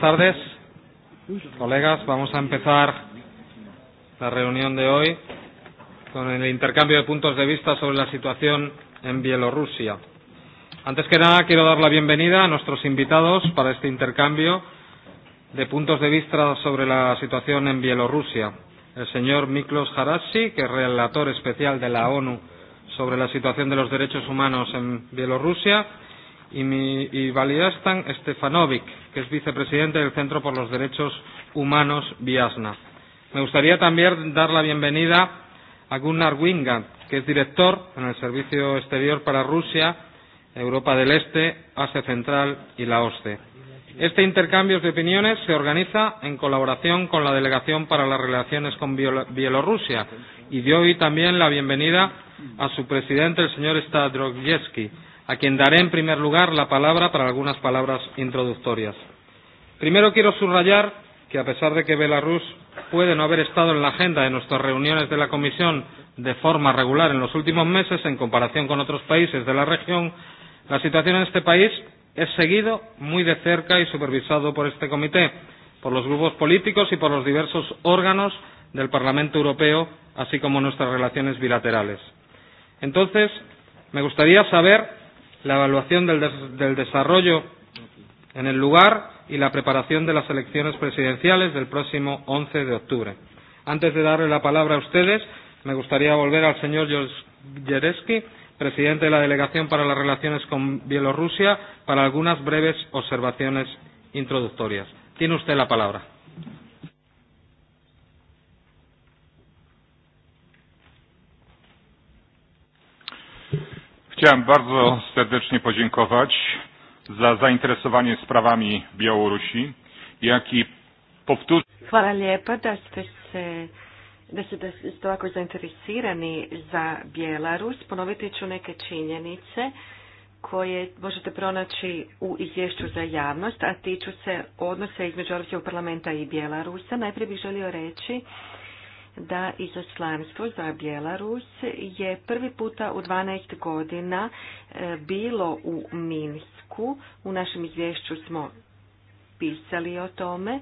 tardes. Colegas, vamos a empezar la reunión de hoy con el intercambio de puntos de vista sobre la situación en Bielorrusia. Antes que nada, quiero dar la bienvenida a nuestros invitados para este intercambio de puntos de vista sobre la situación en Bielorrusia. El señor Miklos Harassi, que es relator especial de la ONU sobre la situación de los derechos humanos en Bielorrusia, y, mi, y Validastan Stefanovic, que es vicepresidente del Centro por los Derechos Humanos Viasna. Me gustaría también dar la bienvenida a Gunnar Wingard, que es director en el Servicio Exterior para Rusia, Europa del Este, Asia Central y la OSCE. Este intercambio de opiniones se organiza en colaboración con la Delegación para las Relaciones con Bielorrusia y dio hoy también la bienvenida a su presidente, el señor Stadrojewski, a quien daré en primer lugar la palabra para algunas palabras introductorias. Primero quiero subrayar que a pesar de que Belarus puede no haber estado en la agenda de nuestras reuniones de la Comisión de forma regular en los últimos meses en comparación con otros países de la región, la situación en este país es seguido muy de cerca y supervisado por este comité, por los grupos políticos y por los diversos órganos del Parlamento Europeo, así como nuestras relaciones bilaterales. Entonces, me gustaría saber la evaluación del, des del desarrollo en el lugar y la preparación de las elecciones presidenciales del próximo 11 de octubre. Antes de darle la palabra a ustedes, me gustaría volver al señor Jereski, presidente de la Delegación para las Relaciones con Bielorrusia, para algunas breves observaciones introductorias. Tiene usted la palabra. Chciałem bardzo serdecznie podziękować za zainteresowanie sprawami Białorusi, jak i powtórz... Hvala lijepa da ste se da ste, zainteresirani za Bjelarus. Ponoviti ću neke činjenice koje možete pronaći u izvješću za javnost, a tiču se odnose između Europskog parlamenta i Bjelarusa. Najprije bih želio reći da izoslanstvo za Bjelarus je prvi puta u 12 godina e, bilo u Minsku. U našem izvješću smo pisali o tome.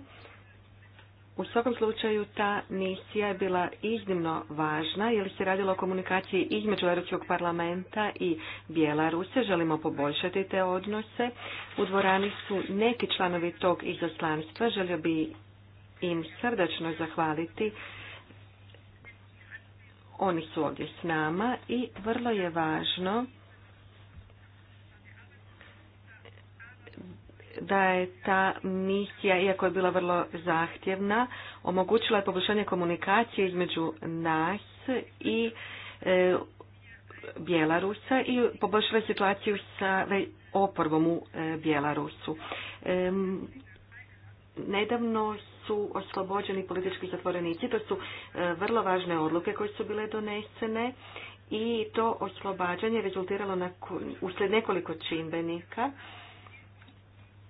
U svakom slučaju ta misija je bila iznimno važna jer se radilo o komunikaciji između Europskog parlamenta i Bjelaruse. Želimo poboljšati te odnose. U dvorani su neki članovi tog izoslanstva. Želio bi im srdačno zahvaliti oni su ovdje s nama i vrlo je važno da je ta misija, iako je bila vrlo zahtjevna, omogućila je poboljšanje komunikacije između nas i e, Bjelarusa i poboljšala je situaciju sa oporbom u e, Bjelarusu. nedavno su oslobođeni politički zatvorenici. To su e, vrlo važne odluke koje su bile donesene i to oslobađanje rezultiralo uslijed nekoliko čimbenika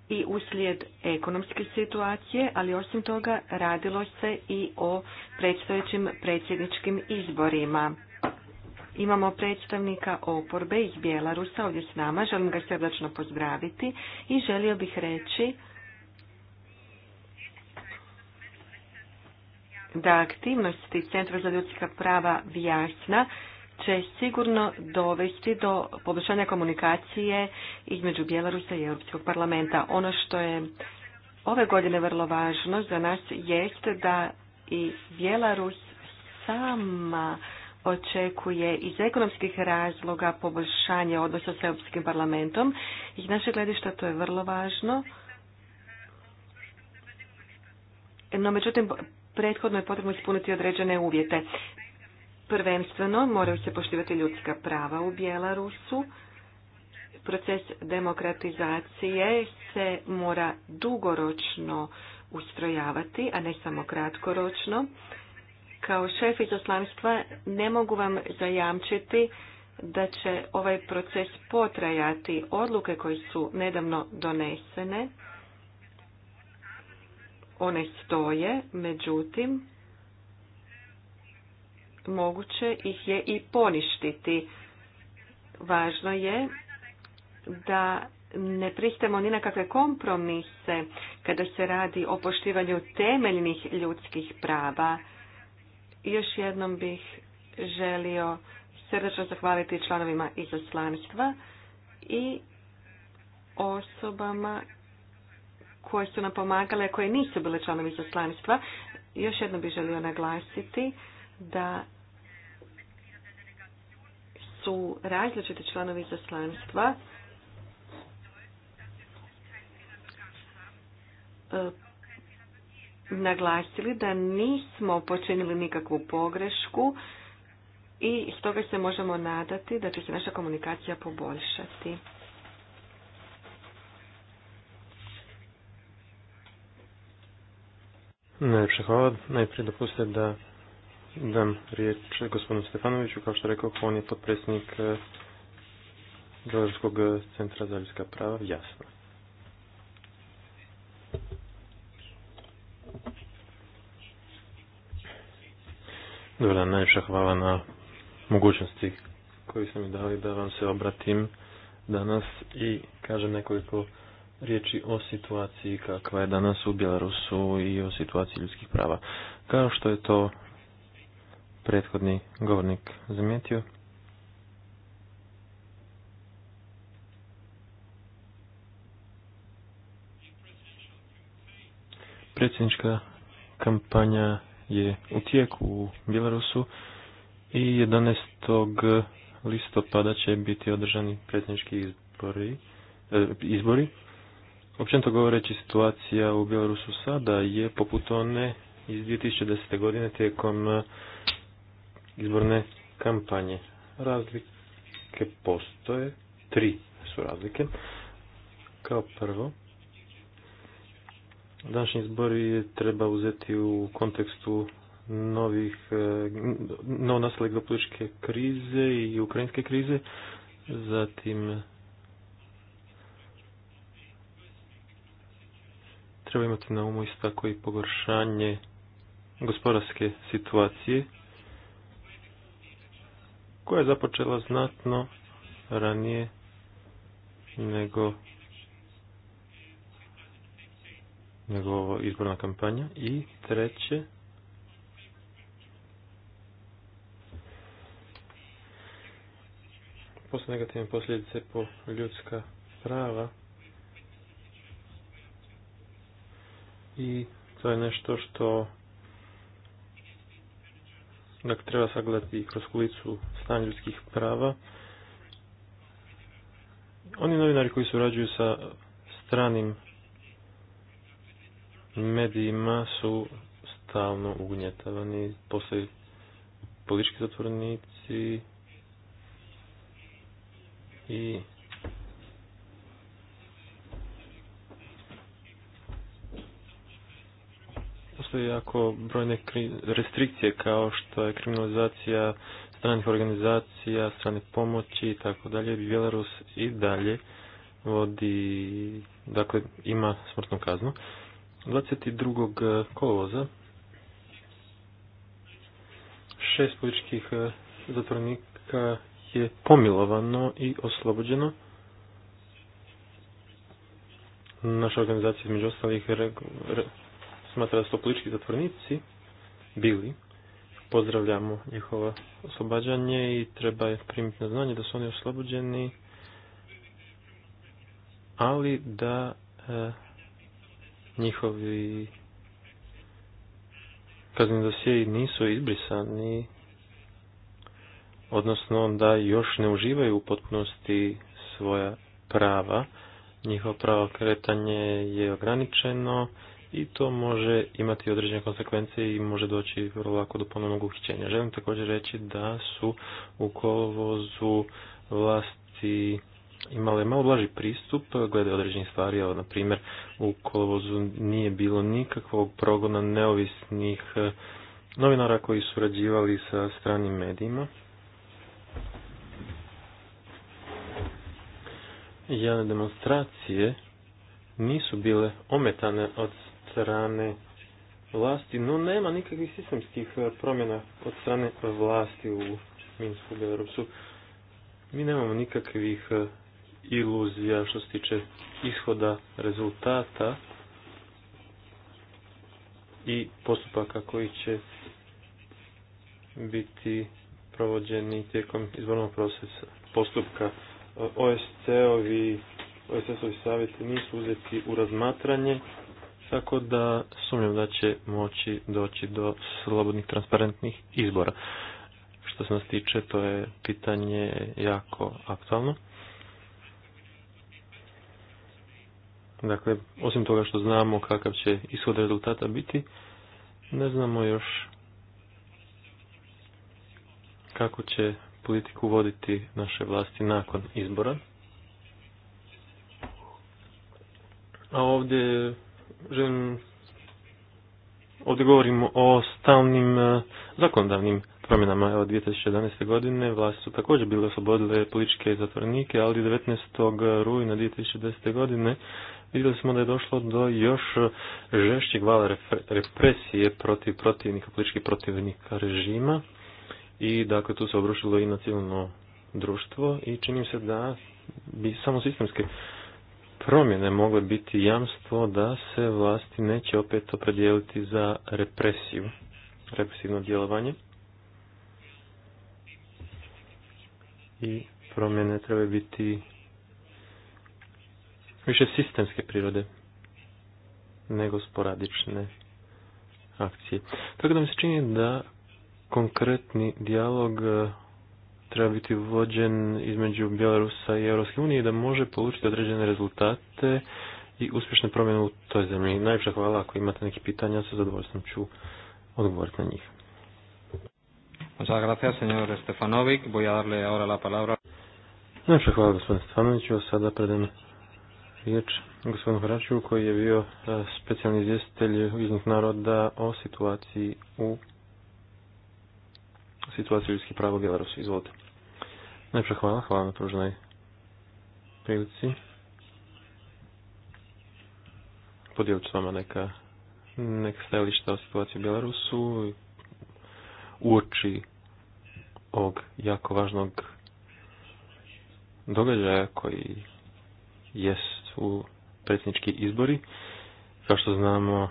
i uslijed ekonomske situacije, ali osim toga radilo se i o predstojećim predsjedničkim izborima. Imamo predstavnika oporbe iz Bjelarusa ovdje s nama, želim ga srdačno pozdraviti i želio bih reći da aktivnosti Centra za ljudska prava Vjasna će sigurno dovesti do poboljšanja komunikacije između Bjelarusa i Europskog parlamenta. Ono što je ove godine vrlo važno za nas jest da i Bjelarus sama očekuje iz ekonomskih razloga poboljšanje odnosa s Europskim parlamentom. Iz našeg gledišta to je vrlo važno. No, međutim, prethodno je potrebno ispuniti određene uvjete. Prvenstveno moraju se poštivati ljudska prava u Bjelarusu. Proces demokratizacije se mora dugoročno ustrojavati, a ne samo kratkoročno. Kao šef Oslanstva ne mogu vam zajamčiti da će ovaj proces potrajati odluke koje su nedavno donesene one stoje, međutim, moguće ih je i poništiti. Važno je da ne pristemo ni na kakve kompromise kada se radi o poštivanju temeljnih ljudskih prava. Još jednom bih želio srdečno zahvaliti članovima izoslanstva i osobama koje su nam pomagale, koje nisu bile članovi zaslanstva. Još jedno bih želio naglasiti da su različiti članovi zaslanstva eh, naglasili da nismo počinili nikakvu pogrešku i toga se možemo nadati da će se naša komunikacija poboljšati. Najljepše hvala. Najprije dopustite da dam riječ gospodinu Stefanoviću. Kao što rekao, on je potpredsjednik Zagrebskog eh, eh, centra za ljudska prava. Jasno. Dobar dan, hvala na mogućnosti koju ste mi dali da vam se obratim danas i kažem nekoliko riječi o situaciji kakva je danas u Bjelarusu i o situaciji ljudskih prava. Kao što je to prethodni govornik zamijetio, predsjednička kampanja je u tijeku u Bjelarusu i 11. listopada će biti održani predsjednički izbori, e, izbori Općenito govoreći, situacija u Bjelorusu sada je poput one iz 2010. godine tijekom e, izborne kampanje. Razlike postoje, tri su razlike. Kao prvo, današnji izbori treba uzeti u kontekstu novih, e, no do političke krize i ukrajinske krize, zatim treba imati na umu isto tako i pogoršanje gospodarske situacije koja je započela znatno ranije nego nego izborna kampanja i treće posle negativne posljedice po ljudska prava i to je nešto što dakle, treba sagledati kroz kulicu stan ljudskih prava. Oni novinari koji surađuju sa stranim medijima su stalno ugnjetavani, postoji politički zatvornici i postoji jako brojne restrikcije kao što je kriminalizacija stranih organizacija, strane pomoći i tako dalje. Bjelarus i dalje vodi, dakle ima smrtnu kaznu. 22. kolovoza šest političkih e, zatvornika je pomilovano i oslobođeno. Naša organizacija između ostalih smatra da su politički zatvornici bili. Pozdravljamo njihovo oslobađanje i treba primiti na znanje da su oni oslobođeni, ali da e, njihovi kazni dosjeji nisu izbrisani, odnosno da još ne uživaju u potpunosti svoja prava. Njihovo pravo kretanje je ograničeno, i to može imati određene konsekvencije i može doći vrlo lako do ponovnog uhićenja. Želim također reći da su u kolovozu vlasti imale malo blaži pristup glede određenih stvari, evo na primjer u kolovozu nije bilo nikakvog progona neovisnih eh, novinara koji su rađivali sa stranim medijima. Jedne demonstracije nisu bile ometane od strane vlasti, no nema nikakvih sistemskih e, promjena od strane vlasti u Minsku Belarusu. Mi nemamo nikakvih e, iluzija što se tiče ishoda rezultata i postupaka koji će biti provođeni tijekom izbornog procesa, postupka. E, OSC-ovi, OSS-ovi savjeti nisu uzeti u razmatranje tako da sumnjam da će moći doći do slobodnih transparentnih izbora. Što se nas tiče, to je pitanje jako aktualno. Dakle, osim toga što znamo kakav će ishod rezultata biti, ne znamo još kako će politiku voditi naše vlasti nakon izbora. A ovdje želim, ovdje govorimo o stalnim e, zakonodavnim promjenama. Evo, 2011. godine vlasti su također bile oslobodile političke zatvornike, ali 19. rujna 2010. godine vidjeli smo da je došlo do još žešćeg vala represije protiv protivnika, političkih protivnika režima i dakle tu se obrušilo i na civilno društvo i čini se da bi samo sistemske promjene mogle biti jamstvo da se vlasti neće opet opredijeliti za represiju, represivno djelovanje. I promjene treba biti više sistemske prirode nego sporadične akcije. Tako da mi se čini da konkretni dijalog treba biti vođen između Bjelorusa i Europske unije da može polučiti određene rezultate i uspješne promjene u toj zemlji. Najljepša hvala ako imate neki pitanja, sa zadovoljstvom ću odgovoriti na njih. Muchas gracias, señor Stefanovic. Voy a darle ahora la palabra. Najljepša hvala sada predam riječ gospodinu Hraču koji je bio eh, specijalni izvjestitelj iznih naroda o situaciji u situaciju ljudskih prava u Bjelarusu. Izvolite. Najpša hvala, hvala na pruženoj prilici. Podijelit ću s vama neka, neka stajališta o situaciji u Bjelarusu uoči ovog jako važnog događaja koji jest u predsjednički izbori. Kao što znamo,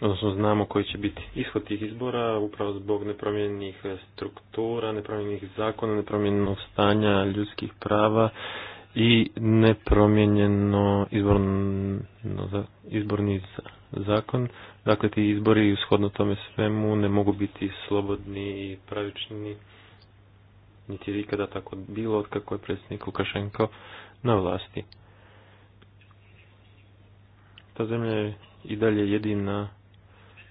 odnosno znamo koji će biti ishod tih izbora upravo zbog nepromjenjenih struktura, nepromjenjenih zakona, nepromjenjenog stanja ljudskih prava i nepromjenjeno izborni zakon. Dakle, ti izbori ushodno tome svemu ne mogu biti slobodni i pravični, niti je ikada tako bilo od kako je predsjednik Lukašenko na vlasti. Ta zemlja je i dalje jedina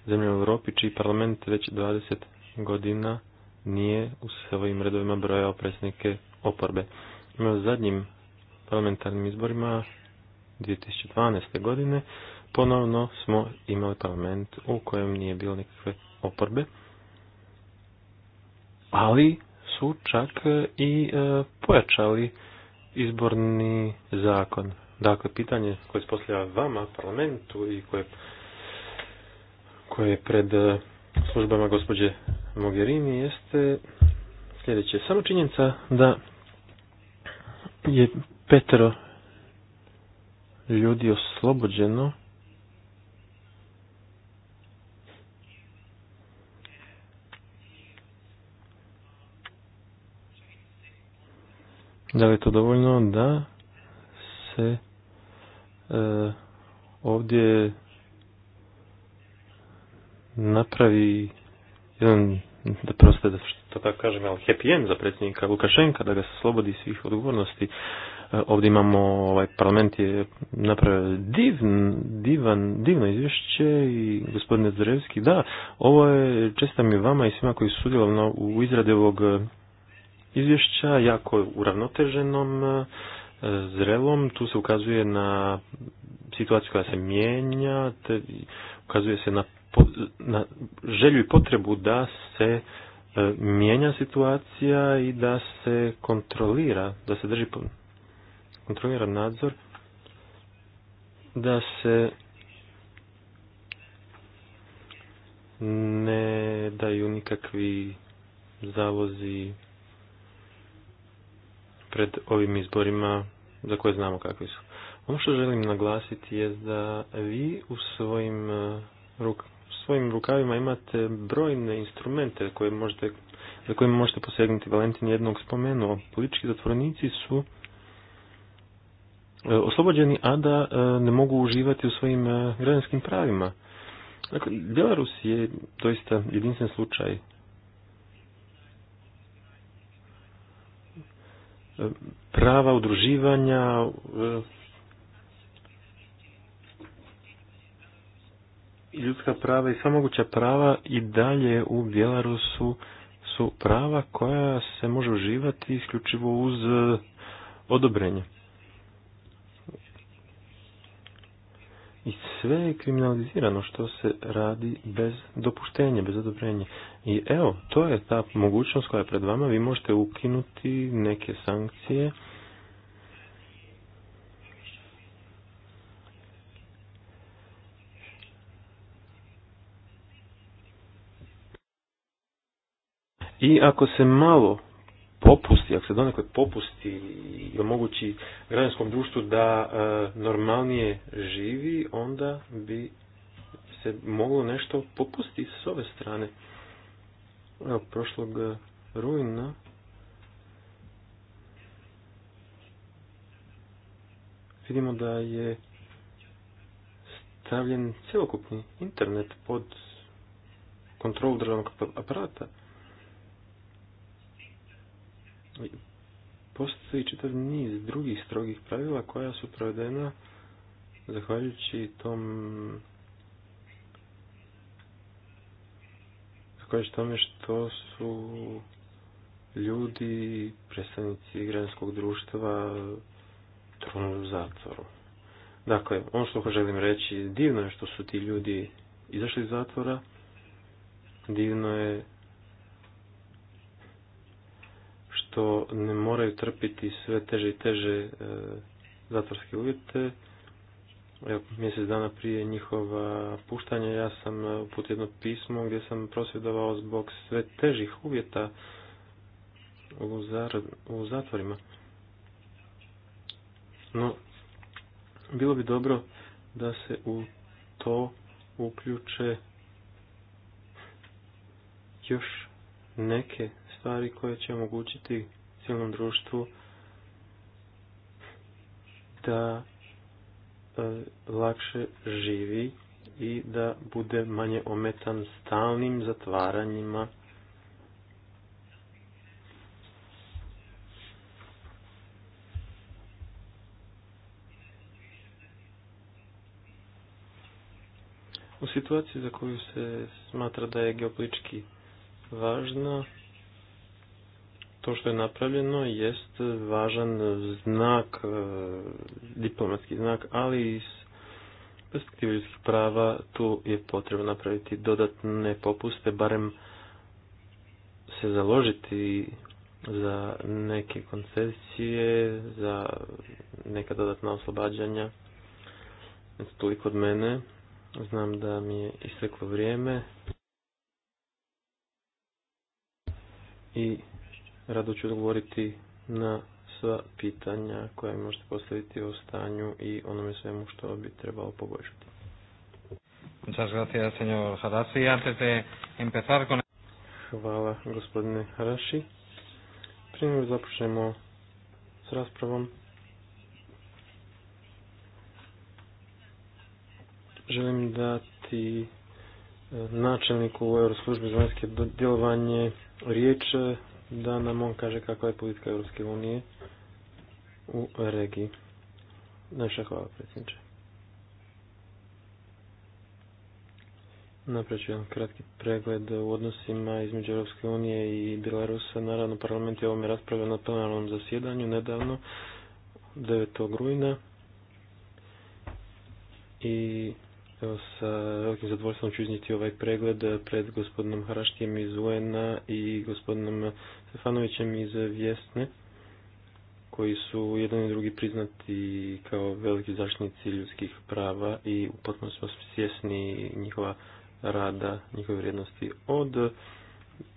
zemlje u Europi čiji parlament već 20 godina nije u svojim redovima brojao predsjednike oporbe. Na zadnjim parlamentarnim izborima 2012. godine ponovno smo imali parlament u kojem nije bilo nikakve oporbe, ali su čak i e, pojačali izborni zakon. Dakle, pitanje koje se postavlja vama, parlamentu i koje koje je pred e, službama gospođe Mogherini jeste sljedeće. Samo činjenica da je petero ljudi oslobođeno Da li je to dovoljno da se e, ovdje napravi jedan, da proste, da što tako kažem, ali happy end za predsjednika Lukašenka, da ga se slobodi svih odgovornosti. E, ovdje imamo, ovaj parlament je napravio divan, divno izvješće i gospodine Zdrevski, da, ovo je, česta mi vama i svima koji su sudjelovali u izrade ovog e, izvješća, jako uravnoteženom, e, zrelom, tu se ukazuje na situaciju koja se mijenja, te ukazuje se na na želju i potrebu da se e, mijenja situacija i da se kontrolira, da se drži kontrolira nadzor, da se ne daju nikakvi zavozi pred ovim izborima za koje znamo kakvi su. Ono što želim naglasiti je da vi u svojim e, rukama svojim rukavima imate brojne instrumente koje možete, za kojima možete posegnuti. Valentin jednog spomenuo. Politički zatvorenici su e, oslobođeni, a da e, ne mogu uživati u svojim e, građanskim pravima. Dakle, Bjelarus je doista jedinstven slučaj. Prava udruživanja, ljudska prava i sva moguća prava i dalje u Bjelarusu su prava koja se može uživati isključivo uz e, odobrenje. I sve je kriminalizirano što se radi bez dopuštenja, bez odobrenja. I evo, to je ta mogućnost koja je pred vama. Vi možete ukinuti neke sankcije I ako se malo popusti, ako se donekle popusti i omogući građanskom društvu da e, normalnije živi, onda bi se moglo nešto popusti s ove strane. Evo, prošlog e, rujna vidimo da je stavljen celokupni internet pod kontrolu državnog aparata. Postoji čitav niz drugih strogih pravila koja su provedena zahvaljujući tom zahvaljujući tome što su ljudi, predstavnici građanskog društva tronu u zatvoru. Dakle, ono što želim reći, divno je što su ti ljudi izašli iz zatvora, divno je To ne moraju trpiti sve teže i teže e, zatvorske uvjete. mjesec dana prije njihova puštanja ja sam e, uputio jedno pismo gdje sam prosvjedovao zbog sve težih uvjeta u zatvorima. No, bilo bi dobro da se u to uključe još neke stvari koje će omogućiti cijelom društvu da e, lakše živi i da bude manje ometan stalnim zatvaranjima U situaciji za koju se smatra da je geopolitički važna, to što je napravljeno jest važan znak, e, diplomatski znak, ali iz perspektive prava tu je potrebno napraviti dodatne popuste, barem se založiti za neke koncesije, za neka dodatna oslobađanja. Toliko od mene. Znam da mi je isteklo vrijeme. I Rado ću odgovoriti na sva pitanja koja možete postaviti o stanju i onome svemu što bi trebalo poboljšati. Hvala, gospodine Harashi. Prije nego započnemo s raspravom, želim dati e, načelniku Euroslužbe za vanjske djelovanje riječ da nam on kaže kakva je politika Europske unije u regiji. Naša hvala predsjedniče. Napravit ću jedan kratki pregled u odnosima između Europske unije i Bjelarusa. Naravno, parlament je ovome raspravljao na plenarnom zasjedanju nedavno, 9. rujna. I Evo, sa velikim zadovoljstvom ću iznijeti ovaj pregled pred gospodinom Haraštijem iz un i gospodinom Stefanovićem iz Vjesne, koji su jedan i drugi priznati kao veliki zaštitnici ljudskih prava i upotno smo svjesni njihova rada, njihove vrijednosti od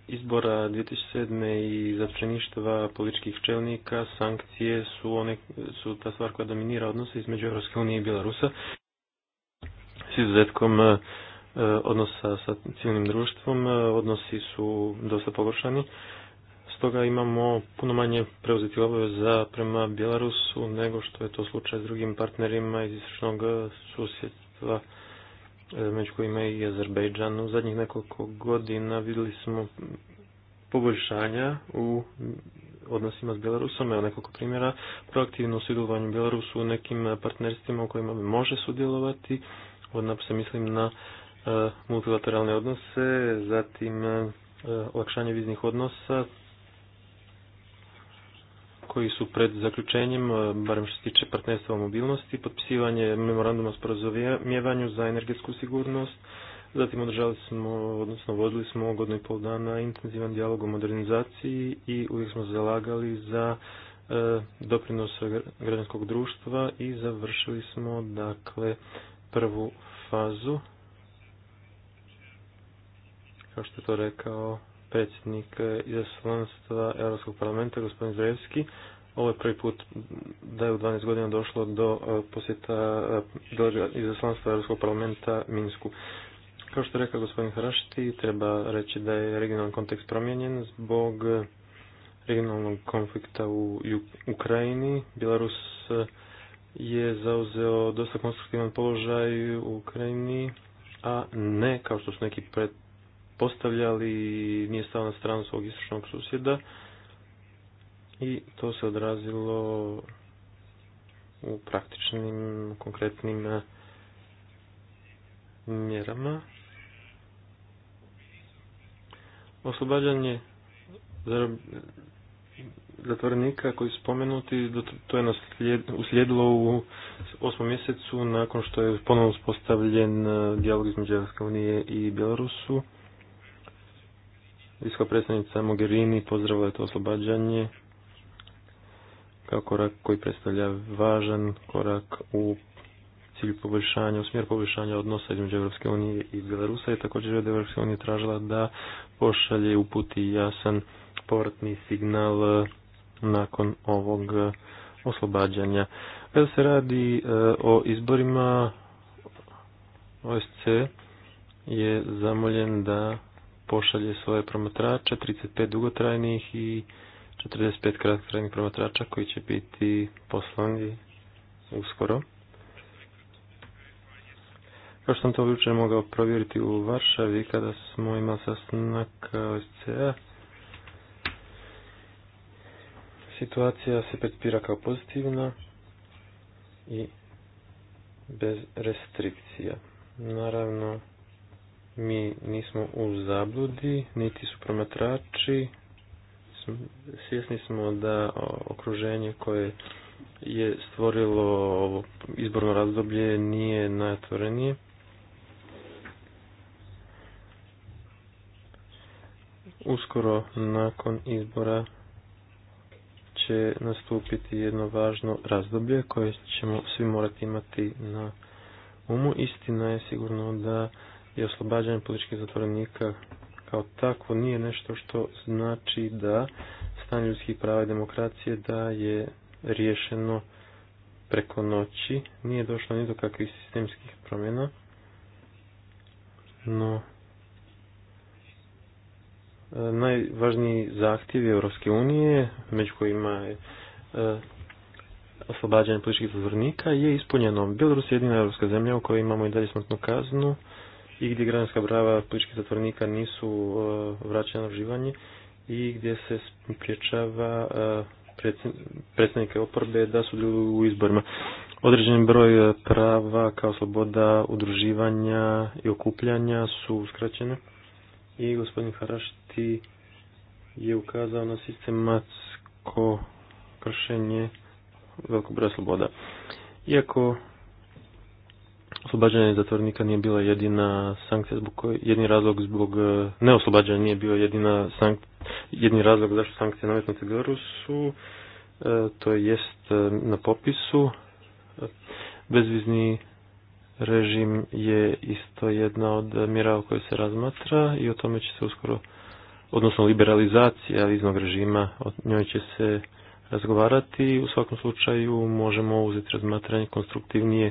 izbora 2007. i zapreništva političkih čelnika, sankcije su, one, su ta stvar koja dominira odnose između Europske unije i Bjelarusa s izuzetkom e, e, odnosa sa civilnim društvom, e, odnosi su dosta pogoršani. Stoga imamo puno manje preuzeti obaveza prema Bjelarusu nego što je to slučaj s drugim partnerima iz istočnog susjedstva među kojima i Azerbejdžan. U zadnjih nekoliko godina vidjeli smo poboljšanja u odnosima s Bjelarusom, evo nekoliko primjera, proaktivno sudjelovanje Bjelarusu u nekim partnerstvima u kojima može sudjelovati se mislim na e, multilateralne odnose, zatim e, olakšanje viznih odnosa koji su pred zaključenjem, e, barem što se tiče partnerstva mobilnosti, potpisivanje memoranduma o sporazumijevanju za energetsku sigurnost, zatim održali smo, odnosno vodili smo godinu i pol dana intenzivan dijalog o modernizaciji i uvijek smo zalagali za doprinos građanskog društva i završili smo dakle prvu fazu. Kao što je to rekao predsjednik izaslanstva Europskog parlamenta, gospodin Zrevski, ovo je prvi put da je u 12 godina došlo do e, posjeta e, izaslanstva Europskog parlamenta Minsku. Kao što je rekao gospodin Hrašti, treba reći da je regionalni kontekst promijenjen zbog regionalnog konflikta u Ukrajini. Bjelarus e, je zauzeo dosta konstruktivan položaj u Ukrajini, a ne, kao što su neki postavljali nije stao na stranu svog istočnog susjeda. I to se odrazilo u praktičnim, konkretnim eh, mjerama. Oslobađanje zatvorenika koji su spomenuti, to je uslijedilo u osmom mjesecu nakon što je ponovno uspostavljen e, dijalog između Evropske unije i Bjelorusu. Visoka predstavnica Mogherini pozdravila je to oslobađanje kao korak koji predstavlja važan korak u cilju poboljšanja, u smjer poboljšanja odnosa između Evropske unije i Belarusa i također od Evropske unije tražila da pošalje uputi jasan povratni signal nakon ovog e, oslobađanja. Kada se radi e, o izborima, OSC je zamoljen da pošalje svoje promatrače, 35 dugotrajnih i 45 kratkotrajnih promatrača koji će biti poslani uskoro. Kao što sam to uvijek mogao provjeriti u Varšavi kada smo imali sastanak OSCE-a, Situacija se percipira kao pozitivna i bez restrikcija. Naravno, mi nismo u zabludi, niti su promatrači. Svjesni smo da okruženje koje je stvorilo ovo izborno razdoblje nije najotvorenije. Uskoro nakon izbora će nastupiti jedno važno razdoblje koje ćemo svi morati imati na umu. Istina je sigurno da je oslobađanje političkih zatvorenika kao takvo nije nešto što znači da stanje ljudskih prava i demokracije da je riješeno preko noći, nije došlo ni do kakvih sistemskih promjena, no najvažniji zahtjevi Europske unije, među kojima je e, oslobađanje političkih zatvornika, je ispunjeno. Bjelorus je jedina europska zemlja u kojoj imamo i dalje smrtnu kaznu i gdje građanska brava političkih zatvornika nisu e, vraćena na živanje i gdje se priječava e, predstavnike oporbe da su u izborima. Određen broj prava kao sloboda udruživanja i okupljanja su uskraćene i gospodin Harašt je ukazao na sistematsko kršenje velikog broja sloboda. Iako oslobađanje zatvornika nije bila jedina sankcija zbog koje, jedni razlog zbog e, neoslobađanja nije bio jedina sank, jedni razlog zašto sankcije nametnute Belorusu, e, to jest e, na popisu. Bezvizni režim je isto jedna od mjera o kojoj se razmatra i o tome će se uskoro odnosno liberalizacija viznog režima, o njoj će se razgovarati. U svakom slučaju možemo uzeti razmatranje konstruktivnije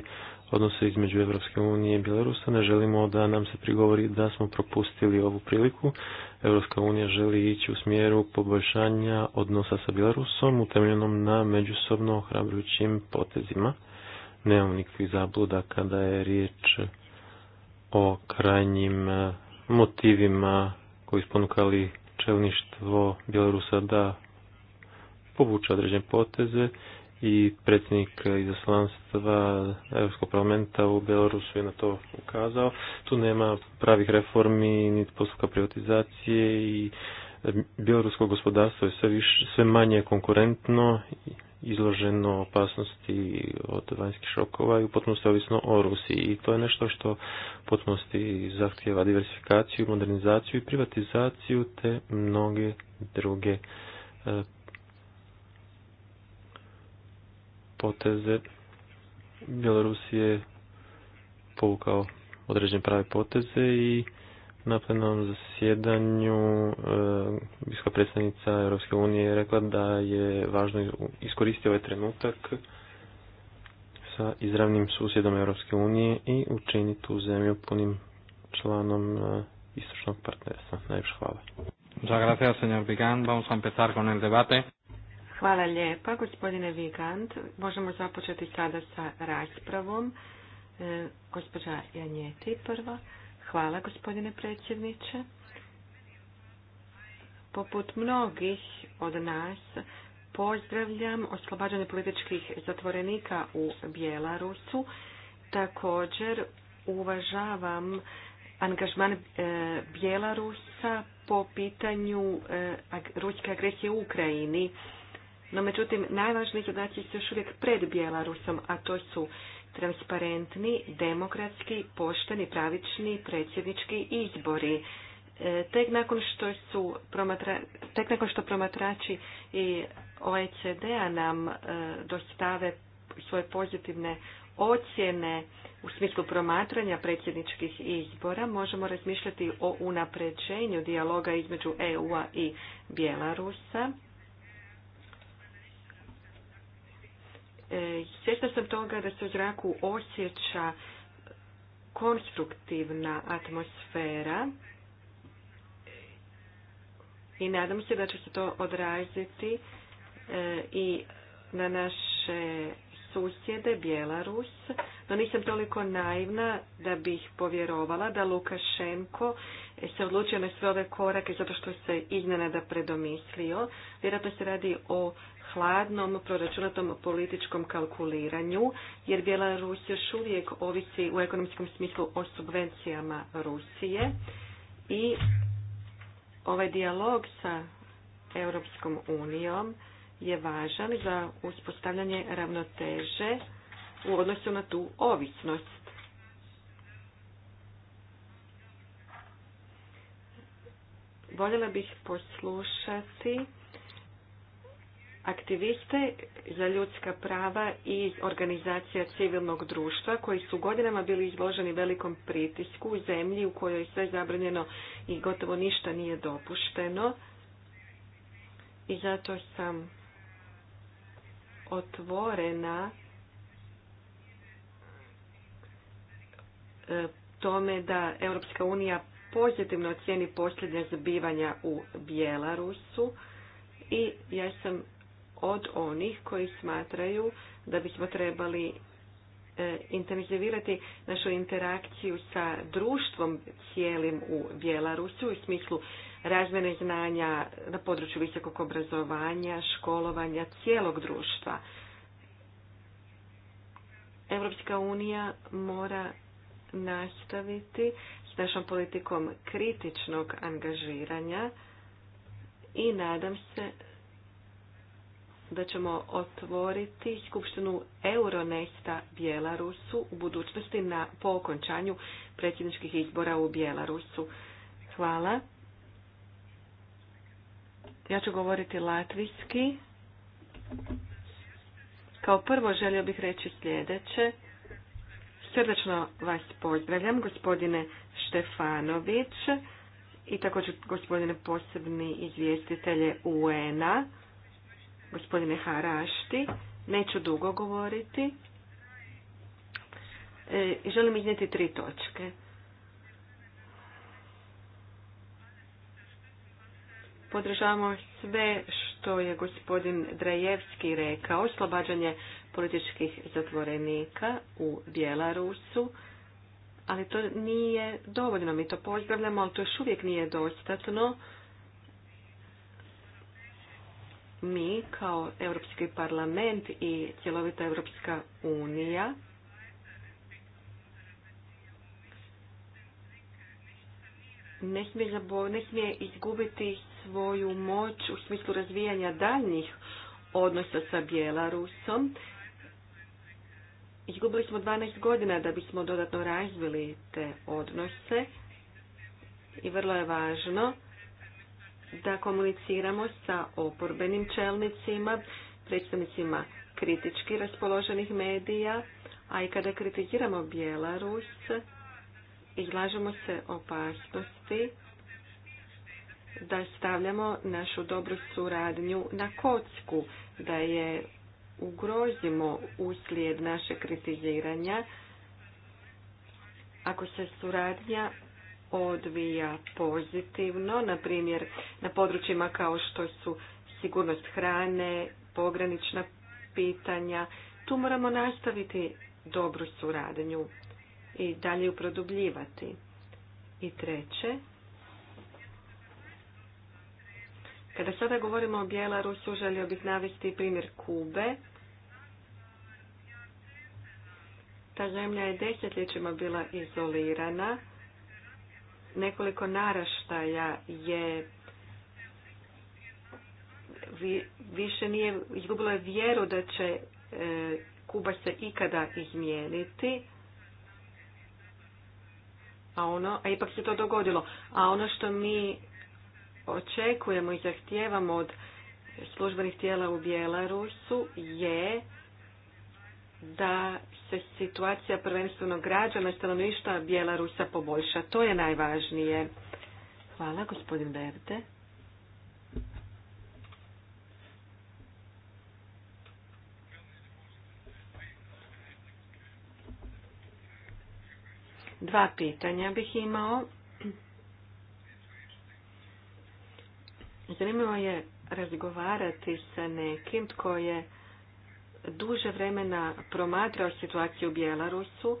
odnose između Europske unije i Bjelorusa. Ne želimo da nam se prigovori da smo propustili ovu priliku. Europska unija želi ići u smjeru poboljšanja odnosa sa Bjelorusom utemljenom na međusobno ohrabrujućim potezima. Nemamo nikakvih zabluda kada je riječ o krajnjim motivima koji su čelništvo Bjelorusa da povuče određene poteze i predsjednik izaslanstva Europskog parlamenta u Bjelorusu je na to ukazao. Tu nema pravih reformi, niti postupka privatizacije i bjelorusko gospodarstvo je sve, sve manje konkurentno izloženo opasnosti od vanjskih šokova i u potpunosti ovisno o Rusiji. I to je nešto što u potpunosti zahtjeva diversifikaciju, modernizaciju i privatizaciju te mnoge druge e, poteze. Bjelorusije povukao određene prave poteze i na plenom zasjedanju e, visoka predstavnica Europske unije je rekla da je važno iskoristiti ovaj trenutak sa izravnim susjedom Europske unije i učiniti tu zemlju punim članom eh, istočnog partnerstva. Najviše hvala. Hvala lijepa, gospodine Vigand. Možemo započeti sada sa raspravom. Eh, gospođa Janjeti prva. Hvala gospodine predsjedniče. Poput mnogih od nas pozdravljam oslobađanje političkih zatvorenika u Bjelarusu. Također uvažavam angažman e, Bjelarusa po pitanju e, ruske agresije u Ukrajini. No međutim, najvažniji zadaci su još uvijek pred Bjelarusom, a to su transparentni, demokratski, pošteni, pravični predsjednički izbori. E, tek nakon što su tek nakon što promatrači i OECD-a nam e, dostave svoje pozitivne ocjene u smislu promatranja predsjedničkih izbora možemo razmišljati o unapređenju dijaloga između EU-a i Bjelarusa. E, svjesna sam toga da se u zraku osjeća konstruktivna atmosfera i nadam se da će se to odraziti e, i na naše susjede Bjelarus, no nisam toliko naivna da bih povjerovala da Lukašenko se odlučio na sve ove korake zato što se iznenada predomislio. Vjerojatno se radi o hladnom proračunatom političkom kalkuliranju, jer Bjelarus još uvijek ovisi u ekonomskom smislu o subvencijama Rusije i ovaj dijalog sa Europskom unijom je važan za uspostavljanje ravnoteže u odnosu na tu ovisnost. Voljela bih poslušati aktiviste za ljudska prava i organizacija civilnog društva koji su godinama bili izloženi velikom pritisku u zemlji u kojoj je sve zabranjeno i gotovo ništa nije dopušteno. I zato sam otvorena e, tome da Europska unija pozitivno ocijeni posljednja zbivanja u Bjelarusu i ja sam od onih koji smatraju da bismo trebali e, intenzivirati našu interakciju sa društvom cijelim u Bjelarusu u smislu razmjene znanja na području visokog obrazovanja, školovanja cijelog društva. Europska unija mora nastaviti s našom politikom kritičnog angažiranja i nadam se da ćemo otvoriti skupštinu Euronesta Bjelarusu u budućnosti na, po okončanju predsjedničkih izbora u Bjelarusu. Hvala. Ja ću govoriti latvijski. Kao prvo želio bih reći sljedeće. Srdačno vas pozdravljam, gospodine Štefanović i također gospodine posebni izvjestitelje UN-a gospodine Harašti. Neću dugo govoriti. E, želim iznijeti tri točke. Podržavamo sve što je gospodin Drajevski rekao, oslobađanje političkih zatvorenika u Bjelarusu, ali to nije dovoljno. Mi to pozdravljamo, ali to još uvijek nije dostatno mi kao Europski parlament i cjelovita Europska unija ne smije, ne smije izgubiti svoju moć u smislu razvijanja daljnjih odnosa sa Bjelarusom. Izgubili smo 12 godina da bismo dodatno razvili te odnose i vrlo je važno da komuniciramo sa oporbenim čelnicima, predstavnicima kritički raspoloženih medija, a i kada kritiziramo Bjelarus, izlažemo se opasnosti da stavljamo našu dobru suradnju na kocku, da je ugrozimo uslijed naše kritiziranja. Ako se suradnja odvija pozitivno, na primjer na područjima kao što su sigurnost hrane, pogranična pitanja. Tu moramo nastaviti dobru suradnju i dalje ju produbljivati. I treće, kada sada govorimo o Bjelarusu, želio bih navesti primjer Kube. Ta zemlja je desetljećima bila izolirana nekoliko naraštaja je više nije izgubilo je vjeru da će e, Kuba se ikada izmijeniti a ono, a ipak se to dogodilo. A ono što mi očekujemo i zahtijevamo od službenih tijela u Bjelarusu je da se situacija prvenstveno građana stanovništva Bjelarusa poboljša. To je najvažnije. Hvala, gospodin Berde. Dva pitanja bih imao. Zanimljivo je razgovarati sa nekim tko je duže vremena promatrao situaciju u Bjelarusu,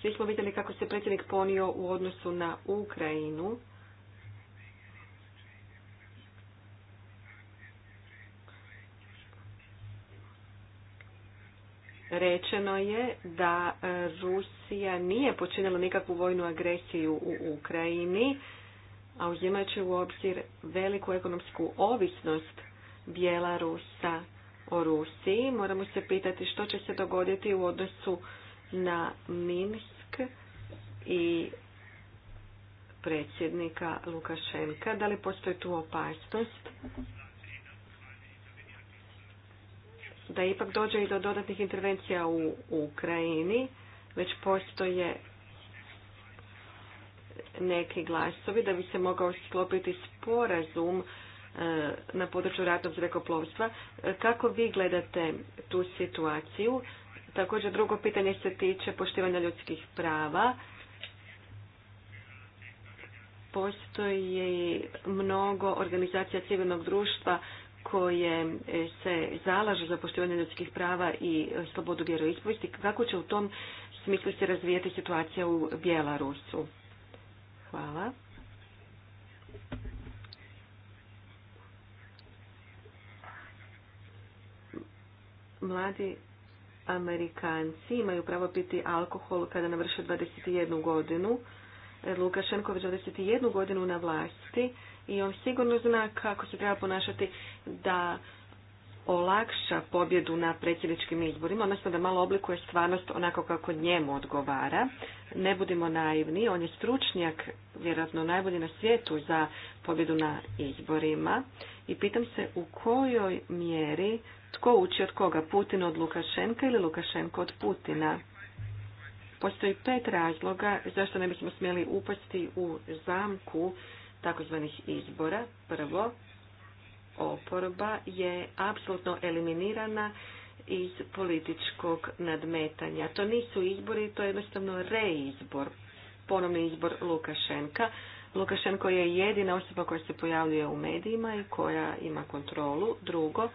svi smo vidjeli kako se predsjednik ponio u odnosu na Ukrajinu. Rečeno je da Rusija nije počinila nikakvu vojnu agresiju u Ukrajini, a uzimajući u obzir veliku ekonomsku ovisnost Bjelarusa o Rusiji, moramo se pitati što će se dogoditi u odnosu na Minsk i predsjednika Lukašenka. Da li postoji tu opasnost? Da ipak dođe i do dodatnih intervencija u Ukrajini, već postoje neki glasovi da bi se mogao sklopiti sporazum e, na području ratnog zrakoplovstva. E, kako vi gledate tu situaciju? Također drugo pitanje se tiče poštivanja ljudskih prava. Postoji mnogo organizacija civilnog društva koje se zalažu za poštivanje ljudskih prava i slobodu vjeroispovijesti Kako će u tom smislu se razvijeti situacija u Bjelarusu? Hvala. Mladi Amerikanci imaju pravo piti alkohol kada navrše 21 godinu. E, Lukašenko je 21 godinu na vlasti i on sigurno zna kako se treba ponašati da olakša pobjedu na predsjedničkim izborima, odnosno da malo oblikuje stvarnost onako kako njemu odgovara. Ne budimo naivni, on je stručnjak, vjerojatno najbolji na svijetu za pobjedu na izborima. I pitam se u kojoj mjeri tko uči od koga, Putin od Lukašenka ili Lukašenko od Putina. Postoji pet razloga zašto ne bismo smjeli upasti u zamku takozvanih izbora. Prvo, oporba je apsolutno eliminirana iz političkog nadmetanja. To nisu izbori, to je jednostavno reizbor, ponovni izbor Lukašenka. Lukašenko je jedina osoba koja se pojavljuje u medijima i koja ima kontrolu. Drugo,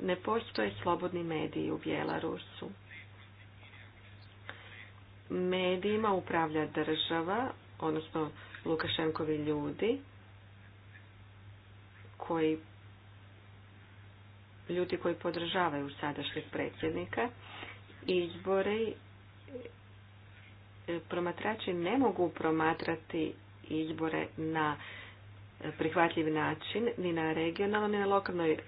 ne postoje slobodni mediji u Bjelarusu. Medijima upravlja država, odnosno Lukašenkovi ljudi koji ljudi koji podržavaju sadašnjeg predsjednika. Izbore... E, promatrači ne mogu promatrati izbore na prihvatljiv način ni na regionalnoj ni na lokalnoj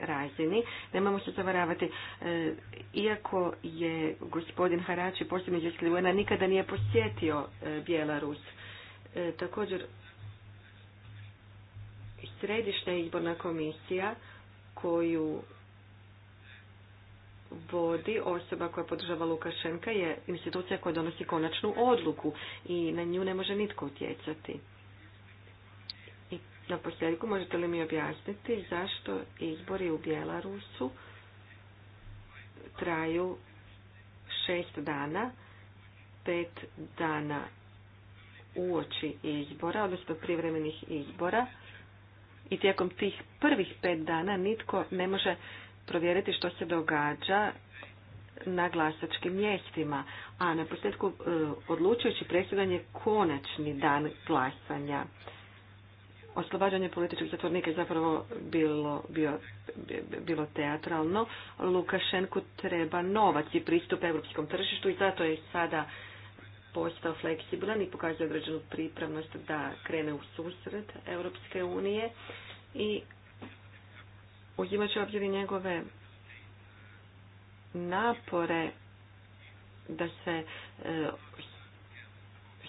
razini. Nemamo se zavaravati. E, iako je gospodin Harači posljednji izvjestitelj nikada nije posjetio e, Bjelarus. Također središnja izborna komisija koju vodi osoba koja podržava Lukašenka je institucija koja donosi konačnu odluku i na nju ne može nitko utjecati. I na posljedku možete li mi objasniti zašto izbori u Bjelarusu traju šest dana, pet dana uoči izbora, odnosno privremenih izbora, i tijekom tih prvih pet dana nitko ne može provjeriti što se događa na glasačkim mjestima, a na posljedku e, odlučujući presudan je konačni dan glasanja. Oslobađanje političkih zatvornika je zapravo bilo, bio, bilo teatralno. Lukašenku treba novac i pristup evropskom tržištu i zato je sada postao fleksibilan i pokazuje određenu pripravnost da krene u susret Europske unije i uzimaće će obzir i njegove napore da se e,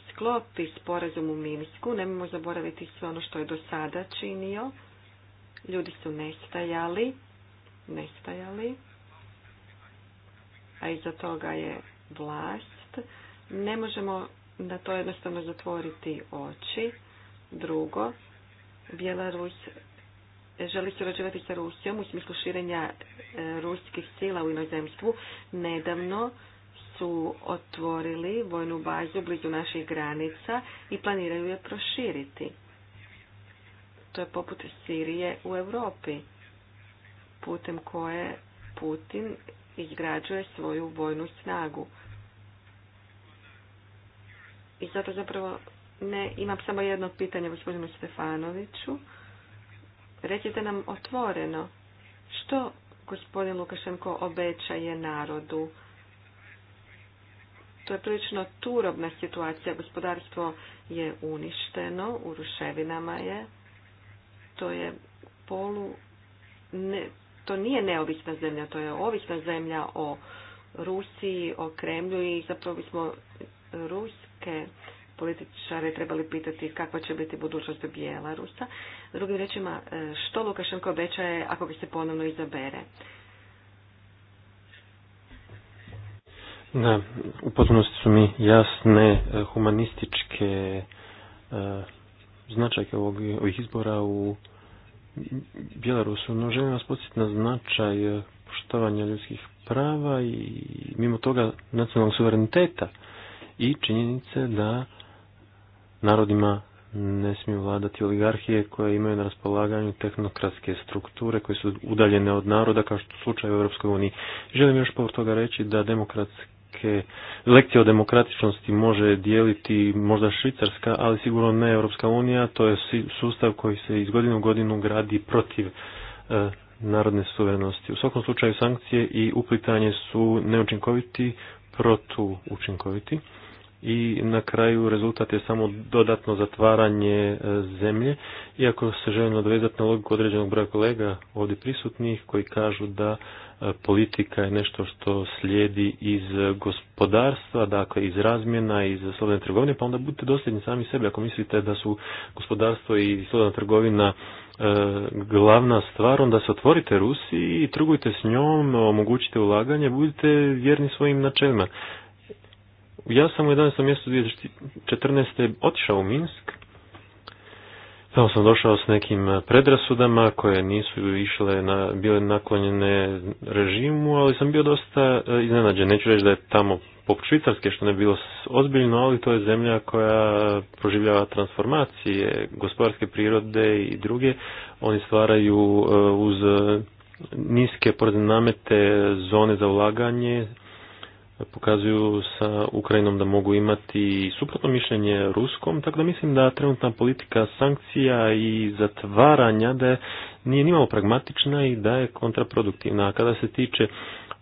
sklopi sporazum u Minsku. Nemojmo zaboraviti sve ono što je do sada činio. Ljudi su nestajali, nestajali, a iza toga je vlast ne možemo na to jednostavno zatvoriti oči. Drugo, Bjelarus želi surađivati sa Rusijom u smislu širenja e, ruskih sila u inozemstvu. Nedavno su otvorili vojnu bazu blizu naših granica i planiraju je proširiti. To je poput Sirije u Europi, putem koje Putin izgrađuje svoju vojnu snagu. I zato zapravo ne, imam samo jedno pitanje gospodinu Stefanoviću. Recite nam otvoreno, što gospodin Lukašenko obećaje narodu? To je prilično turobna situacija, gospodarstvo je uništeno, u ruševinama je, to je polu, ne, to nije neovisna zemlja, to je ovisna zemlja o Rusiji, o Kremlju i zapravo bismo Rus političare trebali pitati kakva će biti budućnost Bjelarusa. Drugim rečima, e, što Lukašenko obećaje ako ga se ponovno izabere? Da, u potpunosti su mi jasne e, humanističke e, značajke ovog, ovih izbora u Bjelarusu, no želim vas podsjetiti na značaj poštovanja ljudskih prava i mimo toga nacionalnog suvereniteta i činjenice da narodima ne smiju vladati oligarhije koje imaju na raspolaganju tehnokratske strukture koje su udaljene od naroda kao što slučaj u Europskoj uniji. Želim još povr toga reći da demokratske lekcije o demokratičnosti može dijeliti možda Švicarska, ali sigurno ne Europska unija, to je sustav koji se iz godine u godinu gradi protiv e, narodne suverenosti. U svakom slučaju sankcije i uplitanje su neučinkoviti, protuučinkoviti i na kraju rezultat je samo dodatno zatvaranje e, zemlje. Iako se želim odvezati na logiku određenog broja kolega ovdje prisutnih koji kažu da e, politika je nešto što slijedi iz gospodarstva, dakle iz razmjena, iz slobodne trgovine, pa onda budite dosljedni sami sebi ako mislite da su gospodarstvo i slobodna trgovina e, glavna stvar, onda se otvorite Rusiji i trgujte s njom, omogućite ulaganje, budite vjerni svojim načelima. Ja sam u 11. mjestu 2014. otišao u Minsk. Tamo sam došao s nekim predrasudama koje nisu išle na, bile naklonjene režimu, ali sam bio dosta e, iznenađen. Neću reći da je tamo poput Švicarske, što ne bilo ozbiljno, ali to je zemlja koja proživljava transformacije gospodarske prirode i druge. Oni stvaraju e, uz e, niske porezne namete zone za ulaganje, pokazuju sa Ukrajinom da mogu imati suprotno mišljenje Ruskom, tako da mislim da trenutna politika sankcija i zatvaranja da je, nije nimalo pragmatična i da je kontraproduktivna. A kada se tiče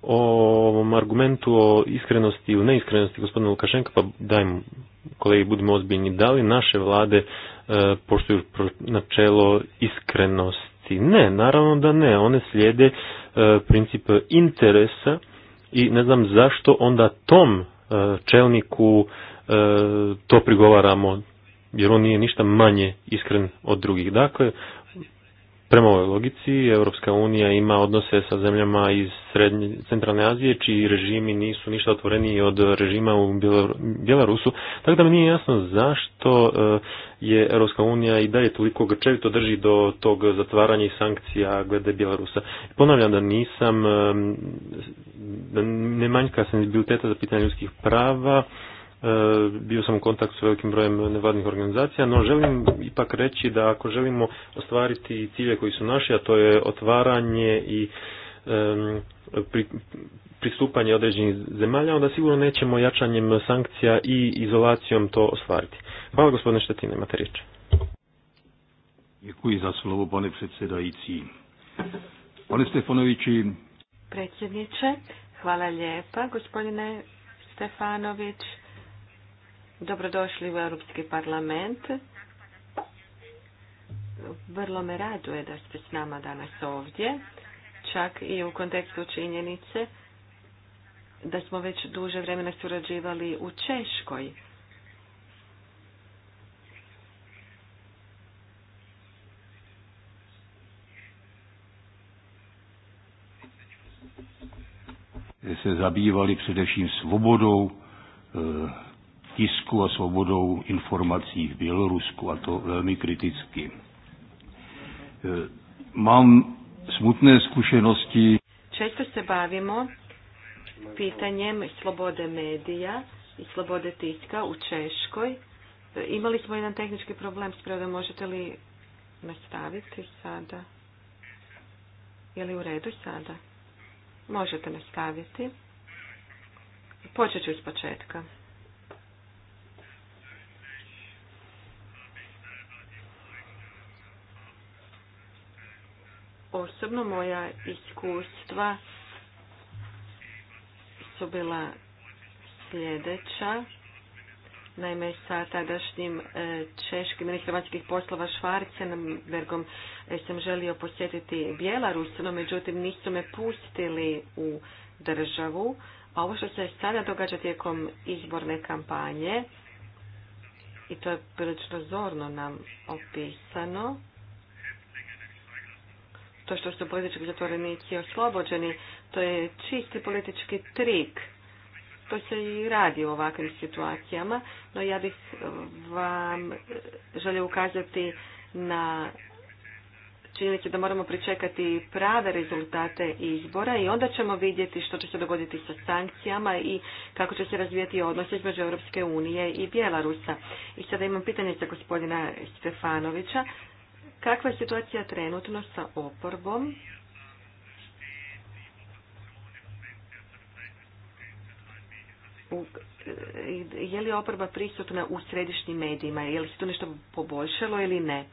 ovom argumentu o iskrenosti ili neiskrenosti gospodina Lukašenka, pa dajmo kolegi budimo ozbiljni, da li naše vlade e, poštuju načelo iskrenosti? Ne, naravno da ne. One slijede e, princip interesa i ne znam zašto onda tom e, čelniku e, to prigovaramo jer on nije ništa manje iskren od drugih. Dakle, Prema ovoj logici, Europska unija ima odnose sa zemljama iz Srednje, Centralne Azije, čiji režimi nisu ništa otvoreniji od režima u Bjelarusu, tako da mi nije jasno zašto e, je Europska unija i dalje toliko grčevito drži do tog zatvaranja i sankcija glede Bjelarusa. Ponavljam da nisam, e, da ne manjka senzibiliteta za pitanje ljudskih prava, E, bio sam u kontakt s velikim brojem nevladnih organizacija, no želim ipak reći da ako želimo ostvariti cilje koji su naši, a to je otvaranje i pristupanje određenih zemalja, onda sigurno nećemo jačanjem sankcija i izolacijom to ostvariti. Hvala gospodine Štetine, imate riječ. za slovo, pane predsjedajci. Pane Stefanovići. Predsjedniče, hvala lijepa, gospodine Stefanović. Dobrodošli u Europski parlament. Vrlo me raduje da ste s nama danas ovdje, čak i u kontekstu činjenice da smo već duže vremena surađivali u Češkoj. se zabývali především svobodou eh, tisku a svobodou informací v a to velmi kriticky. E, mám smutné zkušenosti. Često se bavimo pitanjem slobode medija i slobode tiska u Češkoj. E, imali smo jedan tehnički problem s Možete li nastaviti sada? Je li u redu sada? Možete nastaviti. Počet ću iz početka. osobno moja iskustva su bila sljedeća. Naime, sa tadašnjim e, češkim ministrom vanjskih poslova Švarcenbergom e, sam želio posjetiti Bjelarus, no međutim nisu me pustili u državu. A ovo što se sada događa tijekom izborne kampanje, i to je prilično zorno nam opisano, to što su politički zatvorenici oslobođeni, to je čisti politički trik. To se i radi u ovakvim situacijama, no ja bih eh, vam eh, želio ukazati na činjenicu da moramo pričekati prave rezultate izbora i onda ćemo vidjeti što će se dogoditi sa sankcijama i kako će se razvijati odnos između Europske unije i Bjelarusa. I sada imam pitanje za gospodina Stefanovića. Kakva je situacija trenutno sa oporbom? E, je li oporba prisutna u središnjim medijima? Je li se tu nešto poboljšalo ili ne?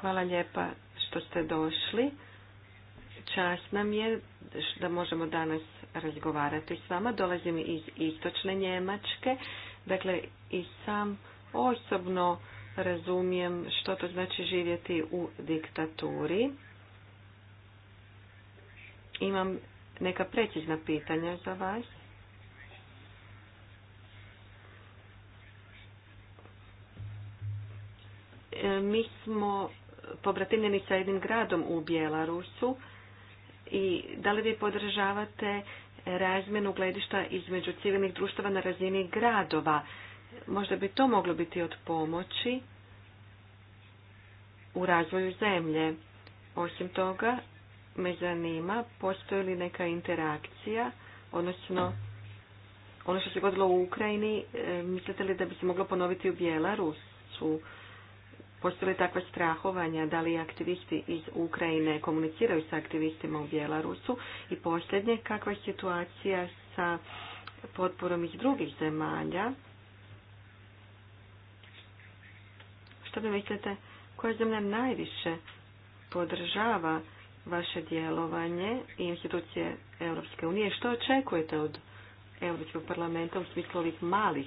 Hvala lijepa što ste došli. Čast nam je da možemo danas razgovarati s vama. Dolazim iz istočne Njemačke Dakle, i sam osobno razumijem što to znači živjeti u diktaturi. Imam neka precizna pitanja za vas. E, mi smo pobratimljeni sa jednim gradom u Bjelarusu i da li vi podržavate razmjenu gledišta između civilnih društava na razini gradova. Možda bi to moglo biti od pomoći u razvoju zemlje. Osim toga, me zanima postoji li neka interakcija, odnosno ono što se godilo u Ukrajini, e, mislite li da bi se moglo ponoviti u Bjelarusu? Postoje takva strahovanja da li aktivisti iz Ukrajine komuniciraju sa aktivistima u Bjelarusu? I posljednje, kakva je situacija sa potporom iz drugih zemalja? Što vi mislite, koja zemlja najviše podržava vaše djelovanje i institucije Europske unije? Što očekujete od Europskog parlamenta u smislu ovih malih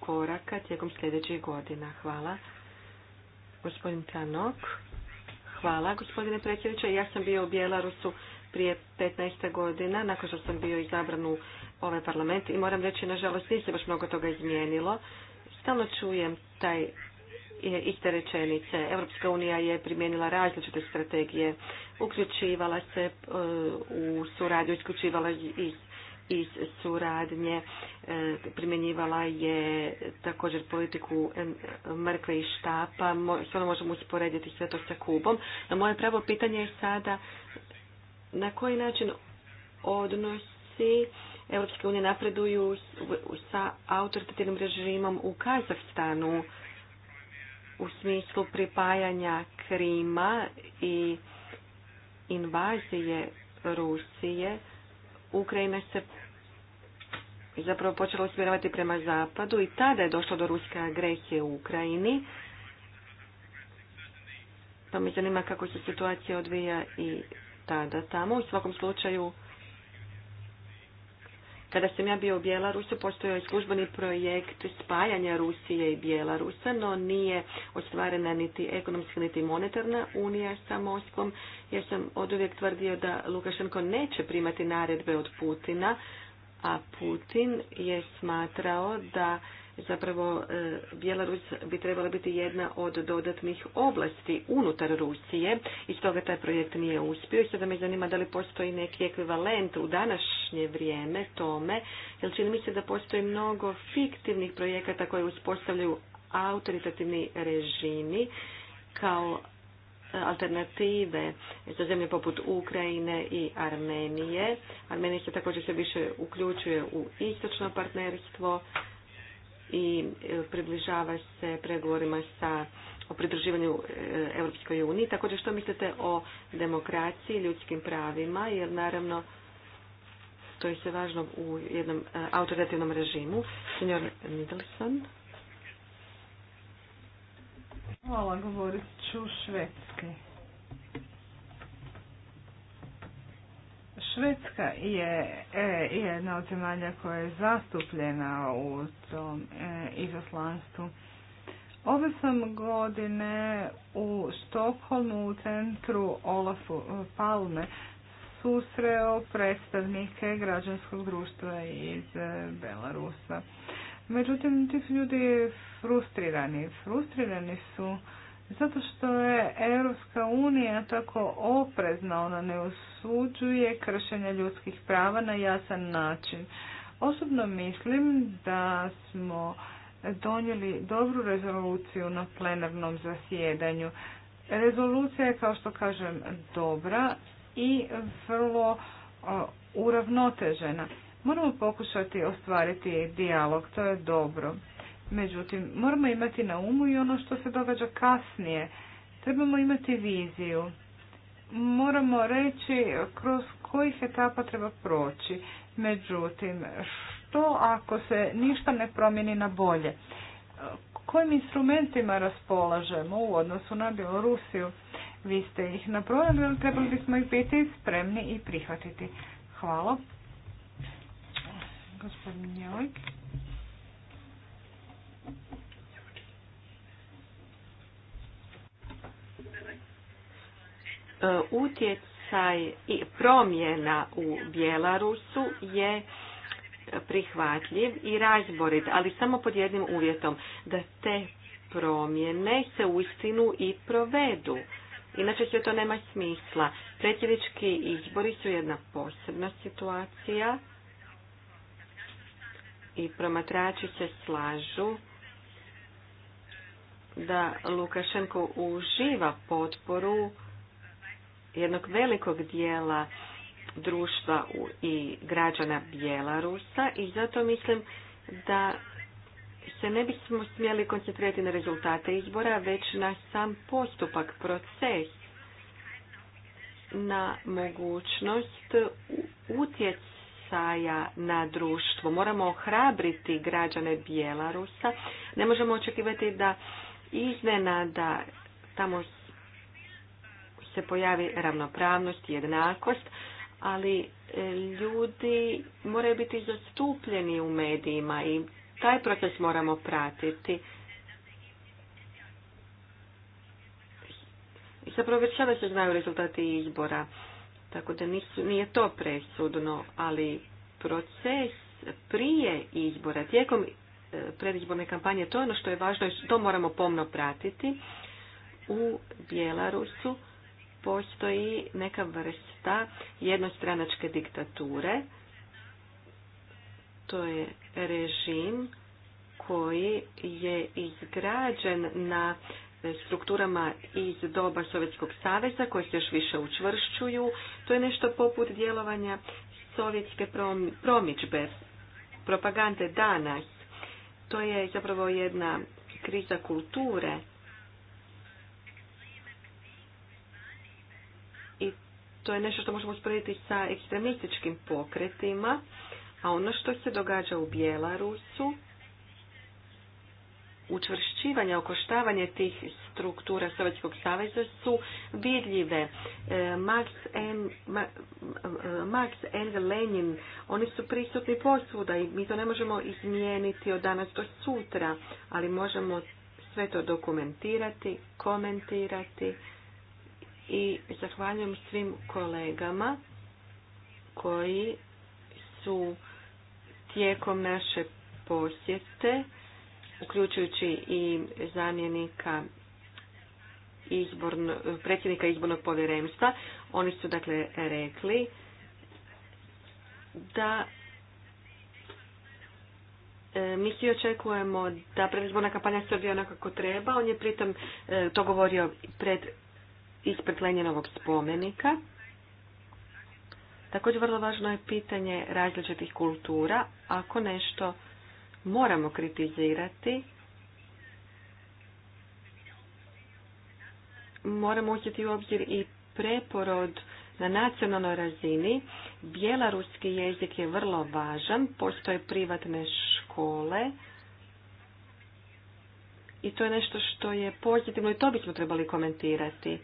koraka tijekom sljedećih godina? Hvala. Gospodin Tanok. Hvala, gospodine predsjedniče. Ja sam bio u Bjelarusu prije 15. godina, nakon što sam bio izabran u ovaj parlament i moram reći, nažalost, nije se baš mnogo toga izmijenilo. Stalno čujem taj e, iste rečenice. Europska unija je primijenila različite strategije, uključivala se e, u suradnju, isključivala iz iz suradnje e, primjenjivala je također politiku mrkve i štapa. Stvarno možemo usporediti sve to sa Kubom. No, moje pravo pitanje je sada na koji način odnosi Europske unije napreduju sa autoritativnim režimom u Kazahstanu u smislu pripajanja Krima i invazije Rusije Ukrajina se zapravo počela usmjeravati prema zapadu i tada je došlo do ruske agresije u Ukrajini. To pa mi zanima kako se situacija odvija i tada tamo. U svakom slučaju kada sam ja bio u Bjelarusu, postojao je službeni projekt spajanja Rusije i Bjelarusa, no nije ostvarena niti ekonomska, niti monetarna unija sa Moskvom, Ja sam od uvijek tvrdio da Lukašenko neće primati naredbe od Putina, a Putin je smatrao da Zapravo, e, Bjelarus bi trebala biti jedna od dodatnih oblasti unutar Rusije i stoga taj projekt nije uspio. I sada me zanima da li postoji neki ekvivalent u današnje vrijeme tome, jer čini mi se da postoji mnogo fiktivnih projekata koje uspostavljaju autoritativni režimi kao e, alternative za zemlje poput Ukrajine i Armenije. Armenija se također sve više uključuje u istočno partnerstvo i e, približava se pregovorima sa o pridruživanju e, Europskoj uniji. Također što mislite o demokraciji i ljudskim pravima, jer naravno to je se važno u jednom e, autoritativnom režimu. Senjor Nidelson. Hvala, govorit ću švedske. Švedska je e, jedna od zemalja koja je zastupljena u tom e, izaslanstvu. Ove sam godine u Stokholmu u centru Olafu e, Palme susreo predstavnike građanskog društva iz Belarusa. Međutim, ti su ljudi frustrirani. Frustrirani su zato što je Europska unija tako oprezna, ona ne osuđuje kršenje ljudskih prava na jasan način. Osobno mislim da smo donijeli dobru rezoluciju na plenarnom zasjedanju. Rezolucija je, kao što kažem, dobra i vrlo uravnotežena. Moramo pokušati ostvariti dijalog, to je dobro. Međutim, moramo imati na umu i ono što se događa kasnije. Trebamo imati viziju. Moramo reći kroz kojih etapa treba proći. Međutim, što ako se ništa ne promijeni na bolje? Kojim instrumentima raspolažemo u odnosu na Bjelorusiju? Vi ste ih nabrojali, ali trebali bismo ih biti spremni i prihvatiti. Hvala. Gospodin Jelik. E, utjecaj i promjena u Bjelarusu je prihvatljiv i razborit, ali samo pod jednim uvjetom, da te promjene se uistinu i provedu. Inače sve to nema smisla. Predsjednički izbori su jedna posebna situacija i promatrači se slažu da Lukašenko uživa potporu jednog velikog dijela društva i građana Bjelarusa i zato mislim da se ne bismo smjeli koncentrirati na rezultate izbora, već na sam postupak, proces, na mogućnost utjecaja na društvo. Moramo ohrabriti građane Bjelarusa. Ne možemo očekivati da iznenada tamo se pojavi ravnopravnost, jednakost, ali e, ljudi moraju biti zastupljeni u medijima i taj proces moramo pratiti. I zapravo već sada se znaju rezultati izbora, tako da nisu, nije to presudno, ali proces prije izbora, tijekom e, predizborne kampanje, to je ono što je važno i to moramo pomno pratiti. U Bjelarusu postoji neka vrsta jednostranačke diktature. To je režim koji je izgrađen na strukturama iz doba Sovjetskog saveza koje se još više učvršćuju. To je nešto poput djelovanja sovjetske promičbe, propagande danas. To je zapravo jedna kriza kulture To je nešto što možemo usporediti sa ekstremističkim pokretima, a ono što se događa u Bjelarusu, učvršćivanje, okoštavanje tih struktura Sovjetskog saveza su vidljive. E, Max, en, Max Lenin, oni su prisutni posvuda i mi to ne možemo izmijeniti od danas do sutra, ali možemo sve to dokumentirati, komentirati i zahvaljujem svim kolegama koji su tijekom naše posjete, uključujući i zamjenika izborno, predsjednika izbornog povjerenstva, oni su dakle rekli da e, mi svi očekujemo da predizborna kampanja se onako kako treba. On je pritom e, to govorio pred ispred Lenjinovog spomenika. Također vrlo važno je pitanje različitih kultura. Ako nešto moramo kritizirati, moramo uzeti u obzir i preporod na nacionalnoj razini. Bjelaruski jezik je vrlo važan, postoje privatne škole i to je nešto što je pozitivno i to bismo trebali komentirati.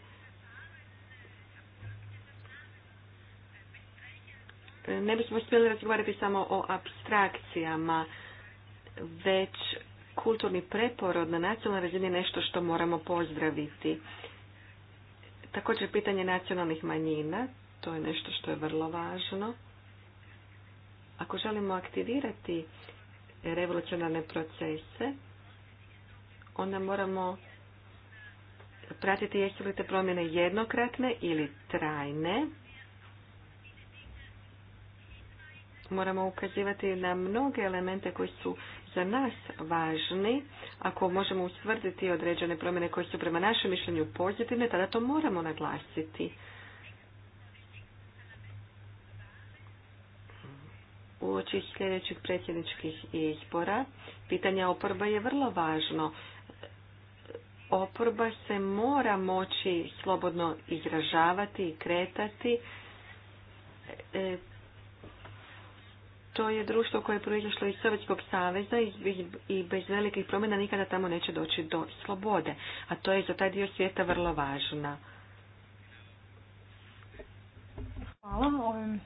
ne bismo smjeli razgovarati samo o abstrakcijama, već kulturni preporod na nacionalnoj razini je nešto što moramo pozdraviti. Također pitanje nacionalnih manjina, to je nešto što je vrlo važno. Ako želimo aktivirati revolucionarne procese, onda moramo pratiti jesu li te promjene jednokratne ili trajne. moramo ukazivati na mnoge elemente koji su za nas važni. Ako možemo ustvrditi određene promjene koje su prema našem mišljenju pozitivne, tada to moramo naglasiti. U oči sljedećih predsjedničkih izbora pitanje oporba je vrlo važno. Oporba se mora moći slobodno izražavati i kretati e, to je društvo koje je proizašlo iz Sovjetskog saveza i bez velikih promjena nikada tamo neće doći do slobode, a to je za taj dio svijeta vrlo važno. Hvala. Ovim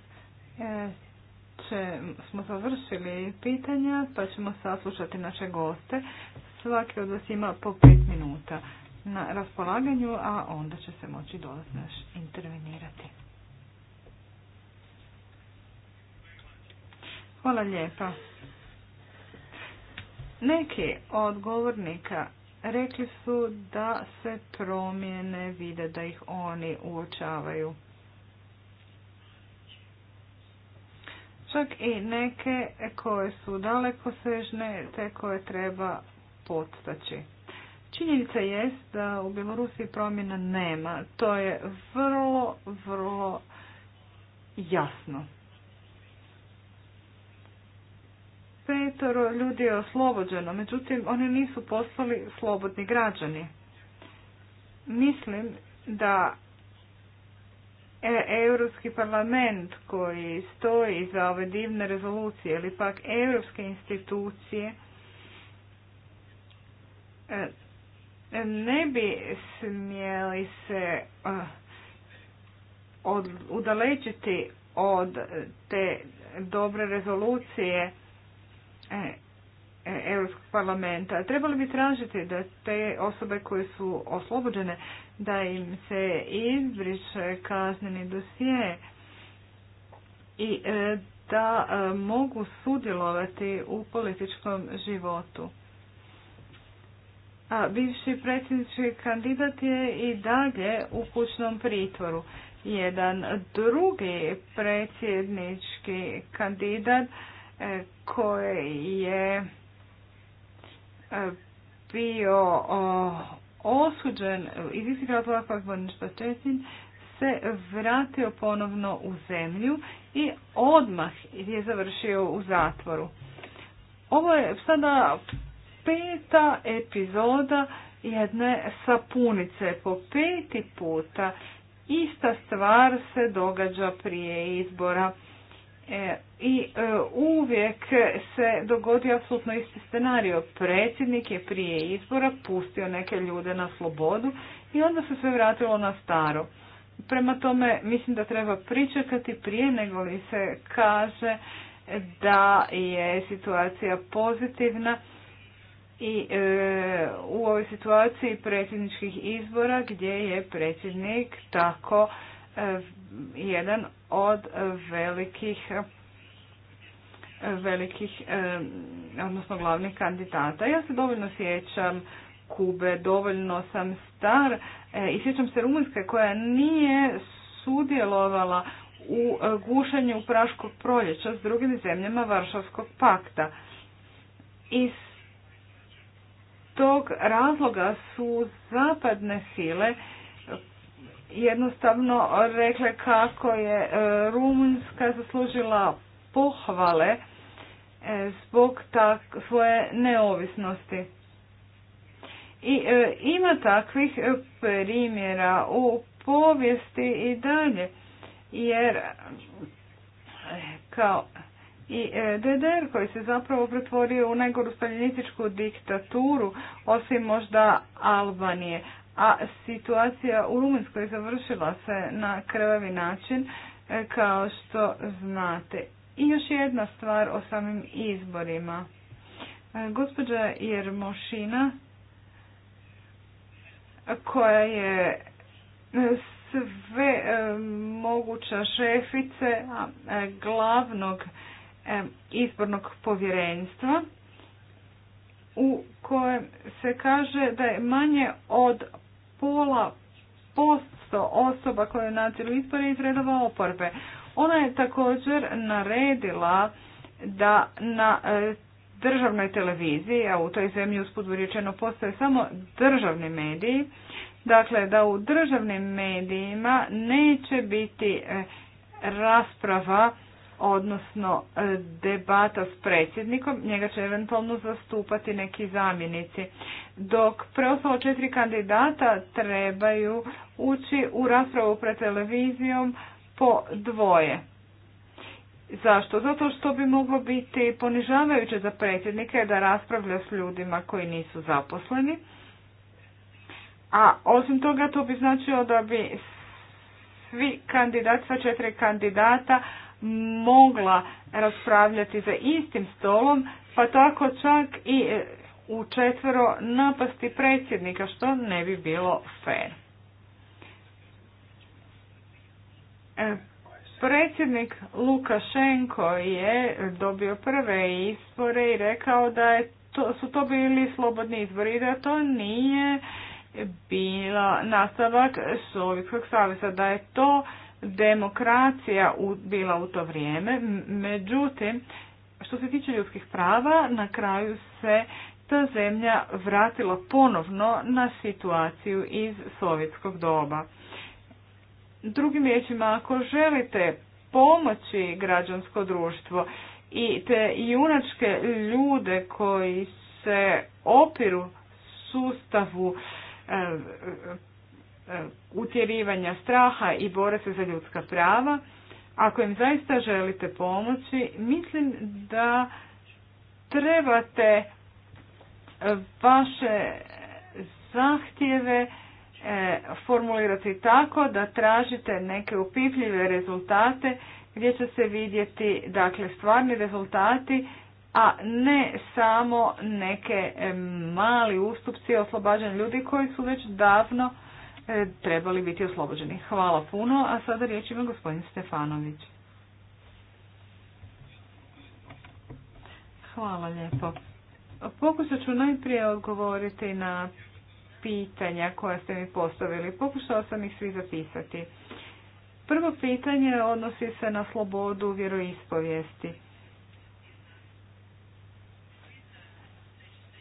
e, smo završili pitanja, pa ćemo saslušati naše goste. Svaki od vas ima po pet minuta na raspolaganju, a onda će se moći dodatno intervenirati. Hvala lijepa. Neki od govornika rekli su da se promjene vide, da ih oni uočavaju. Čak i neke koje su daleko sežne, te koje treba podstaći. Činjenica jest da u Bjelorusiji promjena nema. To je vrlo, vrlo jasno. petoro ljudi je oslobođeno, međutim oni nisu postali slobodni građani. Mislim da e- Europski parlament koji stoji za ove divne rezolucije ili pak europske institucije e, ne bi smjeli se e, udalečiti od te dobre rezolucije E, e, Europskog parlamenta. Trebali bi tražiti da te osobe koje su oslobođene, da im se izbriše kazneni dosije i e, da mogu sudjelovati u političkom životu. A bivši predsjednički kandidat je i dalje u kućnom pritvoru. Jedan drugi predsjednički kandidat E, koji je e, bio osuđen iz istih razloga se vratio ponovno u zemlju i odmah je završio u zatvoru. Ovo je sada peta epizoda jedne sapunice. Po peti puta ista stvar se događa prije izbora. E, I e, uvijek se dogodio apsolutno isti scenario. Predsjednik je prije izbora pustio neke ljude na slobodu i onda se sve vratilo na staro. Prema tome mislim da treba pričekati prije nego li se kaže da je situacija pozitivna i e, u ovoj situaciji predsjedničkih izbora gdje je predsjednik tako jedan od velikih velikih, odnosno glavnih kandidata. Ja se dovoljno sjećam Kube, dovoljno sam star e, i sjećam se Rumunjske koja nije sudjelovala u e, gušenju Praškog proljeća s drugim zemljama Varšavskog pakta. Iz tog razloga su zapadne sile jednostavno rekle kako je e, Rumunjska zaslužila pohvale e, zbog tak, svoje neovisnosti. I e, ima takvih primjera u povijesti i dalje, jer kao i DDR koji se zapravo pretvorio u najgoru staljinističku diktaturu, osim možda Albanije a situacija u Rumunskoj završila se na krvavi način e, kao što znate. I još jedna stvar o samim izborima. E, gospođa Jermošina koja je sve e, moguća šefice glavnog izbornog povjerenstva u kojem se kaže da je manje od pola posto osoba koje nadziru izbore iz redova oporbe. Ona je također naredila da na e, državnoj televiziji, a u toj zemlji usput rečeno postoje samo državni mediji, dakle da u državnim medijima neće biti e, rasprava odnosno e, debata s predsjednikom, njega će eventualno zastupati neki zamjenici. Dok preostalo četiri kandidata trebaju ući u raspravu pred televizijom po dvoje. Zašto? Zato što bi moglo biti ponižavajuće za predsjednike da raspravlja s ljudima koji nisu zaposleni. A osim toga to bi značilo da bi svi kandidati, sva četiri kandidata mogla raspravljati za istim stolom, pa tako čak i e, u četvero napasti predsjednika, što ne bi bilo fair. E, predsjednik Lukašenko je dobio prve izbore i rekao da je to, su to bili slobodni izbori da to nije bila nastavak Sovjetskog saveza, da je to demokracija bila u to vrijeme. Međutim, što se tiče ljudskih prava, na kraju se ta zemlja vratila ponovno na situaciju iz sovjetskog doba. Drugim riječima, ako želite pomoći građansko društvo i te junačke ljude koji se opiru sustavu e, E, utjerivanja straha i bore se za ljudska prava, ako im zaista želite pomoći, mislim da trebate e, vaše zahtjeve e, formulirati tako da tražite neke upipljive rezultate gdje će se vidjeti dakle stvarni rezultati a ne samo neke mali ustupci oslobađanja ljudi koji su već davno E, trebali biti oslobođeni. Hvala puno, a sada riječ ima gospodin Stefanović. Hvala lijepo. Pokušat ću najprije odgovoriti na pitanja koja ste mi postavili. pokušao sam ih svi zapisati. Prvo pitanje odnosi se na slobodu vjeroispovijesti.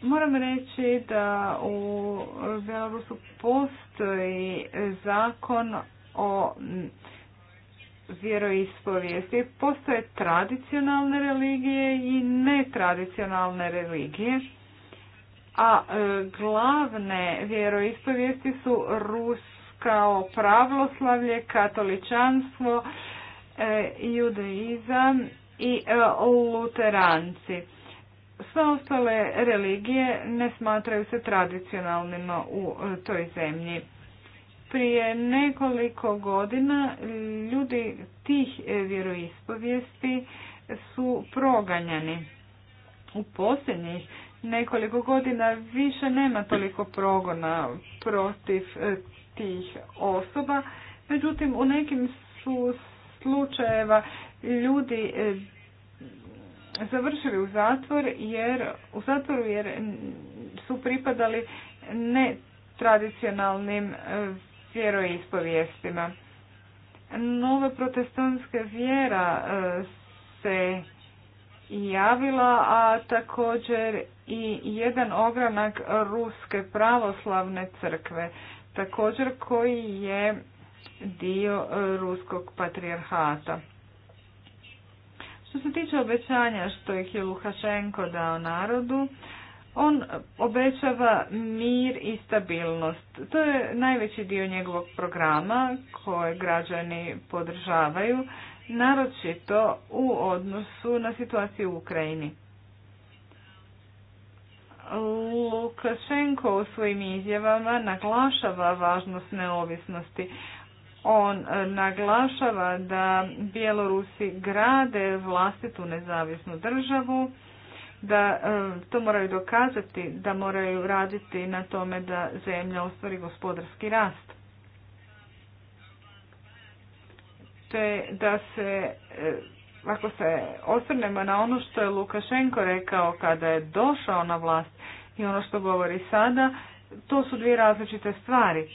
Moram reći da u Belarusu postoji zakon o vjeroispovijesti. Postoje tradicionalne religije i netradicionalne religije, a e, glavne vjeroispovijesti su Ruska kao pravoslavlje, katoličanstvo, e, judaizam i e, luteranci sve ostale religije ne smatraju se tradicionalnima u e, toj zemlji. Prije nekoliko godina ljudi tih e, vjeroispovijesti su proganjani. U posljednjih nekoliko godina više nema toliko progona protiv e, tih osoba. Međutim, u nekim su slučajeva ljudi završili u zatvor jer u zatvoru jer su pripadali ne tradicionalnim e, vjeroispovijestima. Nova protestantska vjera e, se javila, a također i jedan ogranak ruske pravoslavne crkve, također koji je dio e, ruskog patrijarhata. Što se tiče obećanja što ih je Luhašenko dao narodu, on obećava mir i stabilnost. To je najveći dio njegovog programa koje građani podržavaju, naročito u odnosu na situaciju u Ukrajini. Lukašenko u svojim izjavama naglašava važnost neovisnosti, on e, naglašava da Bjelorusi grade vlastitu nezavisnu državu, da e, to moraju dokazati, da moraju raditi na tome da zemlja ostvari gospodarski rast. Te da se, e, ako se osvrnemo na ono što je Lukašenko rekao kada je došao na vlast i ono što govori sada, to su dvije različite stvari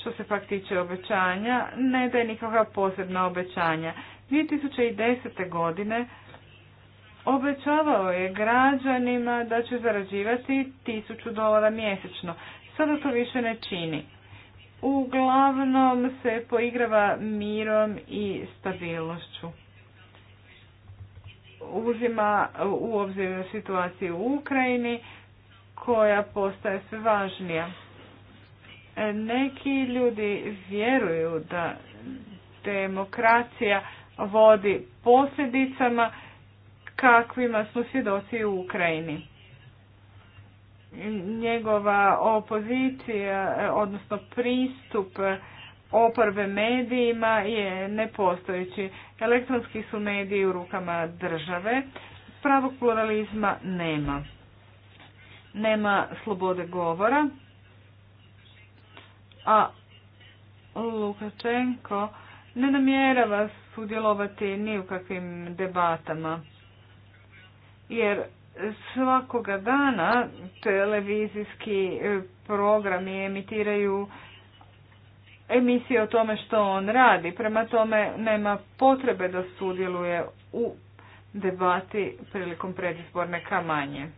što se pak tiče obećanja, ne daje nikakva posebna obećanja. 2010. godine obećavao je građanima da će zarađivati 1000 dolara mjesečno. Sada to više ne čini. Uglavnom se poigrava mirom i stabilnošću. Uzima u obzir situaciju u Ukrajini koja postaje sve važnija. Neki ljudi vjeruju da demokracija vodi posljedicama kakvima smo svjedoci u Ukrajini. Njegova opozicija, odnosno pristup oporbe medijima je nepostojeći. Elektronski su mediji u rukama države, pravog pluralizma nema. Nema slobode govora, a Lukačenko ne namjerava sudjelovati ni u kakvim debatama. Jer svakoga dana televizijski e, programi emitiraju emisije o tome što on radi. Prema tome nema potrebe da sudjeluje u debati prilikom predizborne kamanje.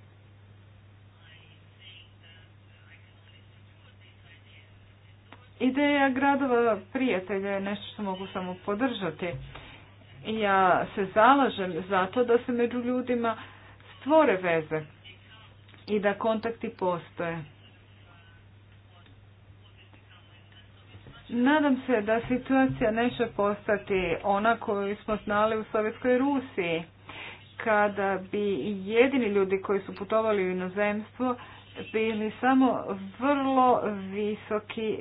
Ideja gradova prijatelja je nešto što mogu samo podržati. Ja se zalažem za to da se među ljudima stvore veze i da kontakti postoje. Nadam se da situacija neće postati ona koju smo znali u Sovjetskoj Rusiji, kada bi jedini ljudi koji su putovali u inozemstvo bili samo vrlo visoki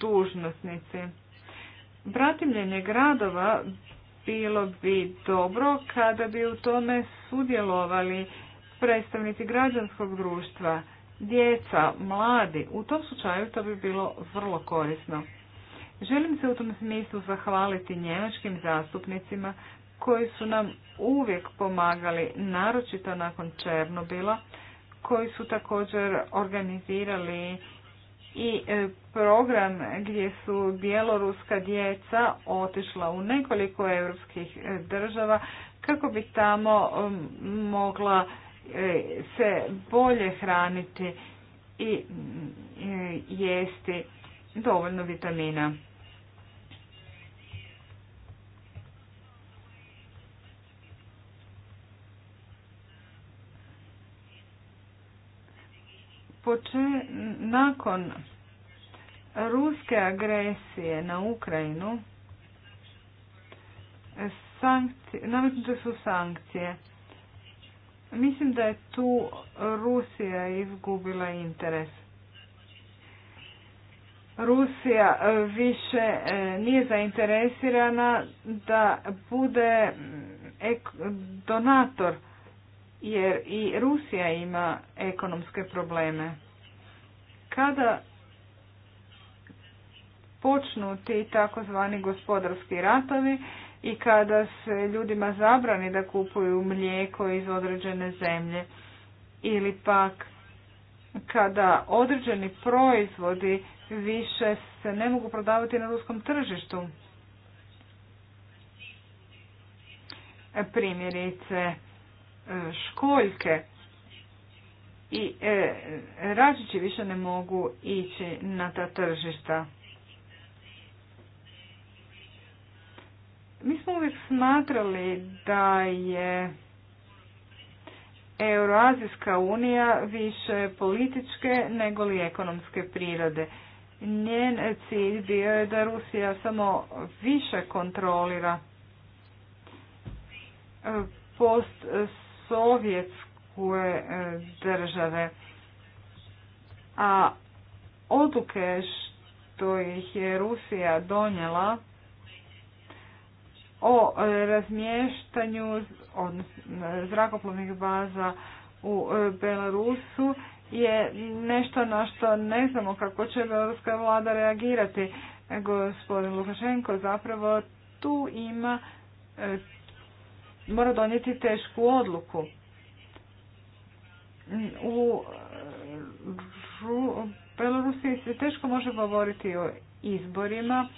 dužnosnici. Bratimljenje gradova bilo bi dobro kada bi u tome sudjelovali predstavnici građanskog društva, djeca, mladi. U tom slučaju to bi bilo vrlo korisno. Želim se u tom smislu zahvaliti njemačkim zastupnicima koji su nam uvijek pomagali, naročito nakon Černobila, koji su također organizirali i e, program gdje su bjeloruska djeca otišla u nekoliko europskih e, država kako bi tamo mogla e, se bolje hraniti i jesti dovoljno vitamina. poče, nakon ruske agresije na Ukrajinu sankcije, su sankcije. Mislim da je tu Rusija izgubila interes. Rusija e, više e, nije zainteresirana da bude donator jer i Rusija ima ekonomske probleme. Kada počnu ti takozvani gospodarski ratovi i kada se ljudima zabrani da kupuju mlijeko iz određene zemlje ili pak kada određeni proizvodi više se ne mogu prodavati na ruskom tržištu. Primjerice, E, školjke i e, više ne mogu ići na ta tržišta. Mi smo uvijek smatrali da je Euroazijska unija više političke nego li ekonomske prirode. Njen cilj bio je da Rusija samo više kontrolira e, post sovjetske države. A odluke što ih je Rusija donijela o razmještanju zrakoplovnih baza u e, Belarusu je nešto na što ne znamo kako će Europska vlada reagirati. Gospodin Lukašenko zapravo tu ima e, mora donijeti tešku odluku. U Belorusiji se teško može govoriti o izborima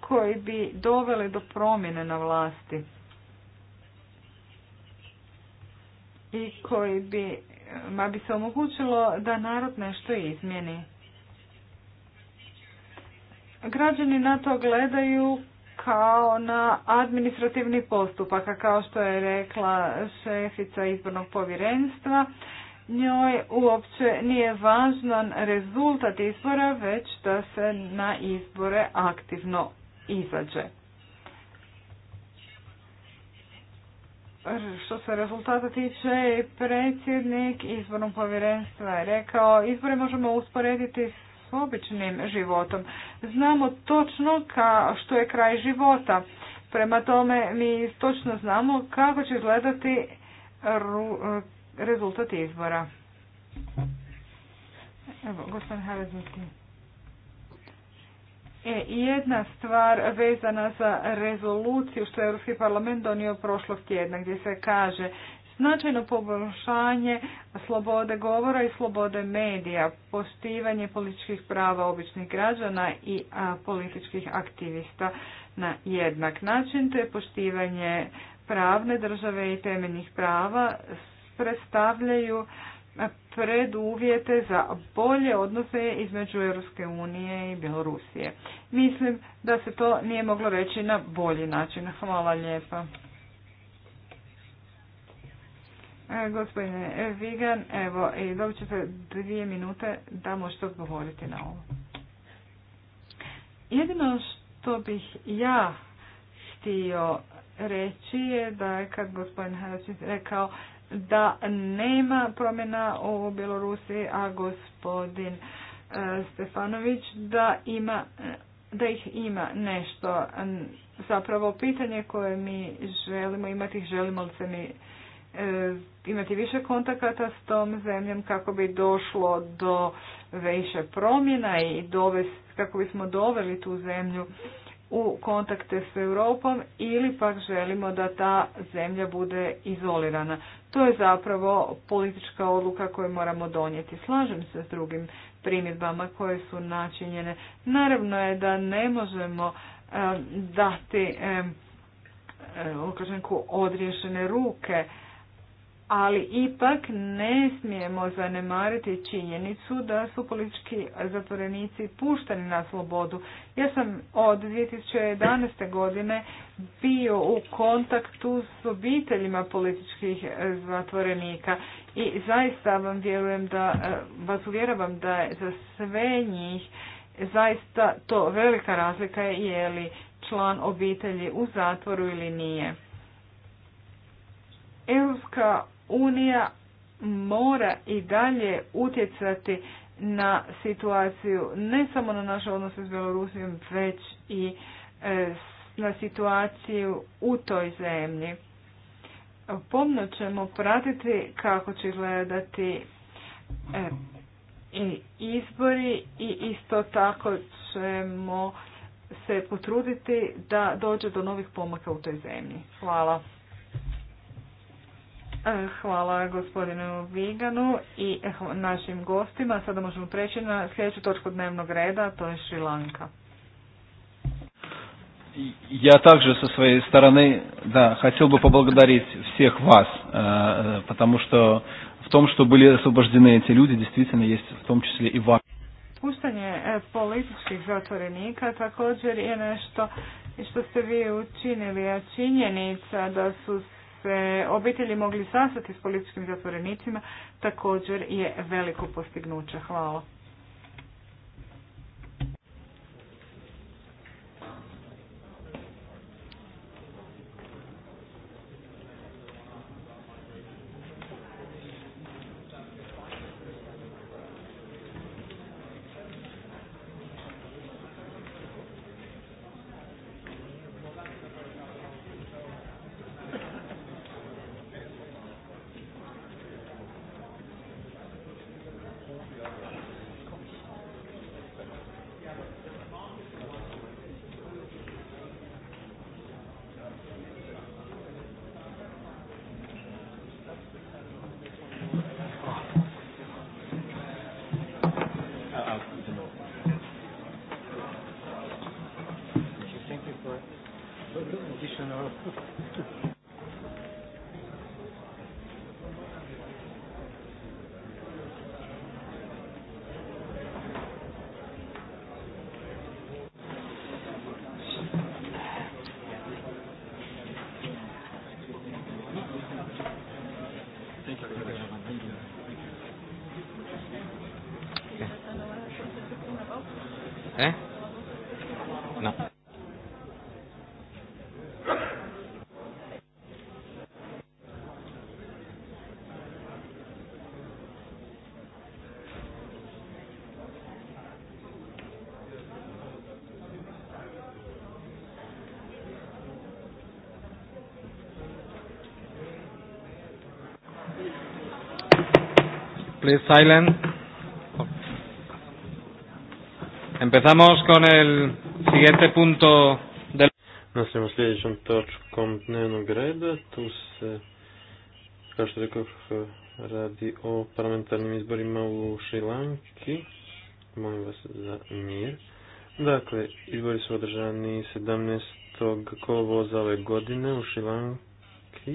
koji bi doveli do promjene na vlasti i koji bi, ma bi se omogućilo da narod nešto izmjeni. Građani na to gledaju kao na administrativni postupak, a kao što je rekla šefica izbornog povjerenstva, njoj uopće nije važan rezultat izbora, već da se na izbore aktivno izađe. Što se rezultata tiče, predsjednik izbornog povjerenstva je rekao, izbore možemo usporediti običnim životom. Znamo točno što je kraj života. Prema tome mi točno znamo kako će izgledati rezultat izbora. Evo, gospodin E, jedna stvar vezana za rezoluciju što je Europski parlament donio prošlog tjedna gdje se kaže značajno poboljšanje slobode govora i slobode medija, poštivanje političkih prava običnih građana i političkih aktivista na jednak način, te poštivanje pravne države i temeljnih prava predstavljaju preduvjete za bolje odnose između Europske unije i Bjelorusije. Mislim da se to nije moglo reći na bolji način. Hvala lijepa. E, gospodine Vigan, evo, dobit ćete dvije minute da možete odgovoriti na ovo. Jedino što bih ja htio reći je da je kad gospodin Haračić rekao da nema promjena u Bjelorusiji, a gospodin e, Stefanović da ima da ih ima nešto. Zapravo pitanje koje mi želimo imati, želimo li se mi E, imati više kontakata s tom zemljom kako bi došlo do više promjena i kako bismo doveli tu zemlju u kontakte s Europom ili pak želimo da ta zemlja bude izolirana. To je zapravo politička odluka koju moramo donijeti. Slažem se s drugim primjedbama koje su načinjene. Naravno je da ne možemo e, dati Lukašenku e, odriješene ruke ali ipak ne smijemo zanemariti činjenicu da su politički zatvorenici pušteni na slobodu. Ja sam od 2011. godine bio u kontaktu s obiteljima političkih zatvorenika i zaista vam vjerujem da vas uvjeravam da je za sve njih zaista to velika razlika je je li član obitelji u zatvoru ili nije. Europska unija mora i dalje utjecati na situaciju ne samo na naše odnose s Belorusijom, već i e, na situaciju u toj zemlji. Pomno ćemo pratiti kako će gledati e, izbori i isto tako ćemo se potruditi da dođe do novih pomaka u toj zemlji. Hvala. Hvala gospodinu Viganu i našim gostima. Sada možemo preći na sljedeću točku dnevnog reda, to je lanka ja также со своей стороны, da хотел bi поблагодарить всех vas e, потому что в том, što были освобождены te люди, действительно есть в том числе i ваш. Puštanje e, političkih zatvorenika također je nešto što ste vi učinili, a činjenica da su se dakle, obitelji mogli sastati s političkim zatvorenicima također je veliko postignuće. Hvala. Please silent. Empezamos con el siguiente punto del... Nastavljamo sljedećom točkom dnevnog reda. Tu se, kao što radi o parlamentarnim izborima u Šrilanki. Molim vas za mir. Dakle, izbori su održani 17. kolovoza ove godine u Šrilanki.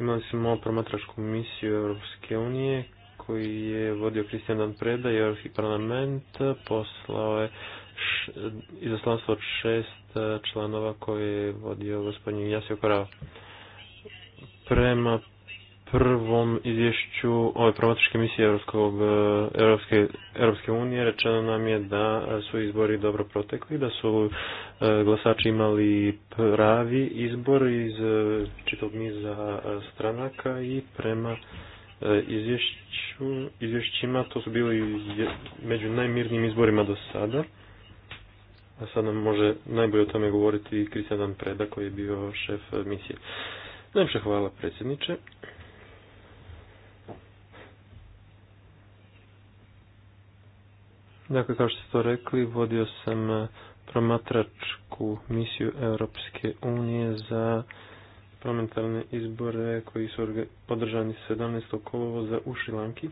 Imali smo promatračku misiju Europske unije koji je vodio Kristijan Preda i Europski parlament poslao je izaslanstvo od šest e, članova koje je vodio gospodin Jasio Korao. Prema prvom izvješću ove promotričke misije Europskog, e, Europske, unije rečeno nam je da su izbori dobro protekli, da su e, glasači imali pravi izbor iz čitog niza stranaka i prema E, izvješću, izvješćima. To su bili među najmirnijim izborima do sada. A sad nam može najbolje o tome govoriti Dan Preda koji je bio šef misije. Najpša hvala predsjedniče. Dakle, kao što ste to rekli, vodio sam promatračku misiju Europske unije za parlamentarne izbore koji su podržani 17. kolovoza u Šilanki.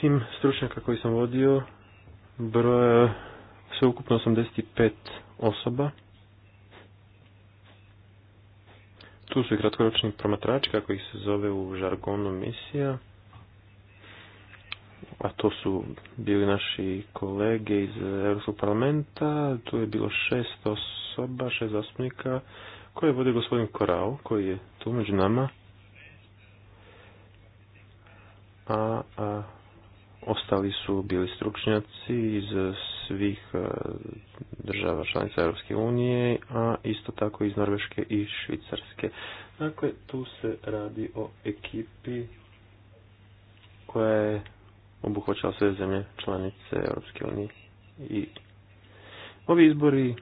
Tim stručnjaka koji sam vodio broja sve ukupno 85 osoba. Tu su i kratkoročni promatrači, kako ih se zove u žargonu misija a to su bili naši kolege iz Europskog parlamenta, tu je bilo šest osoba, šest zastupnika, koje vodi gospodin Korao, koji je tu među nama, a, a ostali su bili stručnjaci iz svih e, država članica Europske unije, a isto tako iz Norveške i Švicarske. Dakle, tu se radi o ekipi koja je obuhvaćao sve zemlje članice Europske unije. I ovi izbori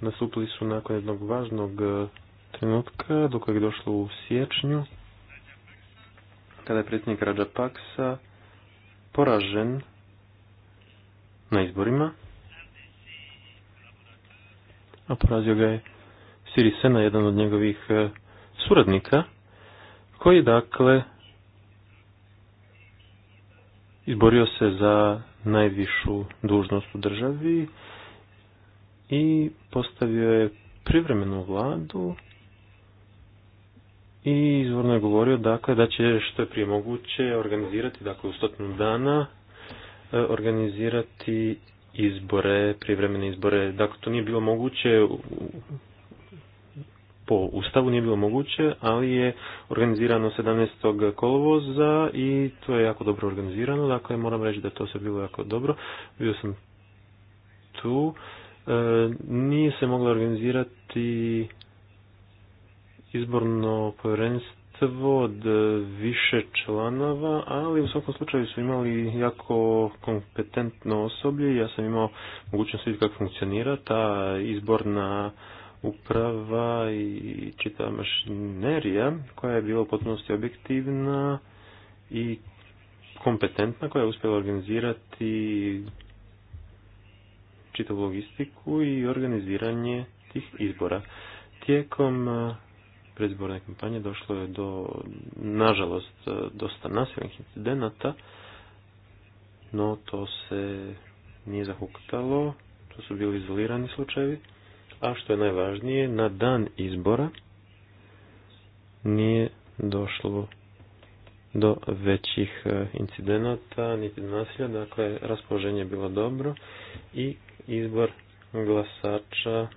nastupili su nakon jednog važnog e, trenutka do kojeg je došlo u siječnju kada je predsjednik Rađa Paksa poražen na izborima a porazio ga je Sirisena, jedan od njegovih e, suradnika koji dakle izborio se za najvišu dužnost u državi i postavio je privremenu vladu i izvorno je govorio dakle da će što je prije moguće organizirati dakle u stotinu dana e, organizirati izbore, privremene izbore. Dakle, to nije bilo moguće po ustavu nije bilo moguće, ali je organizirano 17. kolovoza i to je jako dobro organizirano, dakle moram reći da to se bilo jako dobro. Bio sam tu, e, nije se moglo organizirati izborno povjerenstvo od više članova, ali u svakom slučaju su imali jako kompetentno osoblje. Ja sam imao mogućnost vidjeti kako funkcionira ta izborna uprava i čitava mašinerija koja je bila u potpunosti objektivna i kompetentna koja je uspjela organizirati čitavu logistiku i organiziranje tih izbora. Tijekom eh, predizborne kampanje došlo je do, nažalost, eh, dosta nasilnih incidenata, no to se nije zahuktalo, to su bili izolirani slučajevi a što je najvažnije, na dan izbora nije došlo do većih e, incidenata, niti nasilja, dakle raspoloženje je bilo dobro i izbor glasača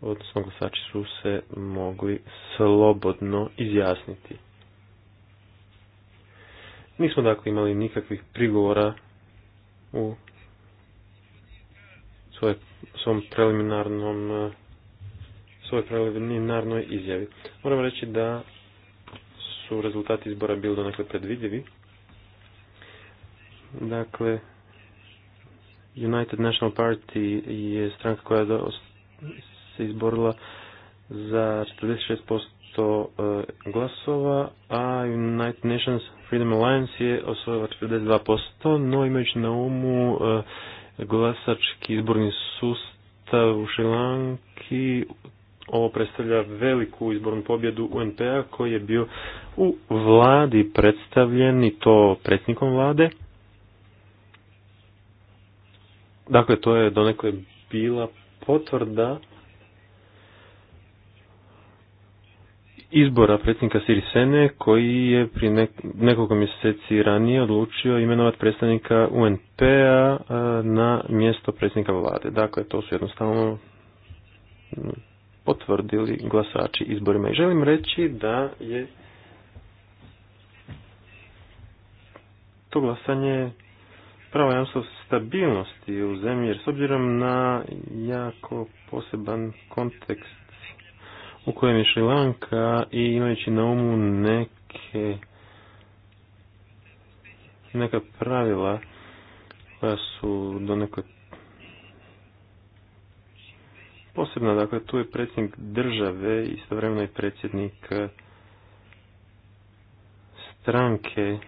odnosno glasači su se mogli slobodno izjasniti. Nismo dakle imali nikakvih prigovora u svoj preliminarnom e, svojoj preliminarnoj izjavi. Moram reći da su rezultati izbora bili donekle predvidljivi. Dakle, United National Party je stranka koja se izborila za 46% e, glasova, a United Nations Freedom Alliance je osvojila 42%, no imajući na umu e, glasački izborni sustav u Šrilanki. Ovo predstavlja veliku izbornu pobjedu UNP-a koji je bio u vladi predstavljen i to predsjednikom vlade. Dakle, to je donekle bila potvrda izbora predsjednika Sirisene koji je prije nekoliko mjeseci ranije odlučio imenovati predstavnika UNP-a na mjesto predsjednika vlade. Dakle, to su jednostavno potvrdili glasači izborima. I želim reći da je to glasanje pravo jamstvo stabilnosti u zemlji, jer s obzirom na jako poseban kontekst u kojem je Šrilanka i imajući na umu neke neka pravila koja su do posebna, dakle tu je predsjednik države, istovremeno je predsjednik stranke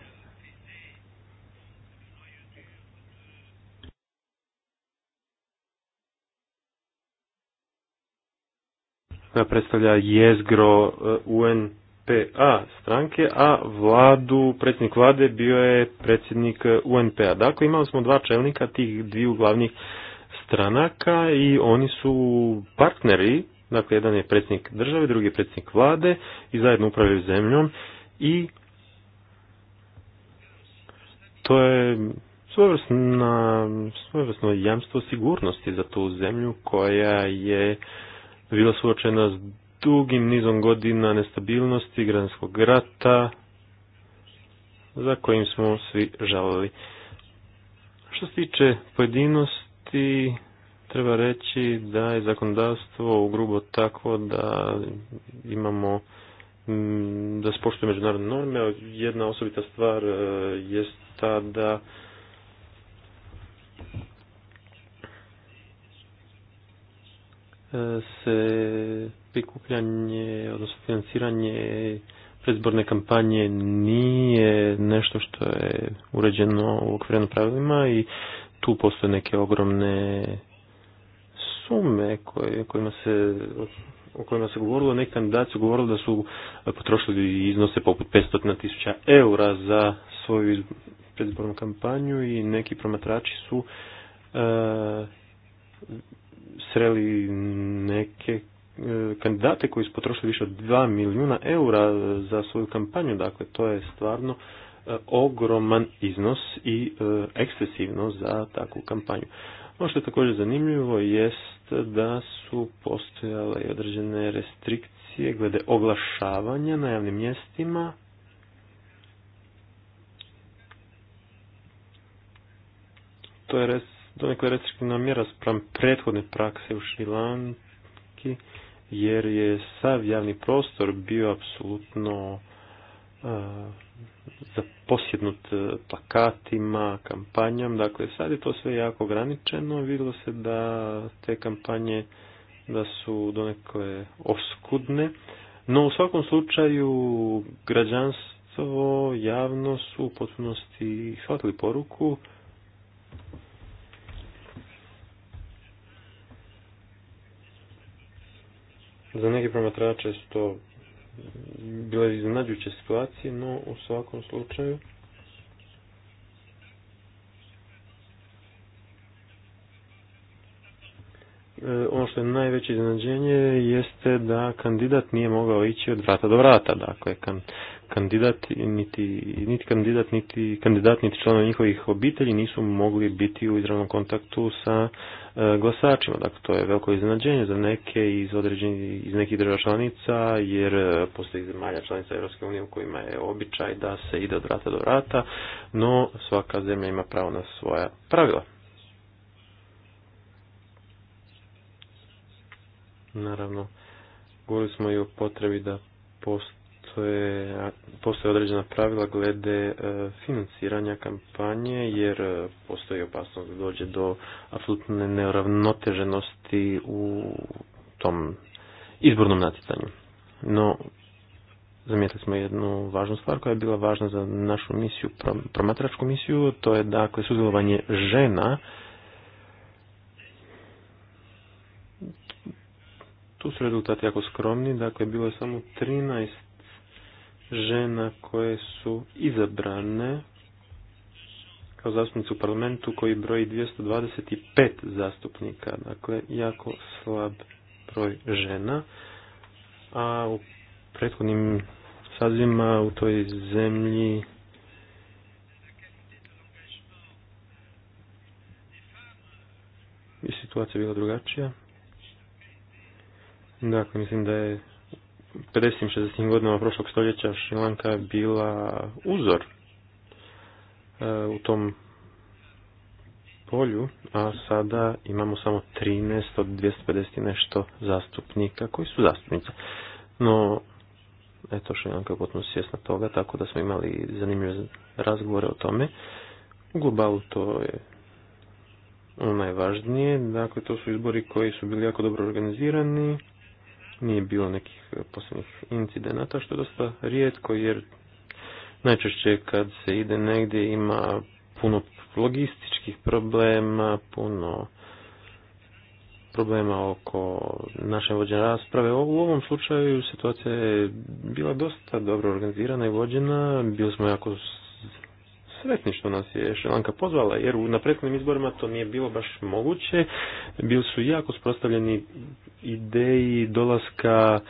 koja predstavlja jezgro e, UNPA stranke, a vladu, predsjednik vlade bio je predsjednik e, UNPA. Dakle, imali smo dva čelnika tih dviju glavnih stranaka i oni su partneri, dakle jedan je predsjednik države, drugi je predsjednik vlade i zajedno upravljaju zemljom i to je svojevrsno jamstvo sigurnosti za tu zemlju koja je bila suočena s dugim nizom godina nestabilnosti, granskog rata, za kojim smo svi žalili. Što se tiče pojedinosti, treba reći da je zakonodavstvo ugrubo tako da imamo mm, da se međunarodne norme. Jedna osobita stvar e, je ta da E, se prikupljanje, odnosno financiranje predizborne kampanje nije nešto što je uređeno u okvirenom pravilima i tu postoje neke ogromne sume koje, kojima se o kojima se govorilo, neki kandidati su govorili da su potrošili iznose poput 500 tisuća eura za svoju predizbornu kampanju i neki promatrači su e, sreli neke e, kandidate koji su potrošili više od 2 milijuna eura za svoju kampanju, dakle to je stvarno e, ogroman iznos i e, ekscesivno za takvu kampanju. Ono što je također zanimljivo jest da su postojale i određene restrikcije glede oglašavanja na javnim mjestima. To je donekle restriktivna mjera spram prethodne prakse u Šrilanki, jer je sav javni prostor bio apsolutno e, zaposjednut e, plakatima, kampanjom. Dakle, sad je to sve jako ograničeno. Vidilo se da te kampanje da su donekle oskudne. No, u svakom slučaju, građanstvo, javnost su u potpunosti shvatili poruku Za neke promatrače su to bile iznenađujuće situacije, no u svakom slučaju e, ono što je najveće iznenađenje jeste da kandidat nije mogao ići od vrata do vrata. Dakle, kandidat, niti, niti kandidat, niti kandidat, niti članovi njihovih obitelji nisu mogli biti u izravnom kontaktu sa e, glasačima. Dakle, to je veliko iznenađenje za neke iz, određenih iz nekih država članica, jer e, postoji zemalja članica Europske unije u kojima je običaj da se ide od vrata do vrata, no svaka zemlja ima pravo na svoja pravila. Naravno, govorili smo i o potrebi da postoji postoje, dakle, postoje određena pravila glede e, financiranja kampanje jer e, postoji opasnost da dođe do apsolutne neravnoteženosti u tom izbornom natjecanju. No, zamijetili smo jednu važnu stvar koja je bila važna za našu misiju, promatračku misiju, to je dakle sudjelovanje žena. Tu su rezultati jako skromni, dakle bilo je samo 13 žena koje su izabrane kao zastupnice u parlamentu koji broji 225 zastupnika. Dakle, jako slab broj žena. A u prethodnim sazima u toj zemlji i situacija bila drugačija. Dakle, mislim da je 50-60 godinama prošlog stoljeća Šrilanka je bila uzor e, u tom polju, a sada imamo samo 13 od 250 nešto zastupnika koji su zastupnice. No, eto, Šrilanka je potpuno svjesna toga, tako da smo imali zanimljive razgovore o tome. U globalu to je ono najvažnije, dakle to su izbori koji su bili jako dobro organizirani, nije bilo nekih eh, posebnih incidenata, što je dosta rijetko, jer najčešće kad se ide negdje ima puno logističkih problema, puno problema oko naše vođene rasprave. U ovom slučaju situacija je bila dosta dobro organizirana i vođena, bili smo jako sretni što nas je Šrilanka pozvala, jer na prethodnim izborima to nije bilo baš moguće. Bili su jako sprostavljeni ideji dolaska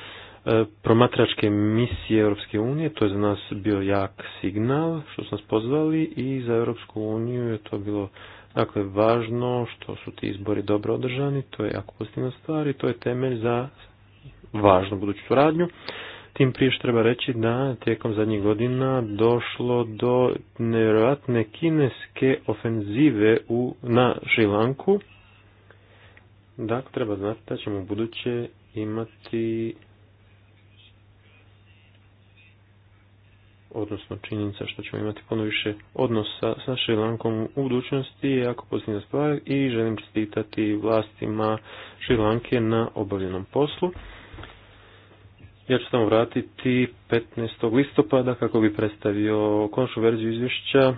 e, promatračke misije Europske unije, to je za nas bio jak signal što su nas pozvali i za Europsku uniju je to bilo dakle, važno što su ti izbori dobro održani, to je jako pozitivna stvar i to je temelj za važnu buduću suradnju. Tim prije što treba reći da tijekom zadnjih godina došlo do nevjerojatne kineske ofenzive u, na Šilanku. Dakle, treba znati da ćemo u buduće imati odnosno činjenica što ćemo imati puno više odnosa sa Šrilankom u budućnosti je jako pozitivna stvar i želim čestitati vlastima Šrilanke na obavljenom poslu. Ja ću tamo vratiti 15. listopada kako bi predstavio konšu verziju izvješća.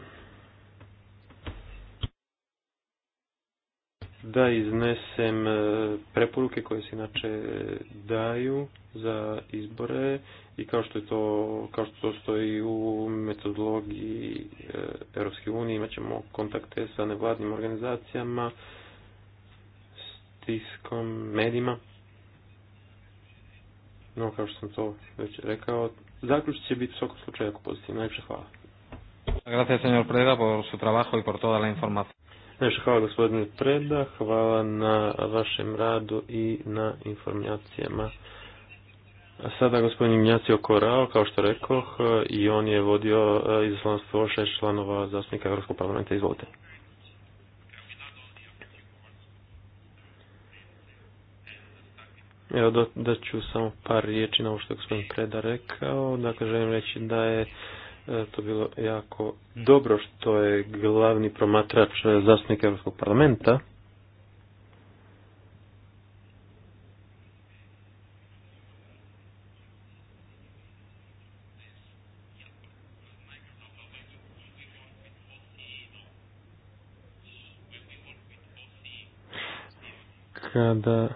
Da iznesem e, preporuke koje se inače daju za izbore i kao što je to, kao što to stoji u metodologiji e, Europske unije imat ćemo kontakte sa nevladnim organizacijama, stiskom, medijima. No, kao što sam to već rekao, zaključit će biti u svakom slučaju jako pozitivno. hvala. Preda, por su hvala gospodine Preda, hvala na vašem radu i na informacijama. A sada gospodin Ignacio Korao, kao što rekoh, i on je vodio e, izaslanstvo šest članova zastupnika Europskog parlamenta. Izvolite. Evo, da ću samo par riječi na ovo što sam gospodin Preda rekao. Dakle, želim reći da je e, to bilo jako dobro što je glavni promatrač e, zastupnika Europskog parlamenta. Kada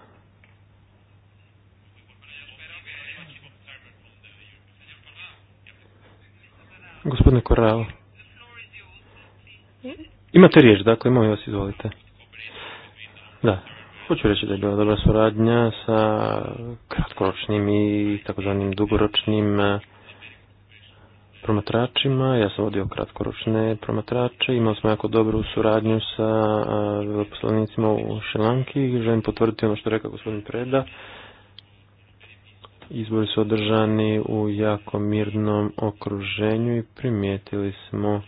Gospodine Koral, Imate riječ, dakle, imam vas, izvolite. Da, hoću reći da je bila dobra suradnja sa kratkoročnim i takozvanim dugoročnim eh, promatračima. Ja sam vodio kratkoročne promatrače, imao smo jako dobru suradnju sa eh, poslovnicima u Šelanki. Želim potvrditi ono što je rekao gospodin Preda. Izbori su održani u jako mirnom okruženju i primijetili smo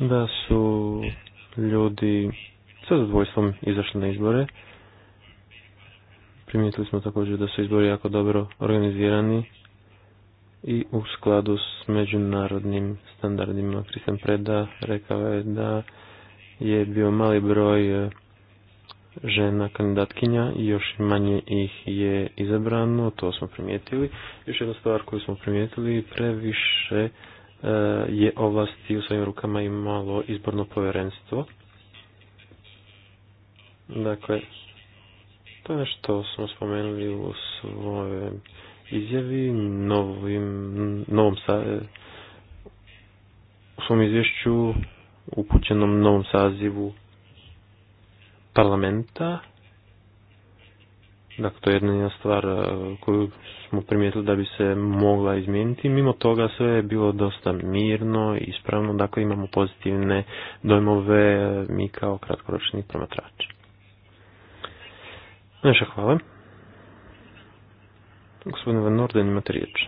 da su ljudi sa zadvojstvom izašli na izbore. Primijetili smo također da su izbori jako dobro organizirani i u skladu s međunarodnim standardima. Kristian Preda rekao je da je bio mali broj žena kandidatkinja i još manje ih je izabrano, to smo primijetili. Još jedna stvar koju smo primijetili, previše e, je ovlasti u svojim rukama imalo izborno povjerenstvo. Dakle, to je nešto smo spomenuli u svojoj izjavi, novim, novom e, u svom izvješću upućenom novom sazivu parlamenta. Dakle, to je jedna stvar e, koju smo primijetili da bi se mogla izmijeniti. Mimo toga sve je bilo dosta mirno, i ispravno, dakle imamo pozitivne dojmove e, mi kao kratkoročni promatrači. Naša hvala. Gospodin Van Norden imate riječ.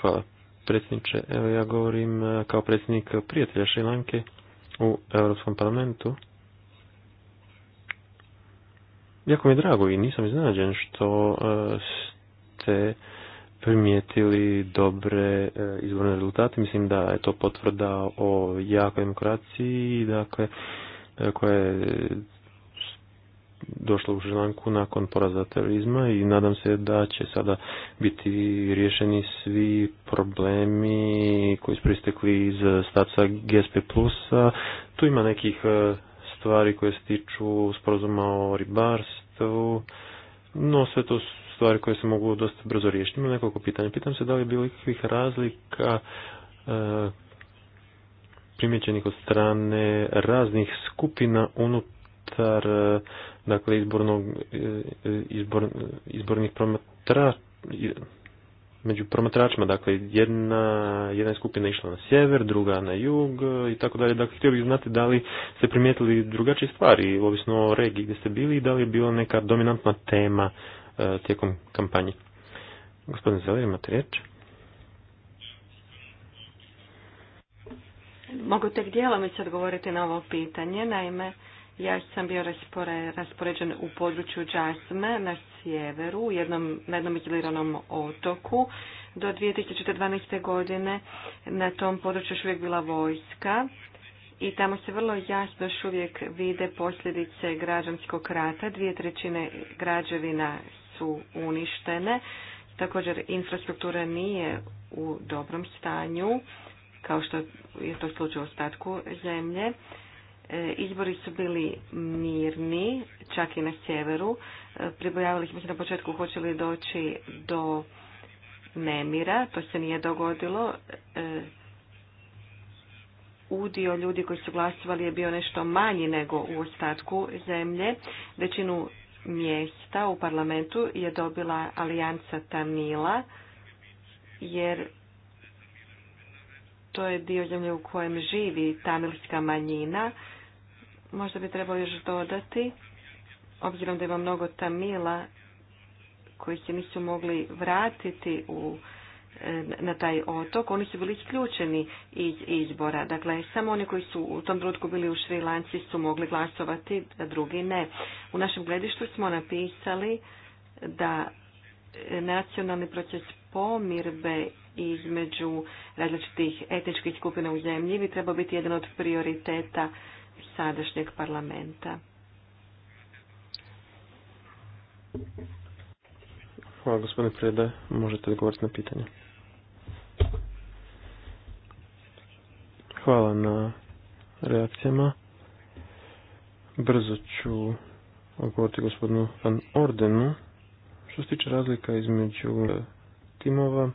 hvala predsjedniče. Evo ja govorim e, kao predsjednik prijatelja Šrilanke u Europskom parlamentu. Jako mi je drago i nisam iznenađen što e, ste primijetili dobre e, izborne rezultate. Mislim da je to potvrda o jakoj demokraciji, dakle, e, koja je došla u želanku nakon poraza terorizma i nadam se da će sada biti riješeni svi problemi koji su pristekli iz statusa GSP+. plus. Tu ima nekih stvari koje se tiču sporazuma o ribarstvu, no sve to su stvari koje se mogu dosta brzo riješiti. Imam nekoliko pitanja. Pitam se da li je bilo ikakvih razlika e, primjećenih od strane raznih skupina unutar e, dakle izbornog e, izbornih promatra među promatračima, dakle jedna, jedna skupina išla na sjever, druga na jug i tako dalje. Dakle, htio bih znati da li ste primijetili drugačije stvari, ovisno o regiji gdje ste bili i da li je bila neka dominantna tema e, tijekom kampanje. Gospodin Zeller, imate riječ? Mogu tek djelomice odgovoriti na ovo pitanje. Naime, ja sam bio raspoređen u području Jasme na sjeveru, jednom, na jednom izoliranom otoku. Do 2012. godine na tom području još uvijek bila vojska i tamo se vrlo jasno još uvijek vide posljedice građanskog rata. Dvije trećine građevina su uništene. Također infrastruktura nije u dobrom stanju, kao što je to slučaj u ostatku zemlje. E, izbori su bili mirni, čak i na sjeveru. E, pribojavali smo se na početku hoće li doći do nemira, to se nije dogodilo. E, udio ljudi koji su glasovali je bio nešto manji nego u ostatku zemlje. Većinu mjesta u parlamentu je dobila alijanca Tamila, jer to je dio zemlje u kojem živi tamilska manjina Možda bi trebao još dodati, obzirom da ima mnogo tamila koji se nisu mogli vratiti u e, na taj otok, oni su bili isključeni iz izbora. Dakle, samo oni koji su u tom trenutku bili u lanci su mogli glasovati, a drugi ne. U našem gledištu smo napisali da e, nacionalni proces pomirbe između različitih etničkih skupina u zemlji trebao biti jedan od prioriteta sadašnjeg parlamenta. Hvala gospodine Preda, možete odgovoriti na pitanje. Hvala na reakcijama. Brzo ću odgovoriti gospodinu Van Ordenu. Što se tiče razlika između e, timova,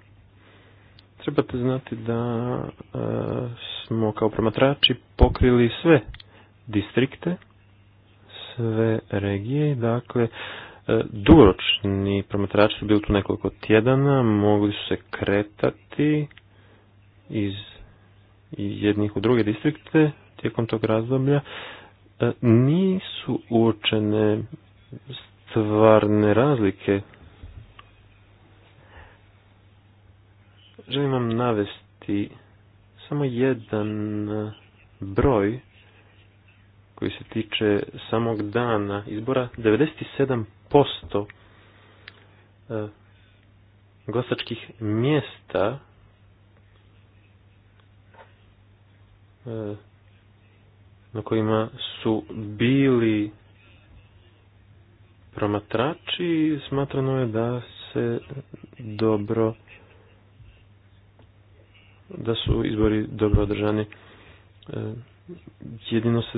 trebate znati da e, smo kao promatrači pokrili sve distrikte, sve regije, dakle, e, dugoročni promatrači su bili tu nekoliko tjedana, mogli su se kretati iz jednih u druge distrikte tijekom tog razdoblja. E, nisu uočene stvarne razlike. Želim vam navesti samo jedan broj koji se tiče samog dana izbora, 97% e, glasačkih mjesta e, na kojima su bili promatrači, smatrano je da se dobro da su izbori dobro održani e, jedino se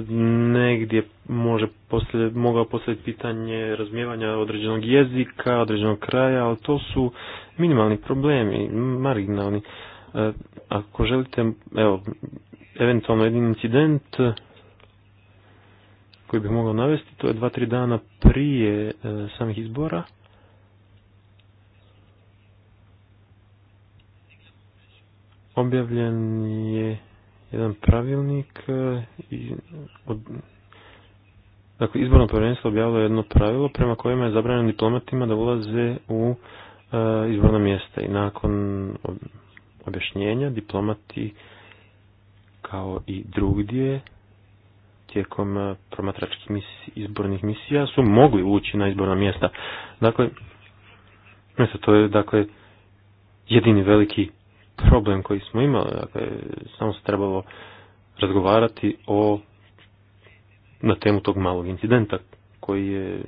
negdje može poslije, mogao postaviti pitanje razmijevanja određenog jezika, određenog kraja, ali to su minimalni problemi, marginalni. E, ako želite, evo, eventualno jedin incident koji bih mogao navesti, to je dva, tri dana prije e, samih izbora. Objavljen je jedan pravilnik e, i od, dakle izborno povjerenstvo objavilo jedno pravilo prema kojima je zabranjeno diplomatima da ulaze u e, izborna mjesta i nakon objašnjenja diplomati kao i drugdje tijekom e, promatračkih izbornih misija su mogli ući na izborna mjesta. Dakle, mjesto to je dakle jedini veliki problem koji smo imali, dakle, samo se trebalo razgovarati o na temu tog malog incidenta koji je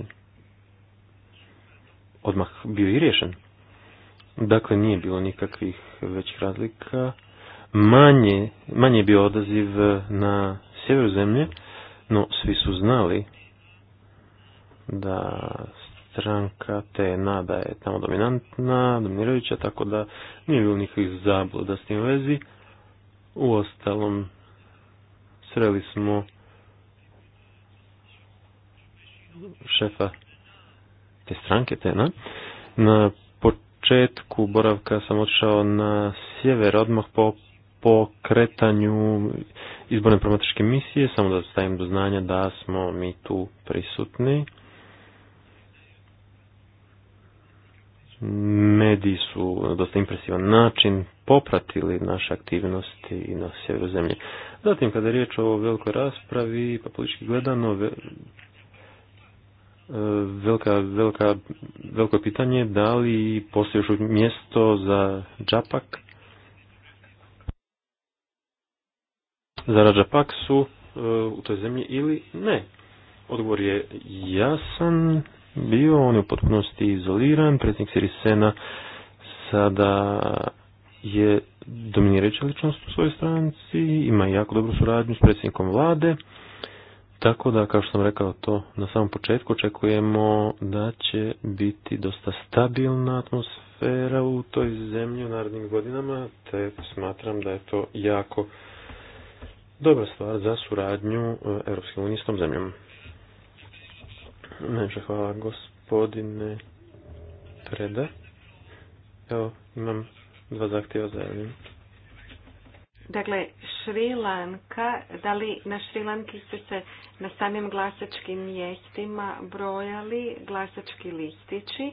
odmah bio i riješen. Dakle, nije bilo nikakvih većih razlika. Manje, manje je bio odaziv na sjeveru zemlje, no svi su znali da stranka te nada je tamo dominantna, dominirajuća, tako da nije bilo nikakvih zabluda s tim vezi. U ostalom, sreli smo šefa te stranke te Na početku boravka sam otišao na sjever odmah po pokretanju izborne promatračke misije, samo da stavim do znanja da smo mi tu prisutni. mediji su na dosta impresivan način popratili naše aktivnosti i na sjeveru zemlje. Zatim, kada je riječ o velikoj raspravi, pa politički gledano, e, velika, velika, veliko pitanje da li postoji još mjesto za džapak. Za rađapak su e, u toj zemlji ili ne? Odgovor je jasan bio, on je u potpunosti izoliran, predsjednik Sirisena sada je dominirajuća ličnost u svojoj stranci, ima jako dobru suradnju s predsjednikom vlade, tako da, kao što sam rekao to na samom početku, očekujemo da će biti dosta stabilna atmosfera u toj zemlji u narednim godinama, te smatram da je to jako dobra stvar za suradnju e, Europske unije s tom zemljom. Najviše hvala gospodine Preda. Evo, imam dva zahtjeva za Dakle, Šrilanka, da li na Šrilanki su se na samim glasačkim mjestima brojali glasački listići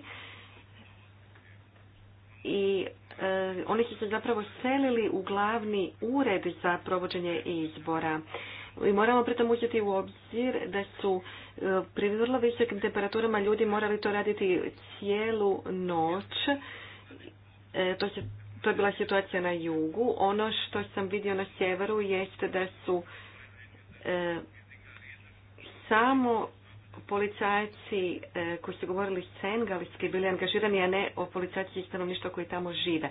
i e, oni su se zapravo selili u glavni ured za provođenje izbora. I moramo pritom uzeti u obzir da su Pri vrlo visokim temperaturama ljudi morali to raditi cijelu noć. E, to, se, to je bila situacija na jugu. Ono što sam vidio na sjeveru jeste da su e, samo policajci e, koji su govorili sengalski bili angažirani, a ne o policajci i stanovništvo koji tamo žive.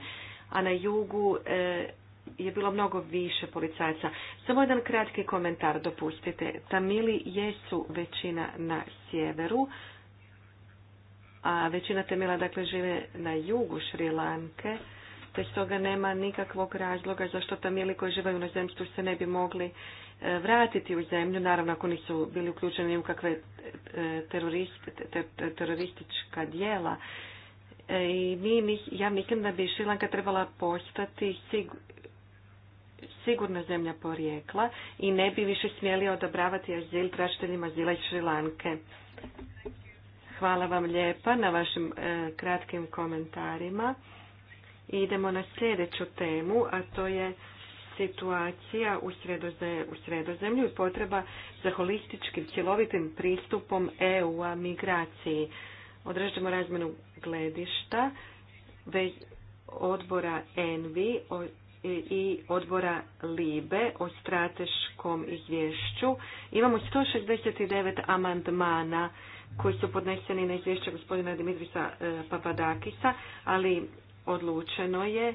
A na jugu e, je bilo mnogo više policajaca. Samo jedan kratki komentar, dopustite. Tamili jesu većina na sjeveru, a većina Tamila dakle žive na jugu Šrilanke, te toga nema nikakvog razloga zašto Tamili koji živaju u inozemstvu se ne bi mogli e, vratiti u zemlju, naravno ako nisu bili uključeni u kakve e, teroristička dijela. E, I mi, ja mislim da bi Šrilanka trebala postati sigurna zemlja porijekla i ne bi više smjeli odabravati azil tražiteljima azila iz Šrilanke. Hvala vam lijepa na vašim e, kratkim komentarima. idemo na sljedeću temu, a to je situacija u, sredoze, u sredozemlju i potreba za holističkim cjelovitim pristupom EU-a migraciji. Održimo razmenu gledišta odbora ENVI i odbora LIBE o strateškom izvješću. Imamo 169 amandmana koji su podneseni na izvješće gospodina Dimitrisa e, Papadakisa, ali odlučeno je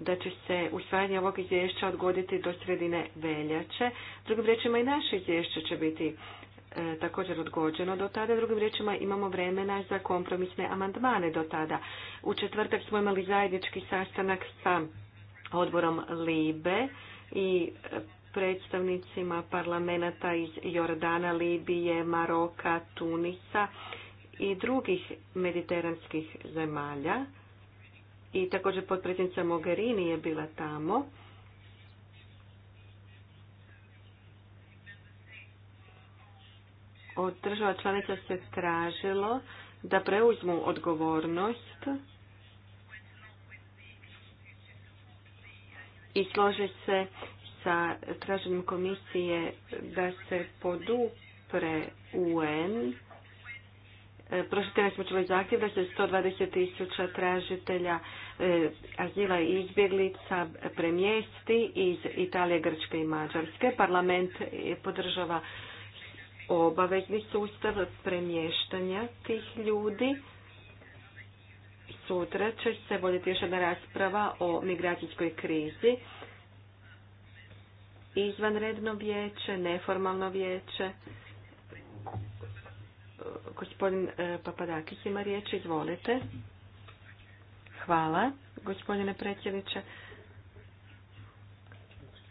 da će se usvajanje ovog izvješća odgoditi do sredine veljače. Drugim riječima i naše izvješće će biti e, također odgođeno do tada. Drugim riječima imamo vremena za kompromisne amandmane do tada. U četvrtak smo imali zajednički sastanak sa odborom Libe i predstavnicima parlamenta iz Jordana, Libije, Maroka, Tunisa i drugih mediteranskih zemalja. I također potpredsjednica Mogherini je bila tamo. Od država članica se tražilo da preuzmu odgovornost i slože se sa traženjem komisije da se podupre UN. E, prošli tjedan smo čuli zahtjev da se 120 tisuća tražitelja e, azila i izbjeglica premjesti iz Italije, Grčke i Mađarske. Parlament podržava obavezni sustav premještanja tih ljudi Sutra će se voditi još jedna rasprava o migracijskoj krizi. Izvanredno vijeće, neformalno vijeće. Gospodin e, Papadakis ima riječ, izvolite. Hvala, gospodine predsjedniče.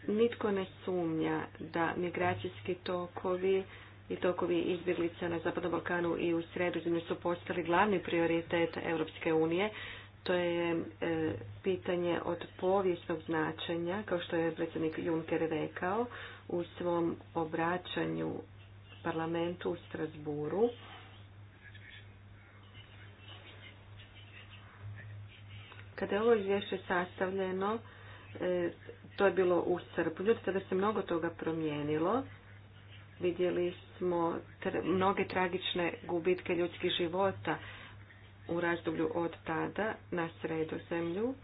Nitko ne sumnja da migracijski tokovi i tokovi izbjeglica na Zapadnom Balkanu i u Sredozemlju su postali glavni prioritet Europske unije. To je e, pitanje od povijesnog značenja, kao što je predsjednik Juncker rekao u svom obraćanju parlamentu u Strasburu. Kada je ovo izvješće sastavljeno, e, to je bilo u srpnju, tada se mnogo toga promijenilo. Vidjeli smo mnoge tragične gubitke ljudskih života u razdoblju od tada na zemlju.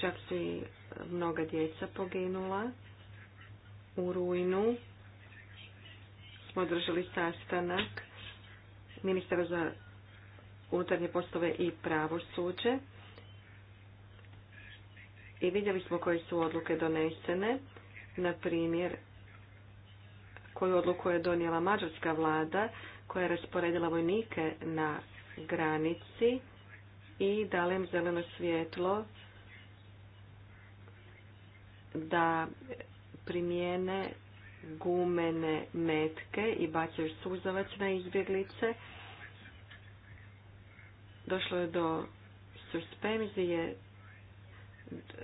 Čak su i mnoga djeca poginula. U rujnu smo držali sastanak ministra za unutarnje poslove i pravosuđe i vidjeli smo koje su odluke donesene. Na primjer, koju odluku je donijela mađarska vlada koja je rasporedila vojnike na granici i dala im zeleno svjetlo da primijene gumene metke i bacaju suzavac na izbjeglice. Došlo je do suspenzije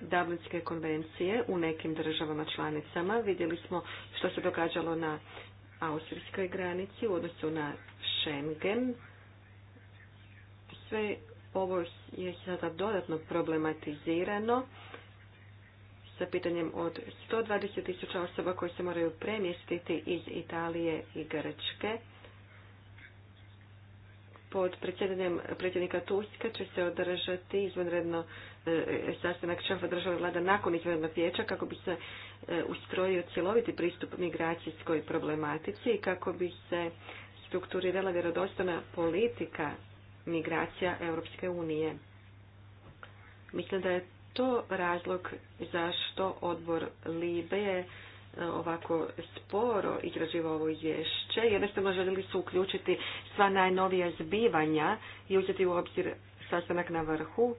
Dublinske konvencije u nekim državama članicama. Vidjeli smo što se događalo na austrijskoj granici u odnosu na Schengen. Sve ovo je sada dodatno problematizirano sa pitanjem od 120.000 osoba koje se moraju premjestiti iz Italije i Grčke pod predsjedanjem predsjednika Tuska će se održati izvanredno e, sastanak šefa države vlada nakon izvanrednog vijeća kako bi se e, ustrojio cjeloviti pristup migracijskoj problematici i kako bi se strukturirala vjerodostojna politika migracija Europske unije. Mislim da je to razlog zašto odbor Libe je ovako sporo izrađivao ovo izvješće. Jednostavno željeli su uključiti sva najnovija zbivanja i uzeti u obzir sastanak na vrhu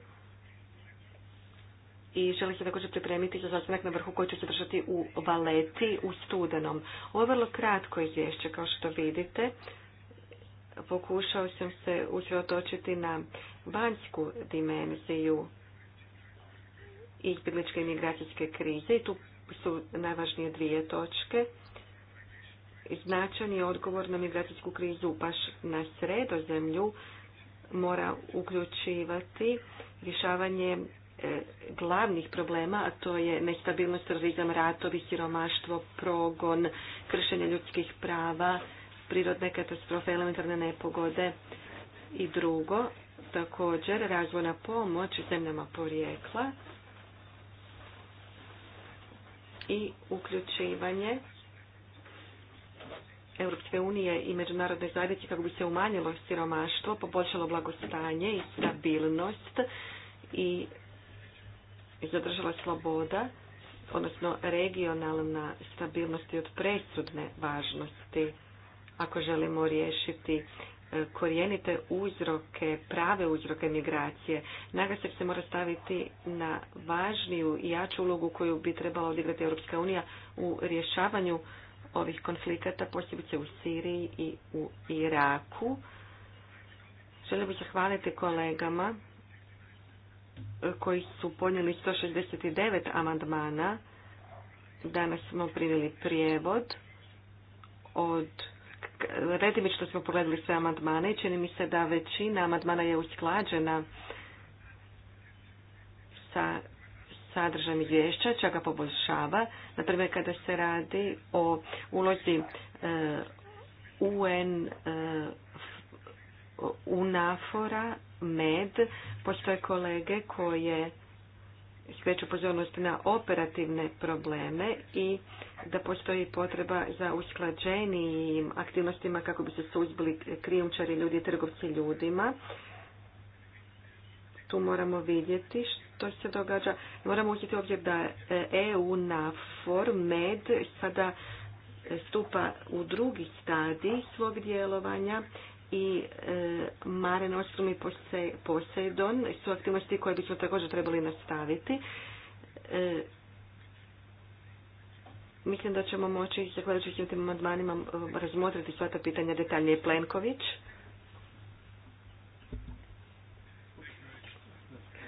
i želi se također pripremiti za sastanak na vrhu koji će se držati u valeti u studenom. Ovo je vrlo kratko izvješće kao što vidite. Pokušao sam se usredotočiti na vanjsku dimenziju izbjegličke i krize i tu su najvažnije dvije točke. Značajni odgovor na migracijsku krizu baš na sredozemlju mora uključivati rješavanje e, glavnih problema, a to je nestabilnost, terorizam, ratovi, siromaštvo, progon, kršenje ljudskih prava, prirodne katastrofe, elementarne nepogode i drugo. Također, razvojna pomoć zemljama porijekla, i uključivanje Europske unije i međunarodne zajednice kako bi se umanjilo siromaštvo, poboljšalo blagostanje i stabilnost i zadržala sloboda, odnosno regionalna stabilnost i od presudne važnosti ako želimo riješiti korijenite uzroke, prave uzroke migracije. Naglasak se mora staviti na važniju i jaču ulogu koju bi trebala odigrati Europska unija u rješavanju ovih konflikata, posebice u Siriji i u Iraku. Želim zahvaliti kolegama koji su podnijeli 169 amandmana. Danas smo primili prijevod od što smo pogledali sve amandmane i čini mi se da većina amandmana je usklađena sa sadržajem izvješća, čak ga poboljšava. Naprimjer, kada se radi o ulozi e, UN e, UNAFORA, MED, postoje kolege koje skreću pozornost na operativne probleme i da postoji potreba za usklađenijim aktivnostima kako bi se suzbili krijumčari ljudi i trgovci ljudima. Tu moramo vidjeti što se događa. Moramo uzeti obzir da EU na Med sada stupa u drugi stadij svog djelovanja i e, Mare Nostrum i Poseidon su aktivnosti koje bismo također trebali nastaviti. E, Mislim da ćemo moći, zahvaljujući tim amandmanima, razmotriti sva ta pitanja detaljnije Plenković.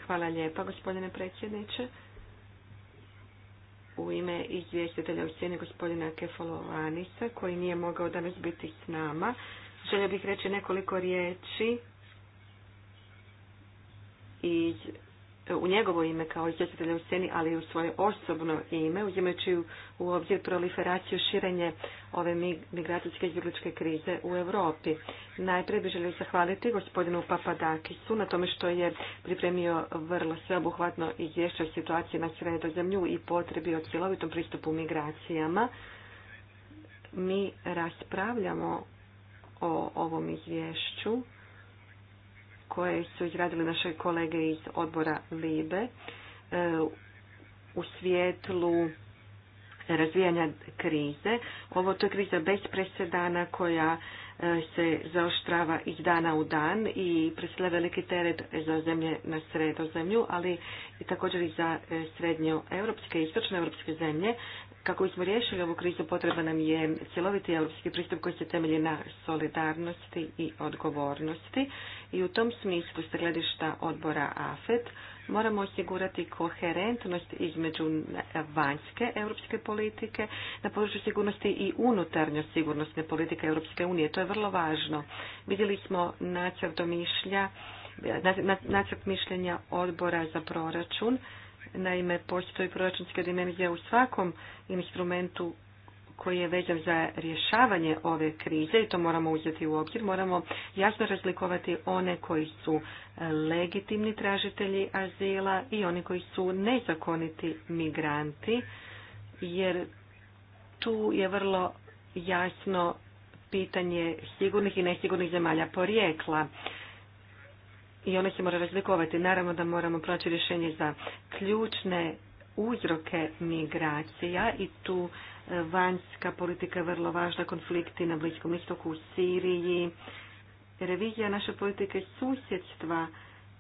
Hvala lijepa, gospodine predsjedniče. U ime izvjestitelja u sjeni gospodina Kefalovanisa, koji nije mogao danas biti s nama, želio bih reći nekoliko riječi iz u njegovo ime kao izvjestitelja u sceni, ali i u svoje osobno ime, uzimajući u obzir proliferaciju širenje ove migracijske izbjegličke krize u Europi. Najprije bih želio zahvaliti gospodinu Papadakisu na tome što je pripremio vrlo sveobuhvatno izvješće o situaciji na sredozemlju i potrebi o cjelovitom pristupu migracijama. Mi raspravljamo o ovom izvješću koje su izradile naše kolege iz odbora LIBE e, u svijetlu razvijanja krize. Ovo to je kriza bez presedana koja e, se zaoštrava iz dana u dan i predstavlja veliki teret za zemlje na sredozemlju, ali i također i za e, srednjoevropske i istočnoevropske zemlje kako bismo riješili ovu krizu potreba nam je cjeloviti europski pristup koji se temelji na solidarnosti i odgovornosti i u tom smislu sa gledišta odbora AFET moramo osigurati koherentnost između vanjske europske politike na području sigurnosti i unutarnjo sigurnosne politike Europske unije. To je vrlo važno. Vidjeli smo nacrt mišlja nacrt mišljenja odbora za proračun Naime, postoji proračunska dimenzija u svakom instrumentu koji je vezan za rješavanje ove krize i to moramo uzeti u obzir. Moramo jasno razlikovati one koji su legitimni tražitelji azila i oni koji su nezakoniti migranti, jer tu je vrlo jasno pitanje sigurnih i nesigurnih zemalja porijekla i ona se mora razlikovati. Naravno da moramo proći rješenje za ključne uzroke migracija i tu e, vanjska politika je vrlo važna, konflikti na Bliskom istoku, u Siriji, revizija naše politike susjedstva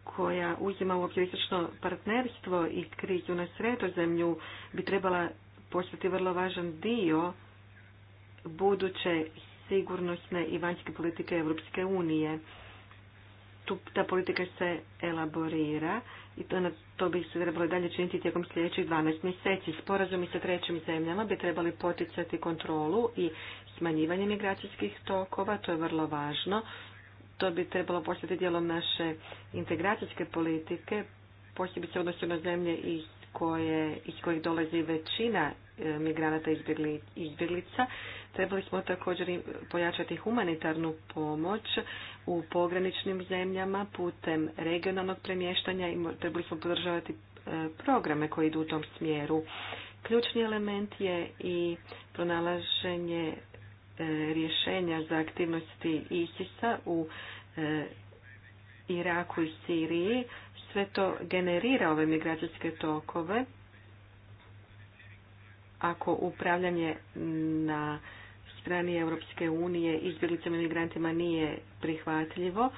koja uzima u obzir istočno partnerstvo i krizu na sredozemlju bi trebala postati vrlo važan dio buduće sigurnosne i vanjske politike Europske unije tu, ta politika se elaborira i to, na, to bi se trebalo dalje činiti tijekom sljedećih 12 mjeseci. Sporazumi sa trećim zemljama bi trebali poticati kontrolu i smanjivanje migracijskih tokova, to je vrlo važno. To bi trebalo postati dijelom naše integracijske politike, posebice odnosu na zemlje iz, koje, iz kojih dolazi većina e, migranata izbjeglica Trebali smo također pojačati humanitarnu pomoć u pograničnim zemljama putem regionalnog premještanja i trebali smo podržavati e, programe koji idu u tom smjeru. Ključni element je i pronalaženje e, rješenja za aktivnosti ISIS-a u e, Iraku i Siriji. Sve to generira ove migracijske tokove. Ako upravljanje na strani Europske unije izbjeglicama i migrantima nije prihvatljivo.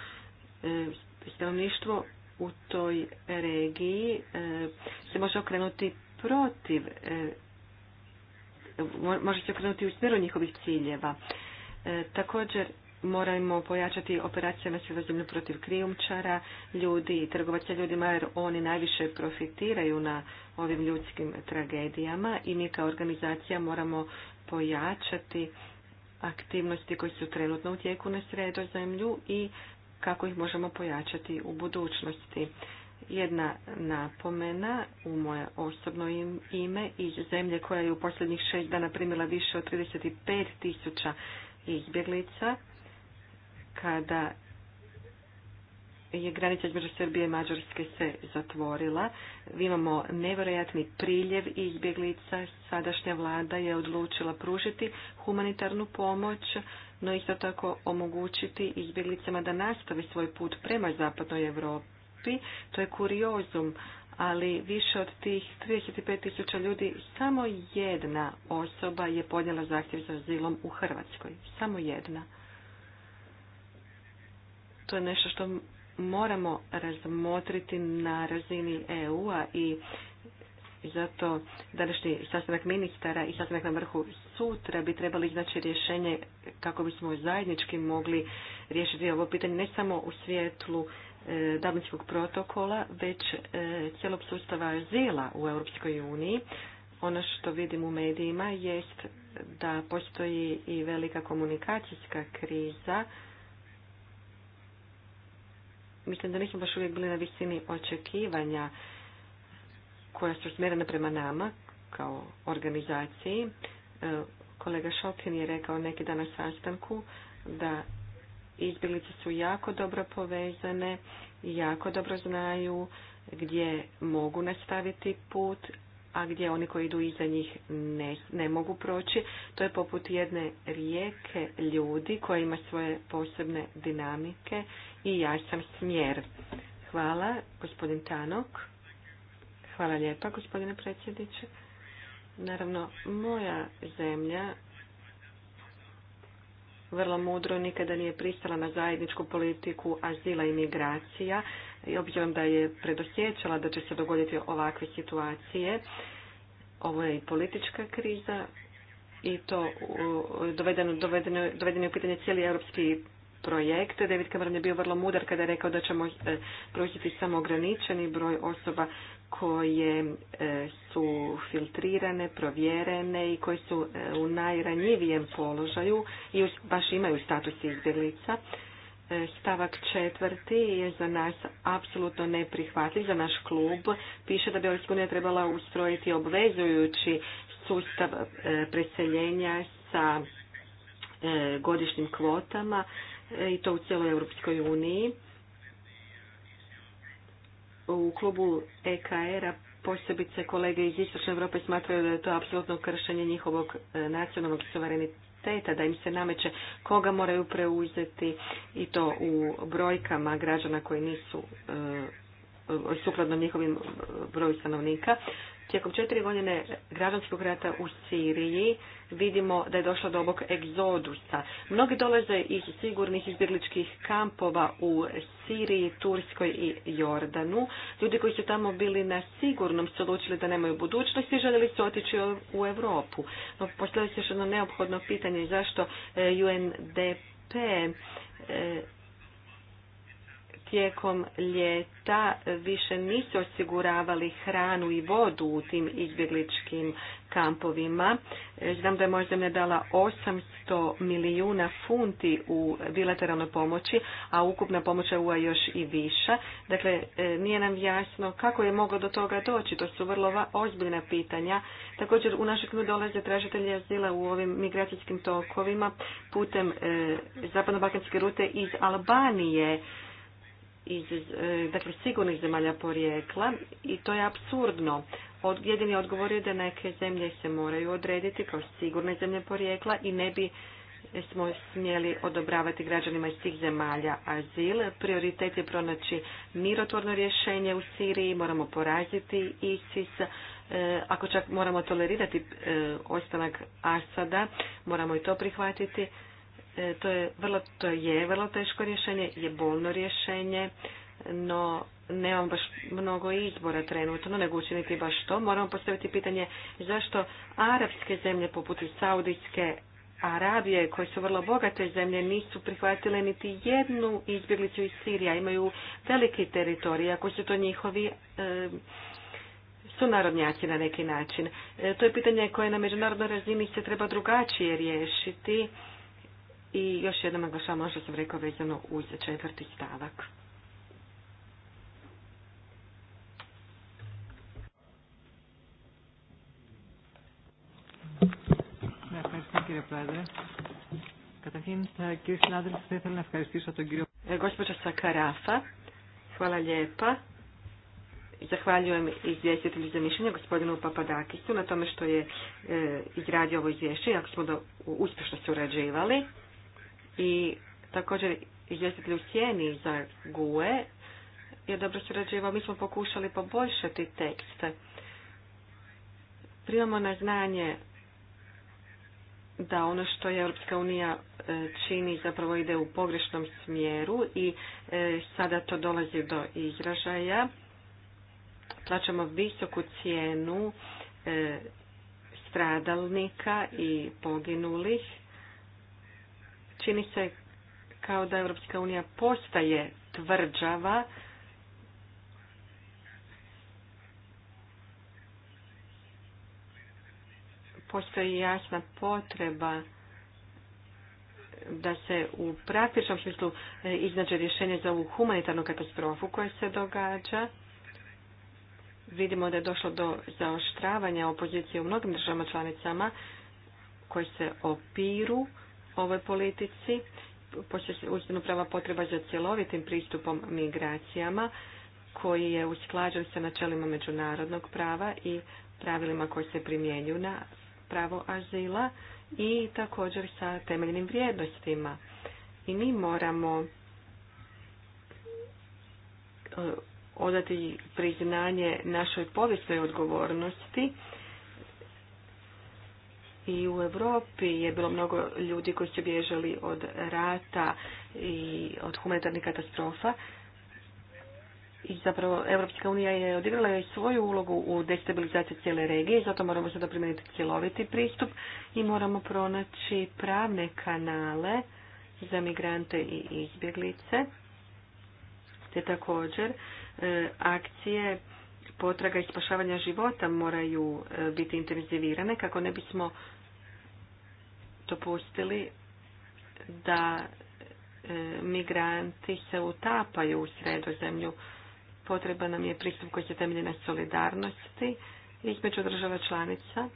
E, stanovništvo u toj regiji e, se može okrenuti protiv, e, može se okrenuti u smjeru njihovih ciljeva. Također moramo pojačati operacije na sredozemlju protiv krijumčara, ljudi i trgovaca ljudima jer oni najviše profitiraju na ovim ljudskim tragedijama i mi kao organizacija moramo pojačati aktivnosti koji su trenutno u tijeku na sredozemlju i kako ih možemo pojačati u budućnosti. Jedna napomena u moje osobno ime iz zemlje koja je u posljednjih šest dana primila više od 35.000 tisuća izbjeglica. Kada je granica između Srbije i Mađarske se zatvorila. Imamo nevjerojatni priljev izbjeglica. Sadašnja vlada je odlučila pružiti humanitarnu pomoć, no isto tako omogućiti izbjeglicama da nastave svoj put prema zapadnoj Europi. To je kuriozum, ali više od tih 35 tisuća ljudi, samo jedna osoba je podnijela zahtjev za zilom u Hrvatskoj. Samo jedna to je nešto što moramo razmotriti na razini EU-a i zato današnji sastanak ministara i sastanak na vrhu sutra bi trebali iznaći rješenje kako bismo zajednički mogli riješiti ovo pitanje ne samo u svijetlu e, protokola, već e, cijelog sustava azila u Europskoj uniji. Ono što vidim u medijima jest da postoji i velika komunikacijska kriza mislim da nismo baš uvijek bili na visini očekivanja koja su smjerena prema nama kao organizaciji. E, kolega Šokin je rekao neki dan na sastanku da izbjeglice su jako dobro povezane, jako dobro znaju gdje mogu nastaviti put, a gdje oni koji idu iza njih ne, ne mogu proći. To je poput jedne rijeke ljudi koja ima svoje posebne dinamike i ja sam smjer. Hvala, gospodin Tanok. Hvala lijepa, gospodine predsjedniče. Naravno, moja zemlja vrlo mudro nikada nije pristala na zajedničku politiku azila i migracija i obzirom da je predosjećala da će se dogoditi ovakve situacije, ovo je i politička kriza i to dovedeno, dovedeno, dovedeno je u pitanje cijeli europski projekt. David Cameron je bio vrlo mudar kada je rekao da ćemo e, pružiti samo ograničeni broj osoba koje e, su filtrirane, provjerene i koje su e, u najranjivijem položaju i baš imaju status izbjeglica stavak četvrti je za nas apsolutno neprihvatljiv, za naš klub. Piše da bi EU trebala ustrojiti obvezujući sustav e, preseljenja sa e, godišnjim kvotama e, i to u cijeloj Europskoj uniji. U klubu EKR-a posebice kolege iz Istočne Europe smatraju da je to apsolutno kršenje njihovog nacionalnog suvereniteta kapaciteta, da im se nameće koga moraju preuzeti i to u brojkama građana koji nisu eh, sukladno njihovim eh, broju stanovnika. Tijekom četiri godine građanskog rata u Siriji vidimo da je došlo do ovog egzodusa. Mnogi dolaze iz sigurnih izbirličkih kampova u Siriji, Turskoj i Jordanu. Ljudi koji su tamo bili na sigurnom su odlučili da nemaju budućnosti i željeli su otići u Europu. No, se još jedno neophodno pitanje zašto eh, UNDP eh, tijekom ljeta više nisu osiguravali hranu i vodu u tim izbjegličkim kampovima. E, Znam da je možda zemlja dala 800 milijuna funti u bilateralnoj pomoći, a ukupna pomoć je uva još i viša. Dakle, e, nije nam jasno kako je moglo do toga doći. To su vrlo ozbiljna pitanja. Također, u našu knju dolaze tražitelji azila u ovim migracijskim tokovima putem e, zapadno-balkanske rute iz Albanije iz, e, dakle, sigurnih zemalja porijekla i to je absurdno. Od, jedini odgovor je da neke zemlje se moraju odrediti kao sigurne zemlje porijekla i ne bi smo smjeli odobravati građanima iz tih zemalja azil. Prioritet je pronaći mirotvorno rješenje u Siriji, moramo poraziti ISIS, e, ako čak moramo tolerirati e, ostanak Asada, moramo i to prihvatiti. E, to je vrlo, to je vrlo teško rješenje, je bolno rješenje, no nemam baš mnogo izbora trenutno, nego učiniti baš to. Moramo postaviti pitanje zašto arapske zemlje poput Saudijske Arabije, koje su vrlo bogate zemlje, nisu prihvatile niti jednu izbjeglicu iz Sirija. Imaju veliki teritorij, ako su to njihovi e, narodnjaci na neki način. E, to je pitanje koje na međunarodnoj razini se treba drugačije riješiti i još jednom naglašavam ono što sam rekao vezano uz četvrti stavak. Pa e, gospođa Sakarafa, hvala lijepa. Zahvaljujem izvjestitelju za mišljenje gospodinu Papadakisu na tome što je e, izradio ovo izvješće, jako smo da uspješno surađivali i također izvjestitelj u sjeni za GUE je dobro surađivao. Mi smo pokušali poboljšati tekst. Primamo na znanje da ono što je Europska unija e, čini zapravo ide u pogrešnom smjeru i e, sada to dolazi do izražaja. Plaćamo visoku cijenu e, stradalnika i poginulih Čini se kao da Europska unija postaje tvrđava postoji jasna potreba da se u praktičnom smislu e, iznađe rješenje za ovu humanitarnu katastrofu koja se događa. Vidimo da je došlo do zaoštravanja opozicije u mnogim državama članicama koje se opiru ovoj politici, pošto prava potreba za cjelovitim pristupom migracijama koji je usklađen sa načelima međunarodnog prava i pravilima koji se primjenjuju na pravo azila i također sa temeljnim vrijednostima. I mi moramo e, odati priznanje našoj povijesnoj odgovornosti i u Europi je bilo mnogo ljudi koji su bježali od rata i od humanitarnih katastrofa. I zapravo Europska unija je odigrala i svoju ulogu u destabilizaciji cijele regije zato moramo sada primijeniti cjeloviti pristup i moramo pronaći pravne kanale za migrante i izbjeglice te također e, akcije potraga i spašavanja života moraju e, biti intenzivirane kako ne bismo dopustili da e, migranti se utapaju u sredozemlju. Potreba nam je pristup koji se temelji na solidarnosti između država članica.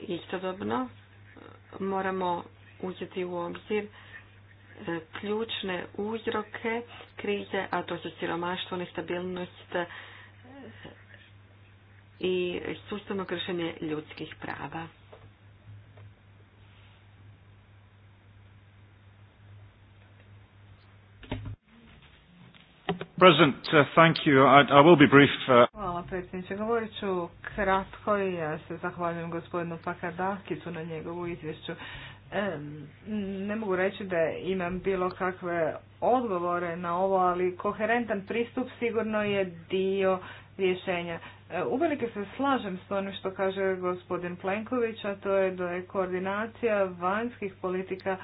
Istodobno moramo uzeti u obzir e, ključne uzroke krize, a to su siromaštvo, nestabilnost e, i sustavno kršenje ljudskih prava. Uh, uh, Hvala predsjedniče. Govorit ću kratko i ja se zahvaljujem gospodinu Pakadakicu na njegovu izvješću. ne mogu reći da imam bilo kakve odgovore na ovo, ali koherentan pristup sigurno je dio rješenja. E, uvelike se slažem s onim što kaže gospodin Plenković, a to je da je koordinacija vanjskih politika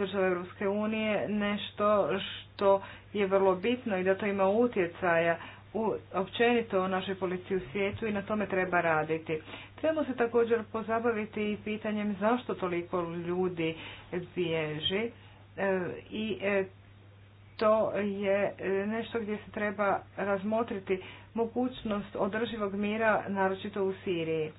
država Europske unije nešto što je vrlo bitno i da to ima utjecaja u općenito u našoj policiji u svijetu i na tome treba raditi. Trebamo se također pozabaviti i pitanjem zašto toliko ljudi bježi e, i e, to je nešto gdje se treba razmotriti mogućnost održivog mira, naročito u Siriji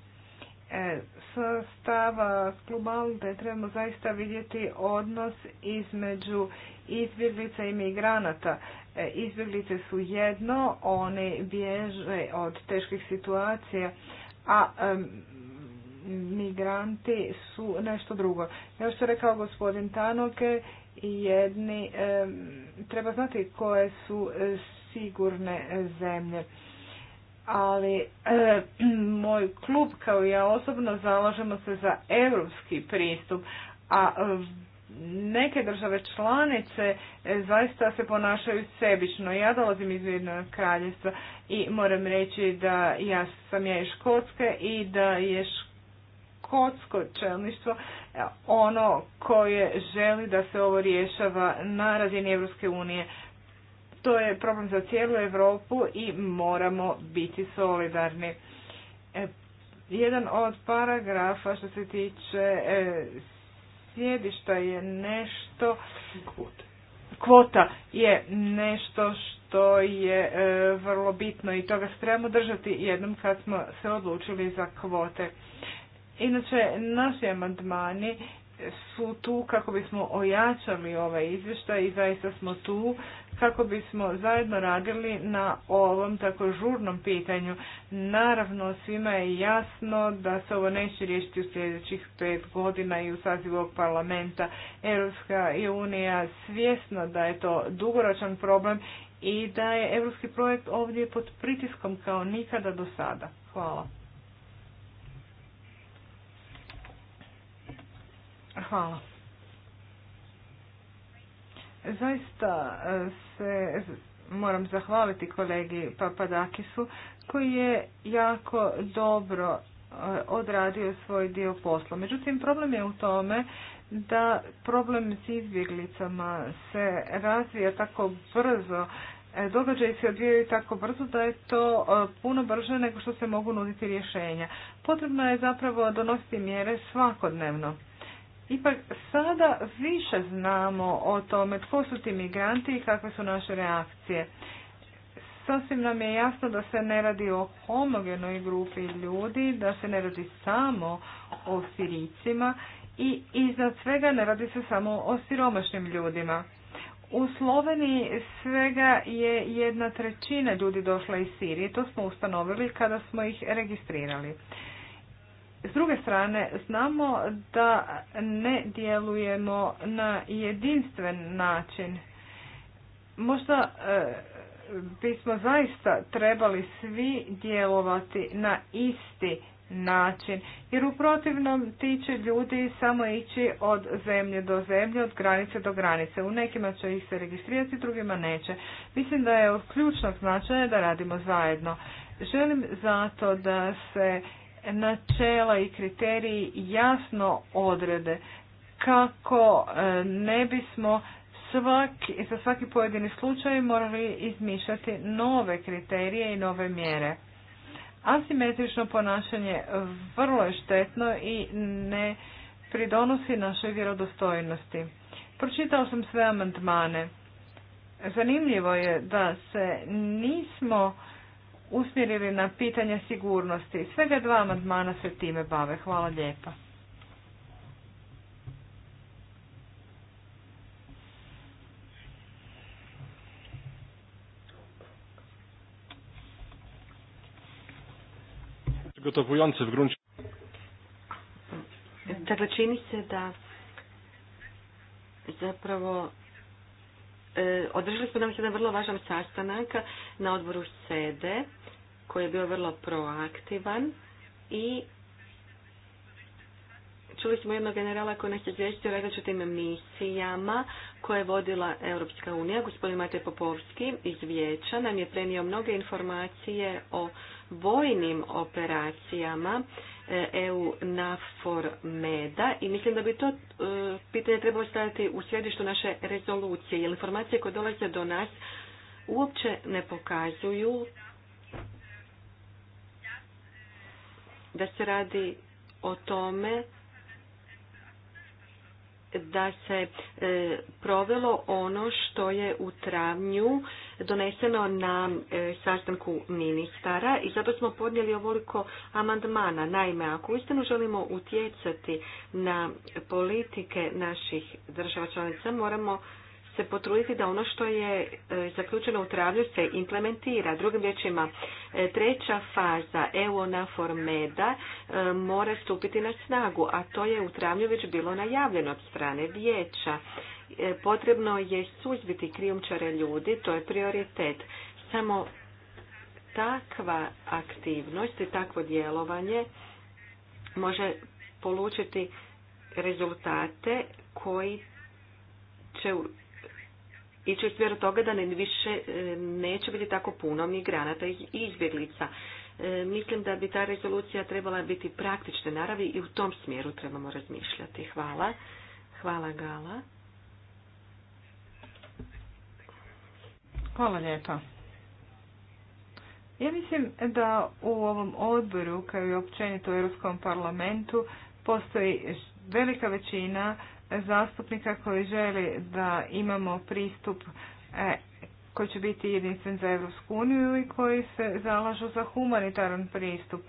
sa stava kluba trebamo zaista vidjeti odnos između izbjeglica i migranata. E, izbjeglice su jedno, one bježe od teških situacija, a migranti su nešto drugo. Ja što je rekao gospodin Tanoke, jedni, treba znati koje su e, sigurne zemlje ali e, moj klub kao ja osobno zalažemo se za europski pristup, a e, neke države članice e, zaista se ponašaju sebično. Ja dolazim iz Ujedinjenog kraljevstva i moram reći da ja sam ja iz Škotske i da je škotsko čelništvo ono koje želi da se ovo rješava na razini Europske unije. To je problem za cijelu Europu i moramo biti solidarni. E, jedan od paragrafa što se tiče e, sjedišta je nešto kvota je nešto što je e, vrlo bitno i toga se trebamo držati jednom kad smo se odlučili za kvote. Inače, naši amandmani su tu kako bismo ojačali ovaj izvještaj i zaista smo tu kako bismo zajedno radili na ovom tako žurnom pitanju. Naravno, svima je jasno da se ovo neće riješiti u sljedećih pet godina i u sazivu ovog parlamenta. Europska je unija svjesna da je to dugoročan problem i da je europski projekt ovdje pod pritiskom kao nikada do sada. Hvala. Hvala. Zaista e, se moram zahvaliti kolegi Papadakisu koji je jako dobro e, odradio svoj dio posla. Međutim, problem je u tome da problem s izbjeglicama se razvija tako brzo, e, događaj se odvijaju tako brzo da je to puno brže nego što se mogu nuditi rješenja. Potrebno je zapravo donositi mjere svakodnevno. Ipak sada više znamo o tome tko su ti migranti i kakve su naše reakcije. Sasvim nam je jasno da se ne radi o homogenoj grupi ljudi, da se ne radi samo o siricima i iznad svega ne radi se samo o siromašnim ljudima. U Sloveniji svega je jedna trećina ljudi došla iz Sirije, to smo ustanovili kada smo ih registrirali. S druge strane, znamo da ne djelujemo na jedinstven način. Možda e, bismo zaista trebali svi djelovati na isti način, jer u protivnom ti će ljudi samo ići od zemlje do zemlje, od granice do granice. U nekima će ih se registrirati, drugima neće. Mislim da je od ključnog značaja da radimo zajedno. Želim zato da se načela i kriteriji jasno odrede kako e, ne bismo svaki, za svaki pojedini slučaj morali izmišljati nove kriterije i nove mjere. Asimetrično ponašanje vrlo je štetno i ne pridonosi našoj vjerodostojnosti. Pročitao sam sve amandmane. Zanimljivo je da se nismo usmjerili na pitanje sigurnosti. Svega dva amandmana se time bave. Hvala lijepa. Gotowujący w Dakle, čini se da zapravo E, održali smo nam jedan vrlo važan sastanak na odboru SEDE koji je bio vrlo proaktivan i čuli smo jednog generala koji nas izvješćuje o različitim misijama koje je vodila Europska unija. Gospodin Matej Popovski iz Vijeća nam je prenio mnoge informacije o vojnim operacijama E, EU NAFOR MEDA i mislim da bi to e, pitanje trebalo staviti u središtu naše rezolucije, jer informacije koje dolaze do nas uopće ne pokazuju da se radi o tome da se e, provelo ono što je u travnju doneseno na e, sastanku ministara i zato smo podnijeli ovoliko amandmana. Naime, ako istinu želimo utjecati na politike naših država članica, moramo se potruditi da ono što je e, zaključeno u Travlju se implementira. Drugim riječima, e, treća faza na Formeda mora stupiti na snagu, a to je u Travlju već bilo najavljeno od strane vijeća. E, potrebno je suzbiti krijumčare ljudi, to je prioritet. Samo takva aktivnost i takvo djelovanje može polučiti rezultate koji će ići u smjeru toga da više e, neće biti tako puno migranata i izbjeglica. E, mislim da bi ta rezolucija trebala biti praktične naravi i u tom smjeru trebamo razmišljati. Hvala. Hvala Gala. Hvala lijepa. Ja mislim da u ovom odboru, kao i općenito u Europskom parlamentu, postoji velika većina zastupnika koji želi da imamo pristup e, koji će biti jedinstven za Europsku uniju i koji se zalažu za humanitaran pristup.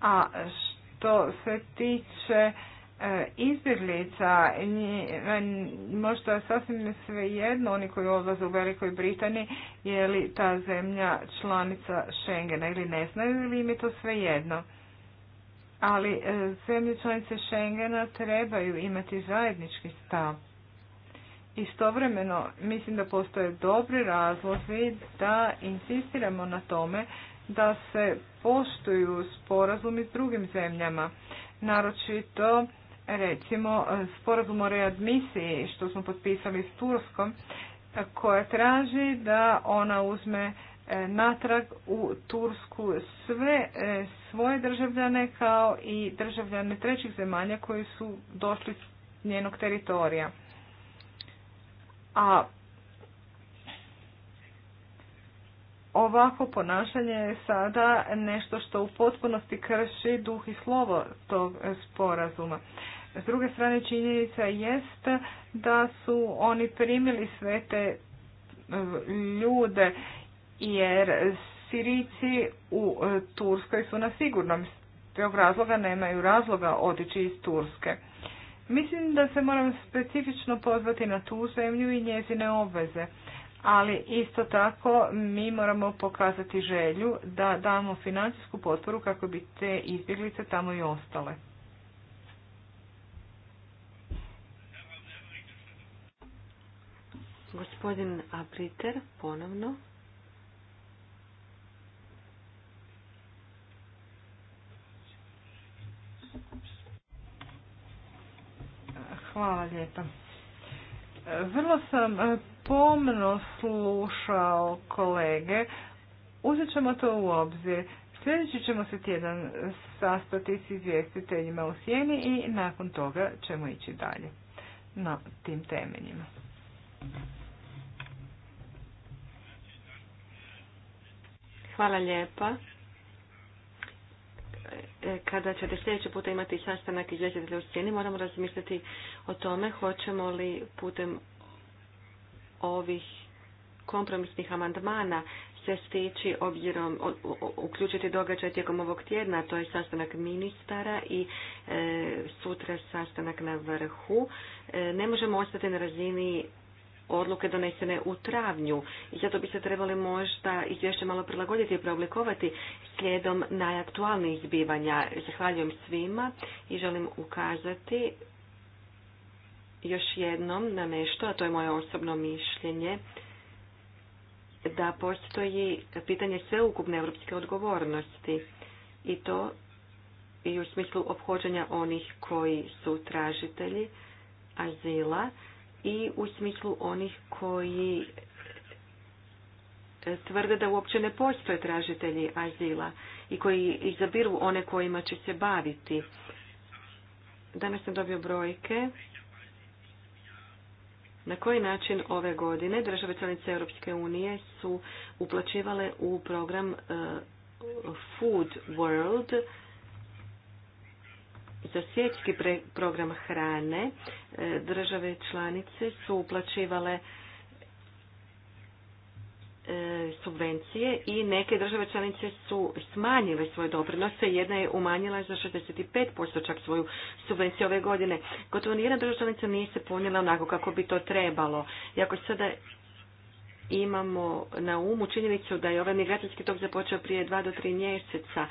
A što se tiče izbjeglica, možda sasvim svejedno oni koji odlaze u Velikoj Britaniji, je li ta zemlja članica Schengena ili ne znaju ili im je to svejedno. Ali e, zemlje članice Schengena trebaju imati zajednički stav. Istovremeno mislim da postoje dobri razlozi da insistiramo na tome da se poštuju sporazumi s drugim zemljama. Naročito recimo sporazum o readmisiji što smo potpisali s Turskom koja traži da ona uzme e, natrag u Tursku sve e, svoje državljane kao i državljane trećih zemalja koji su došli s njenog teritorija. A ovako ponašanje je sada nešto što u potpunosti krši duh i slovo tog e, sporazuma. S druge strane činjenica jest da su oni primili sve te e, ljude jer Sirici u e, Turskoj su na sigurnom tog razloga nemaju razloga otići iz Turske. Mislim da se moram specifično pozvati na tu zemlju i njezine obveze, ali isto tako mi moramo pokazati želju da damo financijsku potporu kako bi te izbjeglice tamo i ostale. Gospodin Apriter, ponovno. Hvala lijepa. Vrlo sam e, pomno slušao kolege. Uzet ćemo to u obzir. Sljedeći ćemo se tjedan sastati s izvjestiteljima u sjeni i nakon toga ćemo ići dalje na tim temeljima. Hvala lijepa. E, kada ćete sljedeći puta imati sastanak izvjestitelja u cijeni, moramo razmisliti o tome hoćemo li putem ovih kompromisnih amandmana se stići obzirom uključiti događaj tijekom ovog tjedna, to je sastanak ministara i e, sutra sastanak na vrhu. E, ne možemo ostati na razini odluke donesene u travnju i zato bi se trebali možda izvješće malo prilagoditi i preoblikovati slijedom najaktualnijih zbivanja. Zahvaljujem svima i želim ukazati još jednom na nešto, a to je moje osobno mišljenje, da postoji pitanje sveukupne europske odgovornosti i to i u smislu obhođenja onih koji su tražitelji azila i u smislu onih koji e, tvrde da uopće ne postoje tražitelji azila i koji izabiru one kojima će se baviti. Danas sam dobio brojke na koji način ove godine države članice Europske unije su uplaćivale u program e, Food World za svjetski program hrane e, države članice su uplaćivale e, subvencije i neke države članice su smanjile svoje doprinose. Jedna je umanjila za 65% čak svoju subvenciju ove godine. Gotovo nijedna država članica nije se punila onako kako bi to trebalo. Iako sada imamo na umu činjenicu da je ovaj migracijski tok započeo prije dva do tri mjeseca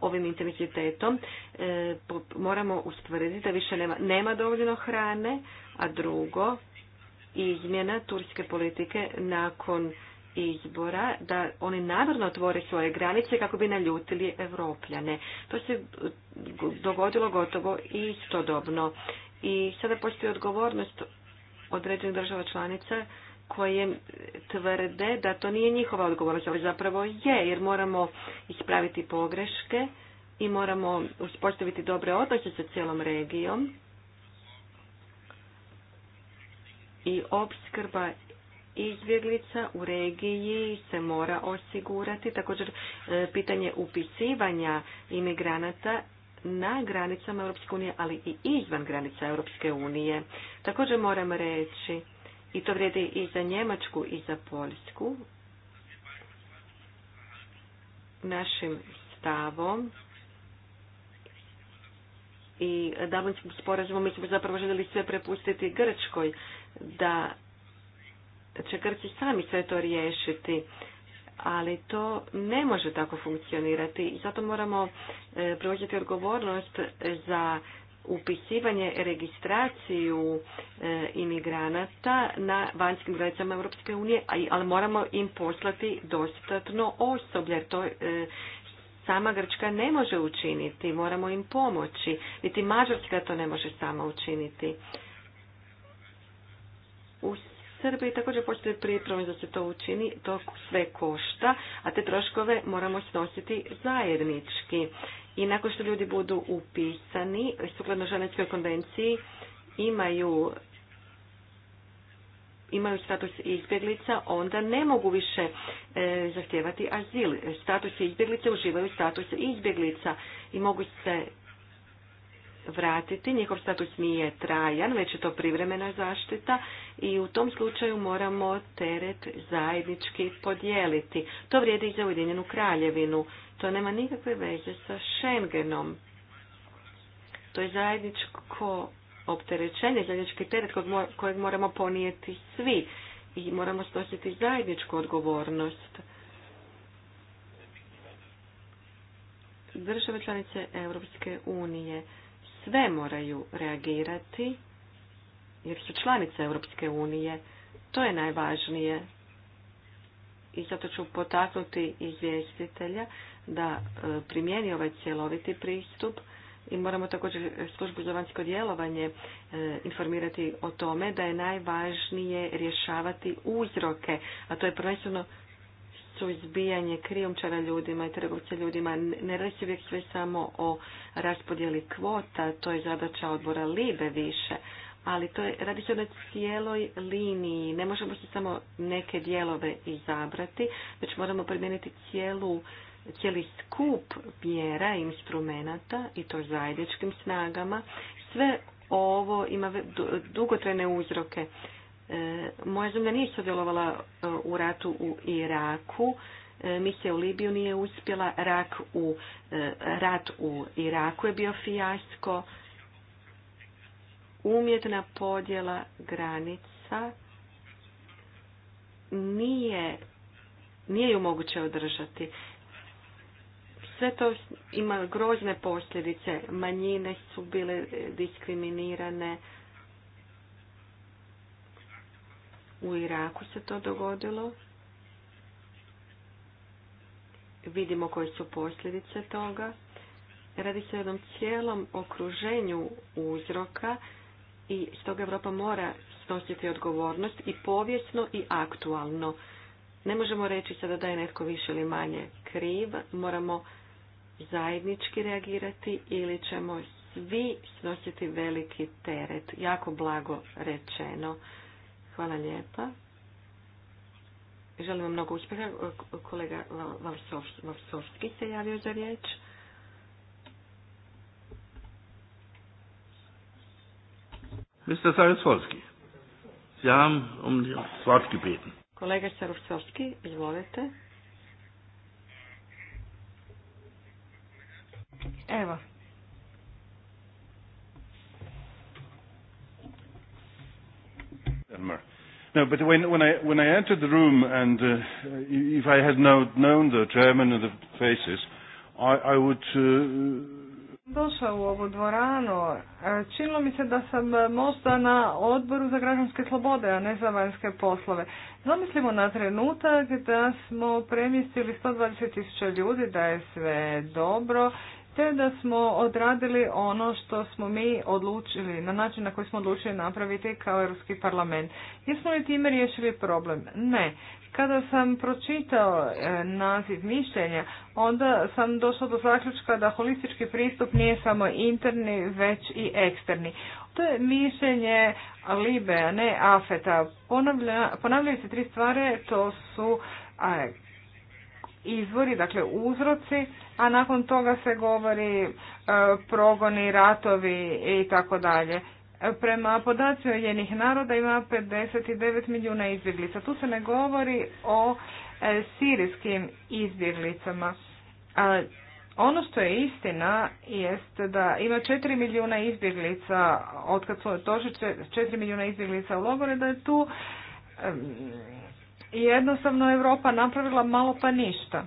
ovim intenzitetom, e, moramo ustvrditi da više nema, nema dovoljno hrane, a drugo, izmjena turske politike nakon izbora da oni namjerno otvore svoje granice kako bi naljutili Evropljane. To se dogodilo gotovo istodobno. I sada postoji odgovornost određenih država članica koje tvrde da to nije njihova odgovornost, ali zapravo je, jer moramo ispraviti pogreške i moramo uspostaviti dobre odnose sa cijelom regijom. I opskrba izbjeglica u regiji se mora osigurati. Također, e, pitanje upisivanja imigranata na granicama Europske unije, ali i izvan granica Europske unije. Također moram reći i to vrijedi i za Njemačku i za Poljsku. Našim stavom i davanjskim sporazumom mi smo zapravo željeli sve prepustiti Grčkoj, da će Grci sami sve to riješiti, ali to ne može tako funkcionirati i zato moramo e, preuzeti odgovornost za upisivanje, registraciju e, imigranata na vanjskim granicama Europske unije, ali moramo im poslati dostatno osoblje, to e, sama Grčka ne može učiniti, moramo im pomoći, niti Mađarska to ne može sama učiniti. U Srbiji također postoje pripreme da se to učini, to sve košta, a te troškove moramo snositi zajednički i nakon što ljudi budu upisani, sukladno Ženevskoj konvenciji, imaju imaju status izbjeglica, onda ne mogu više e, zahtijevati azil. Status izbjeglice uživaju status izbjeglica i mogu se vratiti. Njihov status nije trajan, već je to privremena zaštita i u tom slučaju moramo teret zajednički podijeliti. To vrijedi i za Ujedinjenu kraljevinu. To nema nikakve veze sa Schengenom. To je zajedničko opterećenje, zajednički teret kojeg moramo ponijeti svi i moramo snositi zajedničku odgovornost. Države članice Europske unije sve moraju reagirati jer su članice Europske unije. To je najvažnije. I zato ću potaknuti izvjestitelja da e, primijeni ovaj cjeloviti pristup i moramo također službu za vanjsko djelovanje e, informirati o tome da je najvažnije rješavati uzroke, a to je prvenstveno izbijanje krijumčara ljudima i trgovce ljudima. Ne radi se uvijek sve samo o raspodjeli kvota, to je zadaća odbora Libe više, ali to je, radi se o cijeloj liniji. Ne možemo se samo neke dijelove izabrati, već moramo primijeniti cijelu cijeli skup mjera i instrumenata i to zajedničkim snagama. Sve ovo ima dugotrene uzroke E, moja zemlja nije sudjelovala e, u ratu u Iraku, e, misija u Libiju nije uspjela, u, rat u Iraku je bio fijasko, umjetna podjela granica nije, nije ju moguće održati. Sve to ima grozne posljedice. Manjine su bile diskriminirane, U Iraku se to dogodilo. Vidimo koje su posljedice toga. Radi se o jednom cijelom okruženju uzroka i stoga Europa mora snositi odgovornost i povijesno i aktualno. Ne možemo reći sada da je netko više ili manje kriv, moramo zajednički reagirati ili ćemo svi snositi veliki teret, jako blago rečeno. Hvala lijepa. Želim vam mnogo uspjeha. Kolega Valsovski se javio za riječ. Mr. Sarasovski, ja vam um svatki Wort Kolega Sarasovski, izvolite. Evo, Elmer. No, but when, when, I, when I entered the room and uh, if I had known, known the chairman of the faces, I, I would... Uh, Došao u ovu dvoranu, e, činilo mi se da sam e, možda na odboru za građanske slobode, a ne za vanjske poslove. Zamislimo na trenutak da smo premjestili 120.000 tisuća ljudi, da je sve dobro te da smo odradili ono što smo mi odlučili, na način na koji smo odlučili napraviti kao Europski parlament. Jesmo li time riješili problem? Ne. Kada sam pročitao e, naziv mišljenja, onda sam došla do zaključka da holistički pristup nije samo interni, već i eksterni. To je mišljenje Libe, a ne Afeta. ponavljaju se tri stvari, to su izvori, dakle uzroci, a nakon toga se govori e, progoni, ratovi i tako dalje. E, prema podaciju jednih naroda ima 59 milijuna izbjeglica. Tu se ne govori o e, sirijskim izbjeglicama. Ono što je istina jest da ima 4 milijuna izbjeglica, otkad su došli 4 milijuna izbjeglica u logore, da je tu jednostavno Europa napravila malo pa ništa.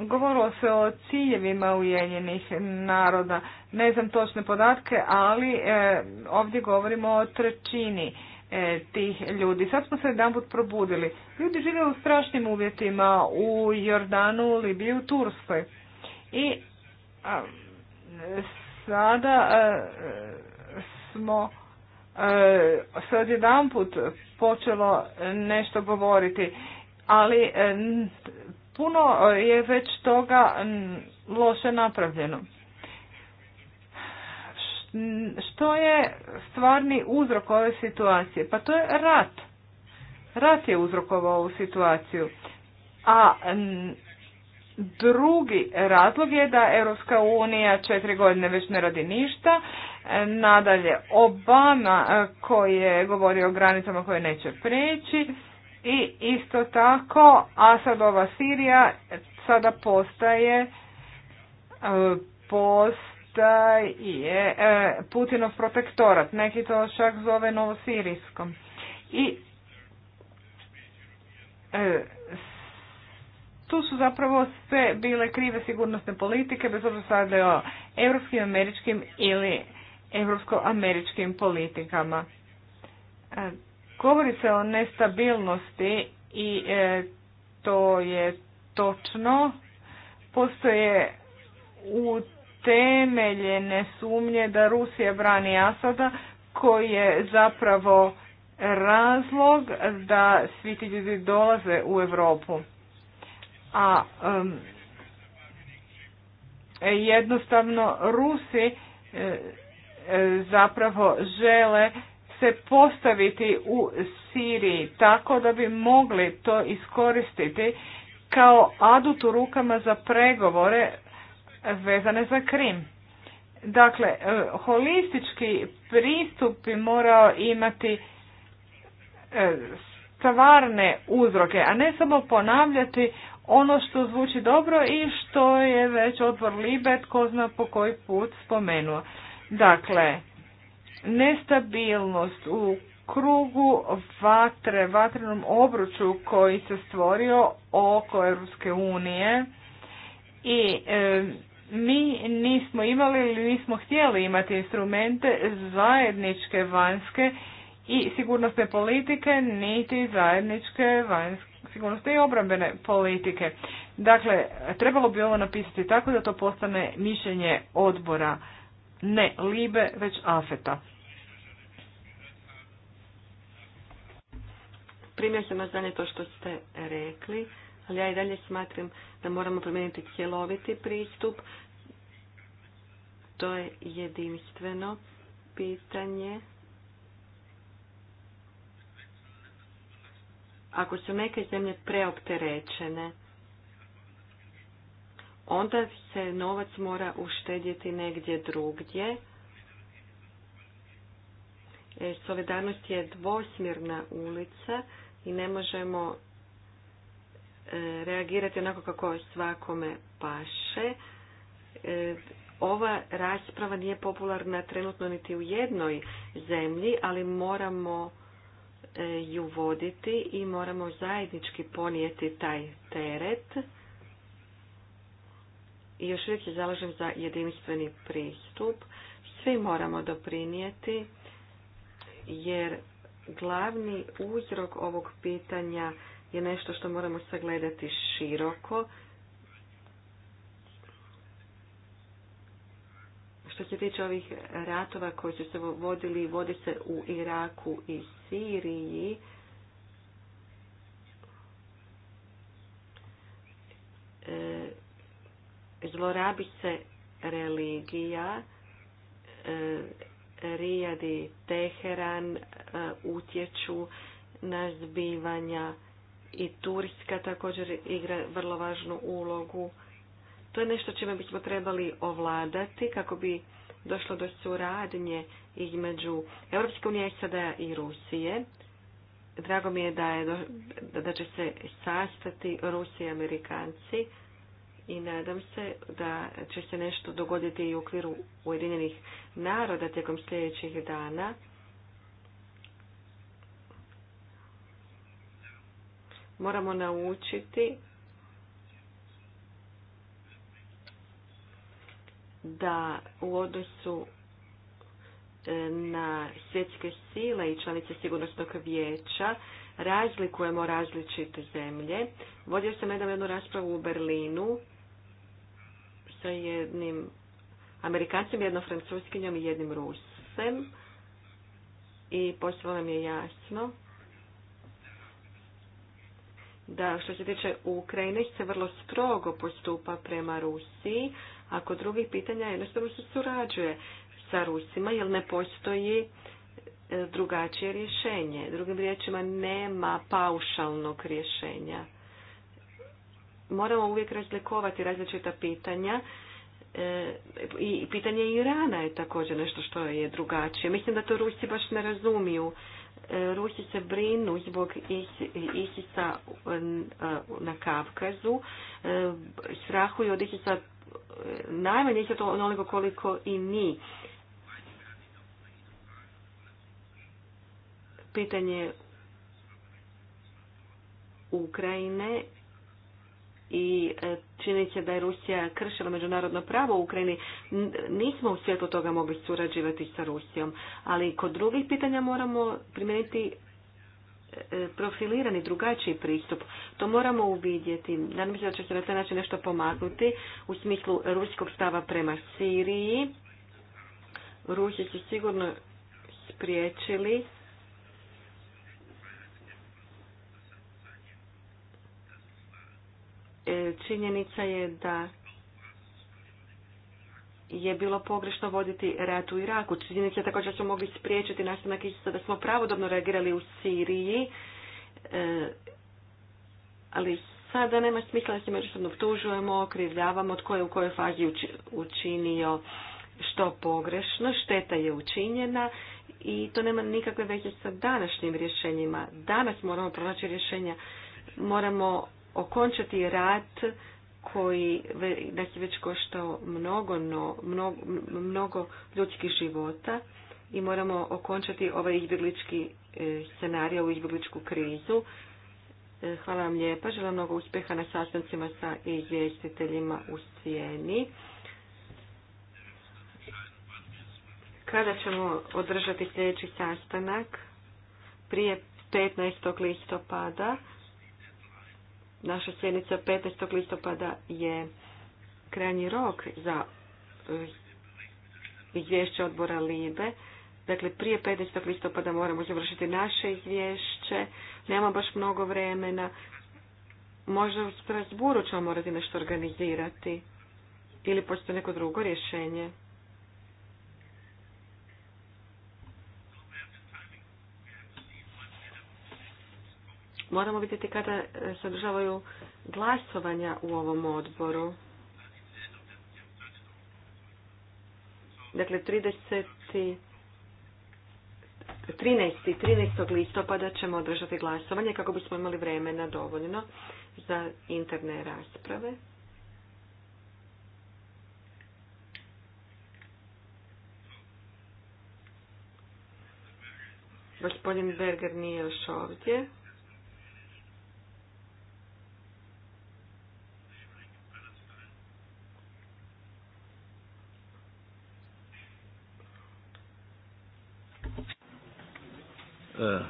Govorilo se o ciljevima Ujedinjenih naroda. Ne znam točne podatke, ali e, ovdje govorimo o trećini e, tih ljudi. Sad smo se jedanput probudili. Ljudi žive u strašnim uvjetima u Jordanu, Libiji, u Turskoj. I sada e, smo sad jedan put počelo nešto govoriti ali puno e, je već toga loše napravljeno. Što je stvarni uzrok ove situacije? Pa to je rat. Rat je uzrokovao ovu situaciju. A drugi razlog je da Europska unija četiri godine već ne radi ništa. E, nadalje, Obama e, koji je govorio o granicama koje neće preći i isto tako Asadova Sirija sada postaje e, postaje e, Putinov protektorat. Neki to čak zove novosirijskom. I e, tu su zapravo sve bile krive sigurnosne politike, bez obzira sada o europskim, američkim ili europsko-američkim politikama. Govori se o nestabilnosti i e, to je točno. Postoje utemeljene sumnje da Rusija brani Asada koji je zapravo razlog da svi ti ljudi dolaze u Europu. A jednostavno Rusi e, e, zapravo žele se postaviti u Siriji tako da bi mogli to iskoristiti kao adut u rukama za pregovore vezane za Krim. Dakle, e, holistički pristup bi morao imati e, stvarne uzroke, a ne samo ponavljati ono što zvuči dobro i što je već odbor Libet, tko zna po koji put spomenuo. Dakle, nestabilnost u krugu vatre, vatrenom obruču koji se stvorio oko Europske unije i e, mi nismo imali ili nismo htjeli imati instrumente zajedničke vanjske i sigurnosne politike, niti zajedničke vanjske sigurnosne i obrambene politike. Dakle, trebalo bi ovo napisati tako da to postane mišljenje odbora ne Libe, već Afeta. Primio sam vas to što ste rekli, ali ja i dalje smatram da moramo promijeniti cjeloviti pristup. To je jedinstveno pitanje. Ako su neke zemlje preopterećene, onda se novac mora uštedjeti negdje drugdje. E, solidarnost je dvosmjerna ulica i ne možemo e, reagirati onako kako svakome paše. E, ova rasprava nije popularna trenutno niti u jednoj zemlji, ali moramo ju voditi i moramo zajednički ponijeti taj teret i još uvijek se zalažem za jedinstveni pristup. Svi moramo doprinijeti jer glavni uzrok ovog pitanja je nešto što moramo sagledati široko. Što se tiče ovih ratova koji su se vodili i vode se u Iraku i Siriji, e, zlorabi se religija, e, Rijad Teheran e, utječu na zbivanja i Turska također igra vrlo važnu ulogu. To je nešto čime bismo trebali ovladati kako bi došlo do suradnje između Europske unije, sad i Rusije. Drago mi je da, je da će se sastati Rusi i Amerikanci i nadam se da će se nešto dogoditi i u okviru Ujedinjenih naroda tijekom sljedećih dana. Moramo naučiti da u odnosu e, na svjetske sile i članice sigurnosnog vijeća razlikujemo različite zemlje. Vodio sam nedavno jednu raspravu u Berlinu sa jednim Amerikancem, jednom Francuskinjom i jednim Rusem. I postalo nam je jasno da što se tiče Ukrajine se vrlo strogo postupa prema Rusiji, a kod drugih pitanja jednostavno se surađuje sa Rusima jer ne postoji e, drugačije rješenje. Drugim riječima nema paušalnog rješenja moramo uvijek razlikovati različita pitanja e, i pitanje Irana je također nešto što je drugačije. Mislim da to Rusi baš ne razumiju. E, Rusi se brinu zbog Isisa e, na Kavkazu, strahuju od Isisa najmanje isto to onoliko koliko i mi. Pitanje Ukrajine i e, činjenica da je Rusija kršila međunarodno pravo u Ukrajini, nismo u svijetu toga mogli surađivati sa Rusijom. Ali kod drugih pitanja moramo primijeniti e, profilirani drugačiji pristup. To moramo uvidjeti. Nadam se da će se na taj način nešto pomaknuti u smislu ruskog stava prema Siriji. Rusi su sigurno spriječili E, činjenica je da je bilo pogrešno voditi rat u Iraku. Činjenica je također da smo mogli spriječiti nastanak isto da smo pravodobno reagirali u Siriji, e, ali sada nema smisla da se međusobno optužujemo, okrivljavamo tko je u kojoj fazi učinio što pogrešno, šteta je učinjena i to nema nikakve veze sa današnjim rješenjima. Danas moramo pronaći rješenja, moramo okončati rat koji nas je već koštao mnogo, no, mnogo, mnogo ljudskih života i moramo okončati ovaj izbjeglički e, scenarij, u izbjegličku krizu. E, hvala vam lijepa, želim mnogo uspjeha na sastancima sa izvjestiteljima u Sijeni. Kada ćemo održati sljedeći sastanak? Prije 15. listopada. Naša sjednica 15. listopada je krajnji rok za eh, izvješće odbora LIBE. Dakle, prije 15. listopada moramo završiti naše izvješće. Nema baš mnogo vremena. Možda u Strasburu ćemo morati nešto organizirati. Ili postoji neko drugo rješenje. Moramo vidjeti kada se održavaju glasovanja u ovom odboru. Dakle, 30. 13. 13. listopada ćemo održati glasovanje kako bismo imali vremena dovoljno za interne rasprave. Gospodin Berger nije još ovdje. äh,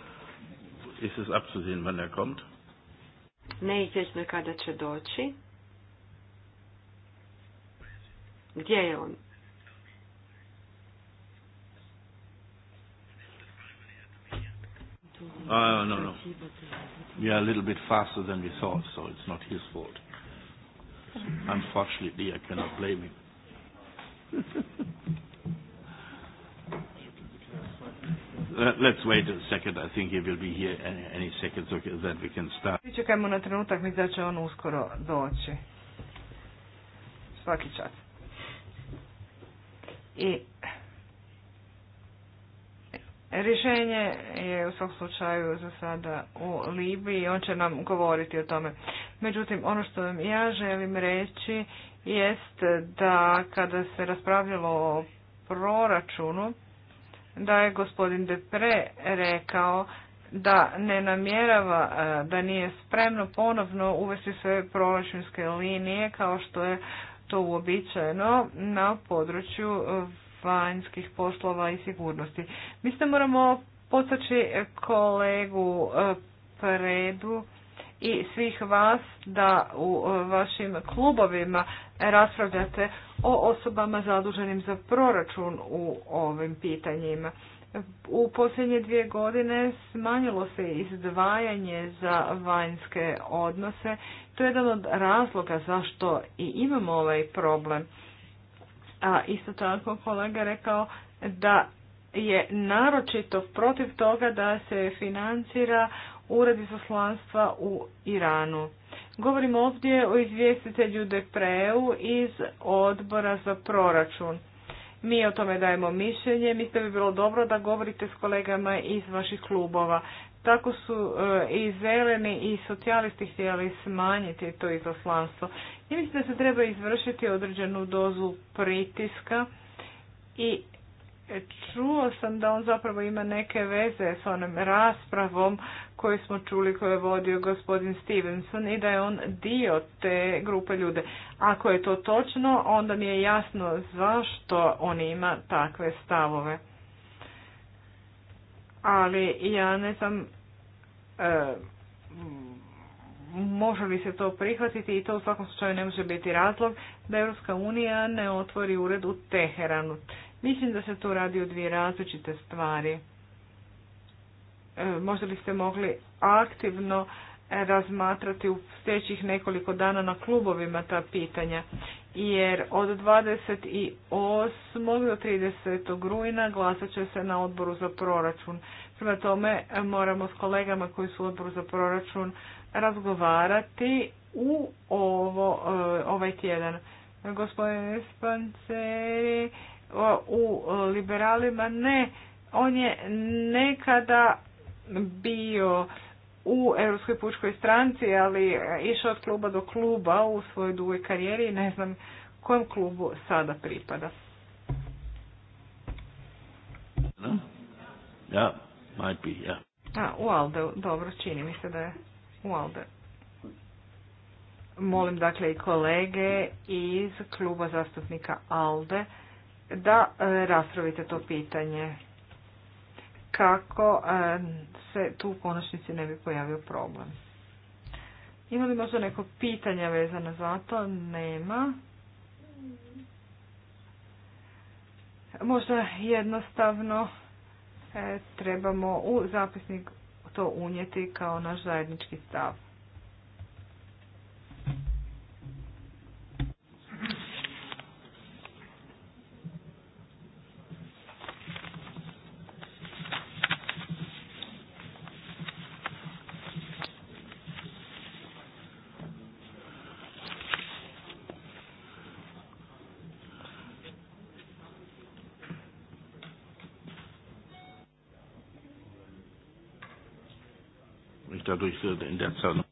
ist es abzusehen, wann er kommt? Neizvjesno nicht, kada će doći. Gdje je on? oh no, no. We are a little bit faster than we thought, so it's not his fault. Unfortunately, I cannot blame him. Let's wait a second. I think he will be here any second so that we can start. Čekajmo na trenutak, mi da će on uskoro doći. Svaki čas. I Rješenje je u svom slučaju za sada u Libiji, i on će nam govoriti o tome. Međutim, ono što vam ja želim reći jest da kada se raspravljalo o proračunu, da je gospodin Depre rekao da ne namjerava, e, da nije spremno ponovno uvesti sve proračunske linije kao što je to uobičajeno na području vanjskih poslova i sigurnosti. Mislim moramo postaći kolegu e, Predu i svih vas da u vašim klubovima raspravljate o osobama zaduženim za proračun u ovim pitanjima. U posljednje dvije godine smanjilo se izdvajanje za vanjske odnose. To je jedan od razloga zašto i imamo ovaj problem. A isto tako kolega rekao da je naročito protiv toga da se financira ured izoslanstva u Iranu. Govorimo ovdje o izvjestitelju Depreu iz odbora za proračun. Mi o tome dajemo mišljenje, mislim bi bilo dobro da govorite s kolegama iz vaših klubova. Tako su e, i zeleni i socijalisti htjeli smanjiti to izoslanstvo. I mislim da se treba izvršiti određenu dozu pritiska i čuo sam da on zapravo ima neke veze s onom raspravom koje smo čuli koje je vodio gospodin Stevenson i da je on dio te grupe ljude. Ako je to točno, onda mi je jasno zašto on ima takve stavove. Ali ja ne znam e, može li se to prihvatiti i to u svakom slučaju ne može biti razlog da Europska unija ne otvori ured u Teheranu. Mislim da se tu radi o dvije različite stvari. E, možda biste mogli aktivno e, razmatrati u sljedećih nekoliko dana na klubovima ta pitanja. Jer od 28. do 30. rujna glasat će se na odboru za proračun. Prema tome e, moramo s kolegama koji su u odboru za proračun razgovarati u ovo, ovaj tjedan. Gospodin Spanceri u liberalima ne. On je nekada bio u Europskoj pučkoj stranci, ali e, išao od kluba do kluba u svojoj dugoj karijeri i ne znam kojem klubu sada pripada. Ja, might be, ja. A, u Alde, dobro, čini mi se da je u Alde. Molim dakle i kolege iz kluba zastupnika Alde da e, raspravite to pitanje kako e, se tu u konačnici ne bi pojavio problem. Ima li možda neko pitanja vezano za to? Nema. Možda jednostavno e, trebamo u zapisnik to unijeti kao naš zajednički stav. Ich dadurch in der Zahl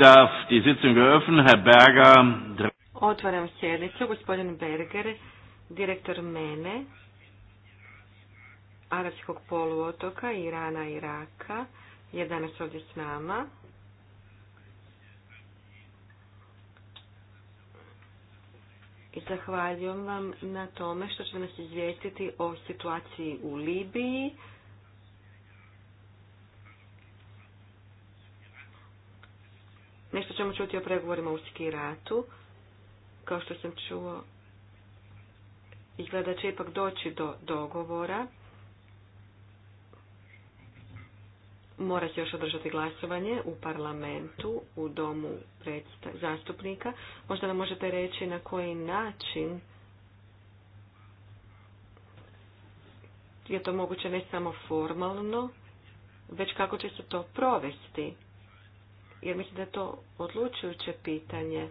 darf die Sitzung Herr Berger. Otvaram sjednicu. Gospodin Berger, direktor Mene, Arabskog poluotoka, Irana Iraka, je danas ovdje s nama. I zahvaljujem vam na tome što će nas izvijestiti o situaciji u Libiji ćemo čuti o pregovorima u Skiratu. Kao što sam čuo, izgleda da će ipak doći do dogovora. Mora se još održati glasovanje u parlamentu, u domu zastupnika. Možda nam možete reći na koji način je to moguće ne samo formalno, već kako će se to provesti jer mislim da je to odlučujuće pitanje.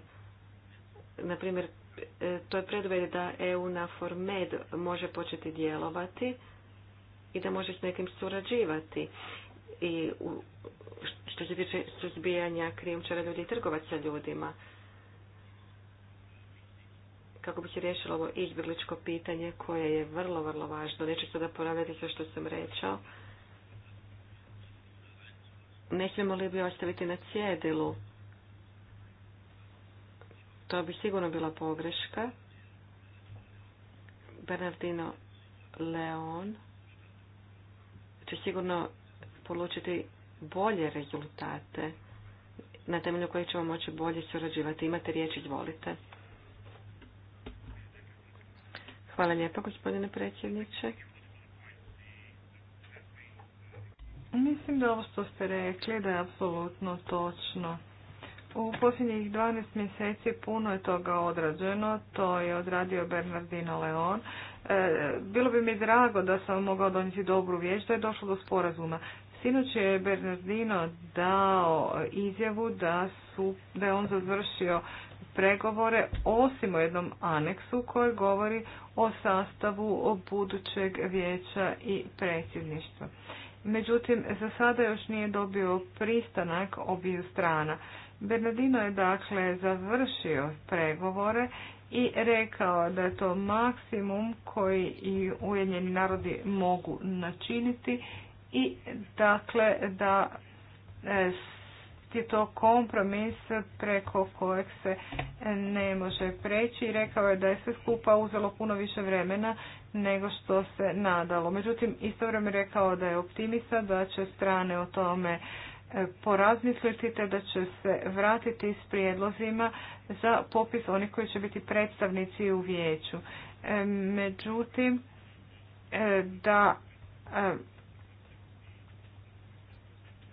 Naprimjer, e, to je preduvjet da EU na Formed može početi djelovati i da može s nekim surađivati. I u, što se tiče suzbijanja krijumčara ljudi i trgovaca ljudima. Kako bi se riješilo ovo izbjegličko pitanje koje je vrlo, vrlo važno. Neću sada ponavljati sve što sam rečao ne smijemo li bi ostaviti na cjedilu? To bi sigurno bila pogreška. Bernardino Leon će sigurno polučiti bolje rezultate na temelju kojih ćemo moći bolje surađivati. Imate riječ, izvolite. Hvala lijepa, gospodine predsjedniče. Mislim da ovo što ste rekli da je apsolutno točno. U posljednjih 12 mjeseci puno je toga odrađeno, to je odradio Bernardino Leon. E, bilo bi mi drago da sam mogao donijeti dobru vijest da je došlo do sporazuma. Sinoć je Bernardino dao izjavu da, su, da je on završio pregovore osim o jednom aneksu koji govori o sastavu budućeg vijeća i predsjedništva međutim za sada još nije dobio pristanak obiju strana. Bernardino je dakle završio pregovore i rekao da je to maksimum koji i Ujedinjeni narodi mogu načiniti i dakle da e, je to kompromis preko kojeg se ne može preći i rekao je da je sve skupa uzelo puno više vremena nego što se nadalo. Međutim, istovremeno rekao da je optimista, da će strane o tome e, porazmisliti te da će se vratiti s prijedlozima za popis onih koji će biti predstavnici u vijeću. E, međutim, e, da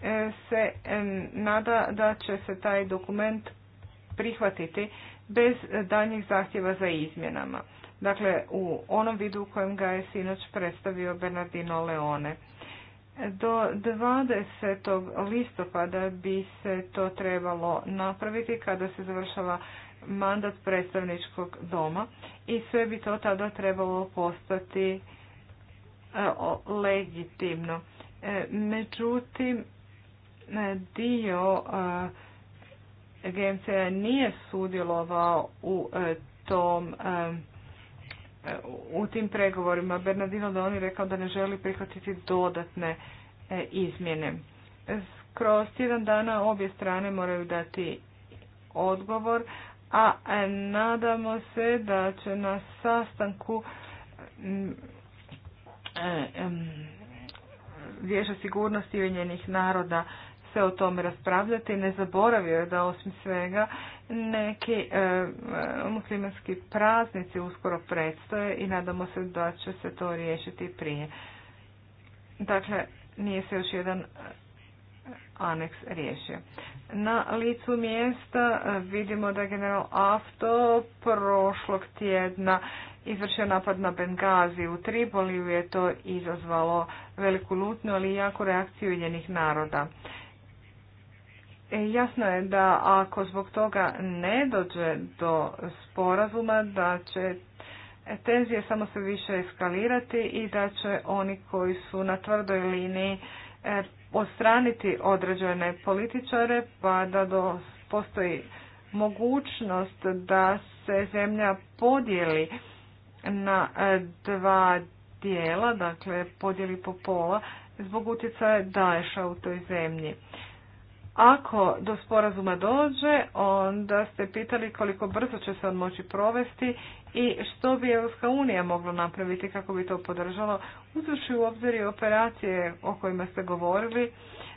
E, se e, nada da će se taj dokument prihvatiti bez daljnjih zahtjeva za izmjenama. Dakle, u onom vidu u kojem ga je sinoć predstavio Bernardino Leone. Do 20. listopada bi se to trebalo napraviti kada se završava mandat predstavničkog doma i sve bi to tada trebalo postati e, legitimno. Međutim, dio agencija eh, nije sudjelovao u eh, tom eh, u tim pregovorima. Bernardino da oni rekao da ne želi prihvatiti dodatne izmjene. Kroz tjedan dana obje strane moraju dati odgovor, a nadamo se da će na sastanku mm, vježa sigurnosti njenih naroda se o tome raspravljati. Ne zaboravio je da osim svega neki e, e, muslimanski praznici uskoro predstoje i nadamo se da će se to riješiti prije. Dakle, nije se još jedan e, aneks riješio. Na licu mjesta vidimo da je general Afto prošlog tjedna izvršio napad na Bengazi. U Tripoliju je to izazvalo veliku lutnu, ali i jako reakciju Ujedinjenih naroda. E, jasno je da ako zbog toga ne dođe do sporazuma, da će tenzije samo se više eskalirati i da će oni koji su na tvrdoj liniji e, odstraniti određene političare, pa da do, postoji mogućnost da se zemlja podijeli na e, dva dijela, dakle podijeli po pola, zbog utjecaja Daesha u toj zemlji. Ako do sporazuma dođe, onda ste pitali koliko brzo će se on moći provesti i što bi Europska unija mogla napraviti kako bi to podržalo, uzvrši u obzir i operacije o kojima ste govorili,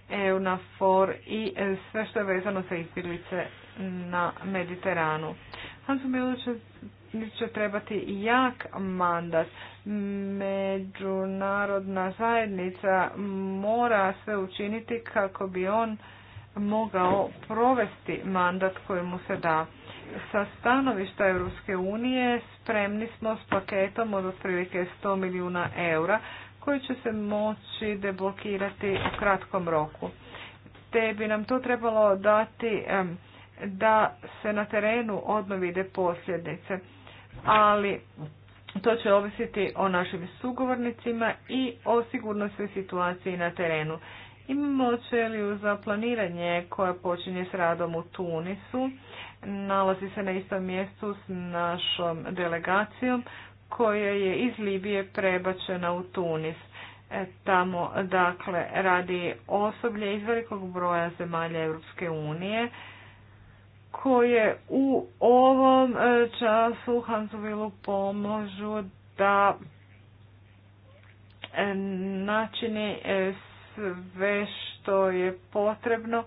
EUNAFOR i sve što je vezano sa izbjeglice na Mediteranu. Hansu Milović će trebati jak mandat. Međunarodna zajednica mora sve učiniti kako bi on mogao provesti mandat koji mu se da. Sa stanovišta Europske unije spremni smo s paketom od otprilike 100 milijuna eura koji će se moći deblokirati u kratkom roku. Te bi nam to trebalo dati da se na terenu odnovide posljednice. ali to će ovisiti o našim sugovornicima i o sigurnosnoj situaciji na terenu. Imamo ćeliju za planiranje koja počinje s radom u Tunisu. Nalazi se na istom mjestu s našom delegacijom koja je iz Libije prebačena u Tunis. E, tamo dakle radi osoblje iz velikog broja zemalja Europske unije koje u ovom e, času Hanzovilu pomožu da e, načini sve što je potrebno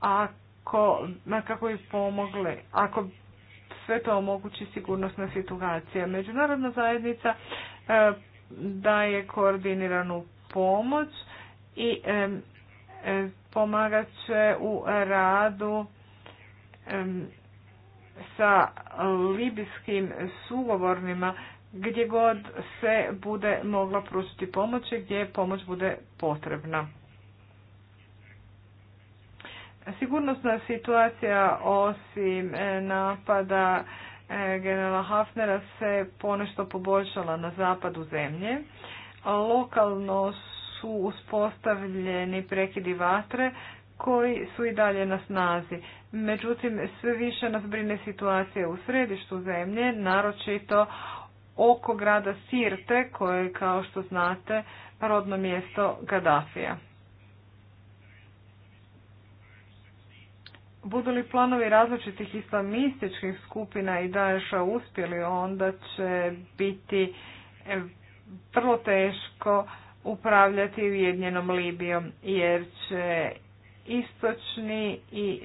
ako, kako bi pomogle, ako sve to omogući sigurnosna situacija. Međunarodna zajednica e, daje koordiniranu pomoć i e, e, pomagat će u radu sa libijskim sugovornima gdje god se bude mogla pružiti pomoć i gdje pomoć bude potrebna. Sigurnosna situacija osim e, napada e, generala Hafnera se ponešto poboljšala na zapadu zemlje. Lokalno su uspostavljeni prekidi vatre koji su i dalje na snazi. Međutim, sve više nas brine situacija u središtu zemlje, naročito oko grada Sirte koje je kao što znate rodno mjesto Gaddafija. Budu li planovi različitih islamističkih skupina i daješa uspjeli, onda će biti e, vrlo teško upravljati Ujedinjenom Libijom, jer će istočni i